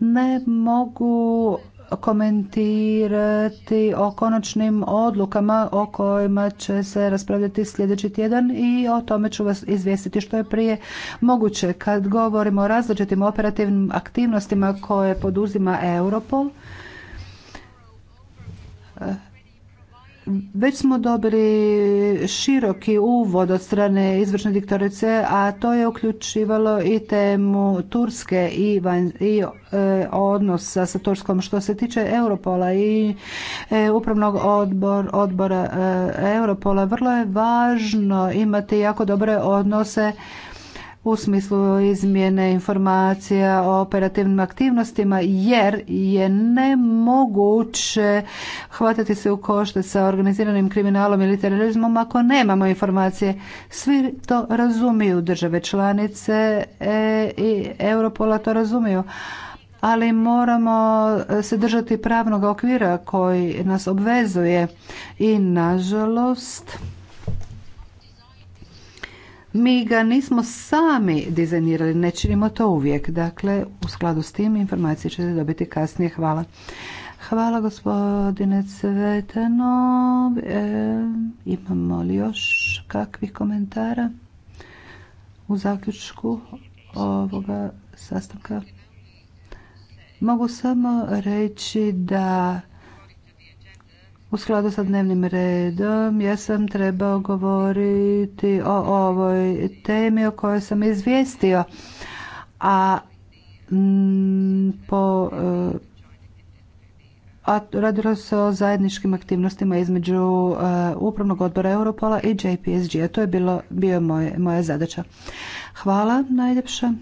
A: ne mogu komentirati o konačnim odlukama o kojima će se raspravljati sljedeći tjedan i o tome ću vas izvijestiti što je prije moguće. Kad govorimo o različitim operativnim aktivnostima koje poduzima Europol, već smo dobili široki uvod od strane izvršne diktorice, a to je uključivalo i temu Turske i, i e, odnosa sa Turskom. Što se tiče Europola i e, upravnog odbor, odbora e, Europola, vrlo je važno imati jako dobre odnose u smislu izmjene informacija o operativnim aktivnostima jer je nemoguće hvatati se u košte sa organiziranim kriminalom ili terorizmom ako nemamo informacije. Svi to razumiju, države članice e, i Europola to razumiju ali moramo se držati pravnog okvira koji nas obvezuje i nažalost mi ga nismo sami dizajnirali, ne činimo to uvijek. Dakle, u skladu s tim informacije ćete dobiti kasnije. Hvala. Hvala gospodine Cvetano. E, imamo li još kakvih komentara u zaključku ovoga sastanka? Mogu samo reći da u skladu sa dnevnim redom ja sam trebao govoriti o ovoj temi o kojoj sam izvijestio a m, mm, po e, a radilo se o zajedničkim aktivnostima između e, Upravnog odbora Europola i JPSG, a to je bilo, bio moje moja zadaća. Hvala najljepša.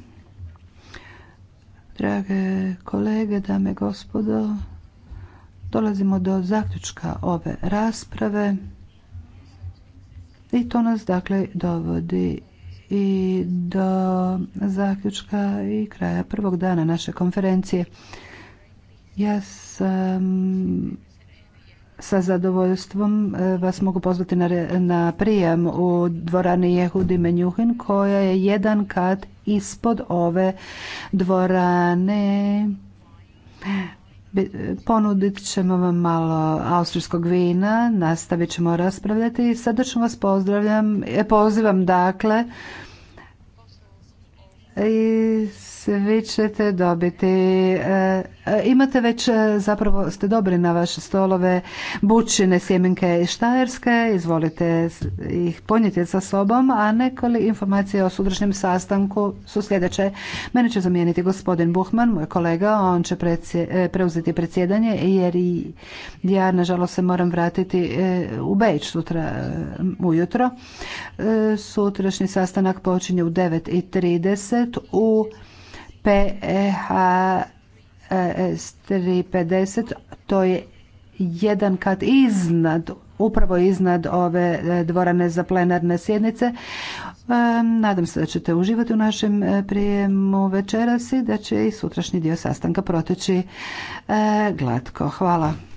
A: Drage kolege, dame i gospodo, Dolazimo do zaključka ove rasprave i to nas dakle dovodi i do zaključka i kraja prvog dana naše konferencije. Ja sam sa zadovoljstvom eh, vas mogu pozvati na, na prijem u dvorani Jehudi Menjuhin koja je jedan kat ispod ove dvorane ponudit ćemo vam malo austrijskog vina, nastavit ćemo raspravljati i srdačno vas pozdravljam, e, pozivam dakle svi ćete dobiti, eh, imate već eh, zapravo ste dobri na vaše stolove bučine, sjemenke i štajerske, izvolite ih ponijeti sa sobom, a nekoli informacije o sutrašnjem sastanku su sljedeće. Mene će zamijeniti gospodin Buhman, moj kolega, on će eh, preuzeti predsjedanje jer i ja nažalost se moram vratiti u Beč sutra ujutro. Sutrašnji sastanak počinje u 9.30 u E PEHS350, to je jedan kat iznad, upravo iznad ove e, dvorane za plenarne sjednice. E, nadam se da ćete uživati u našem prijemu večeras i da će i sutrašnji dio sastanka proteći glatko. Hvala.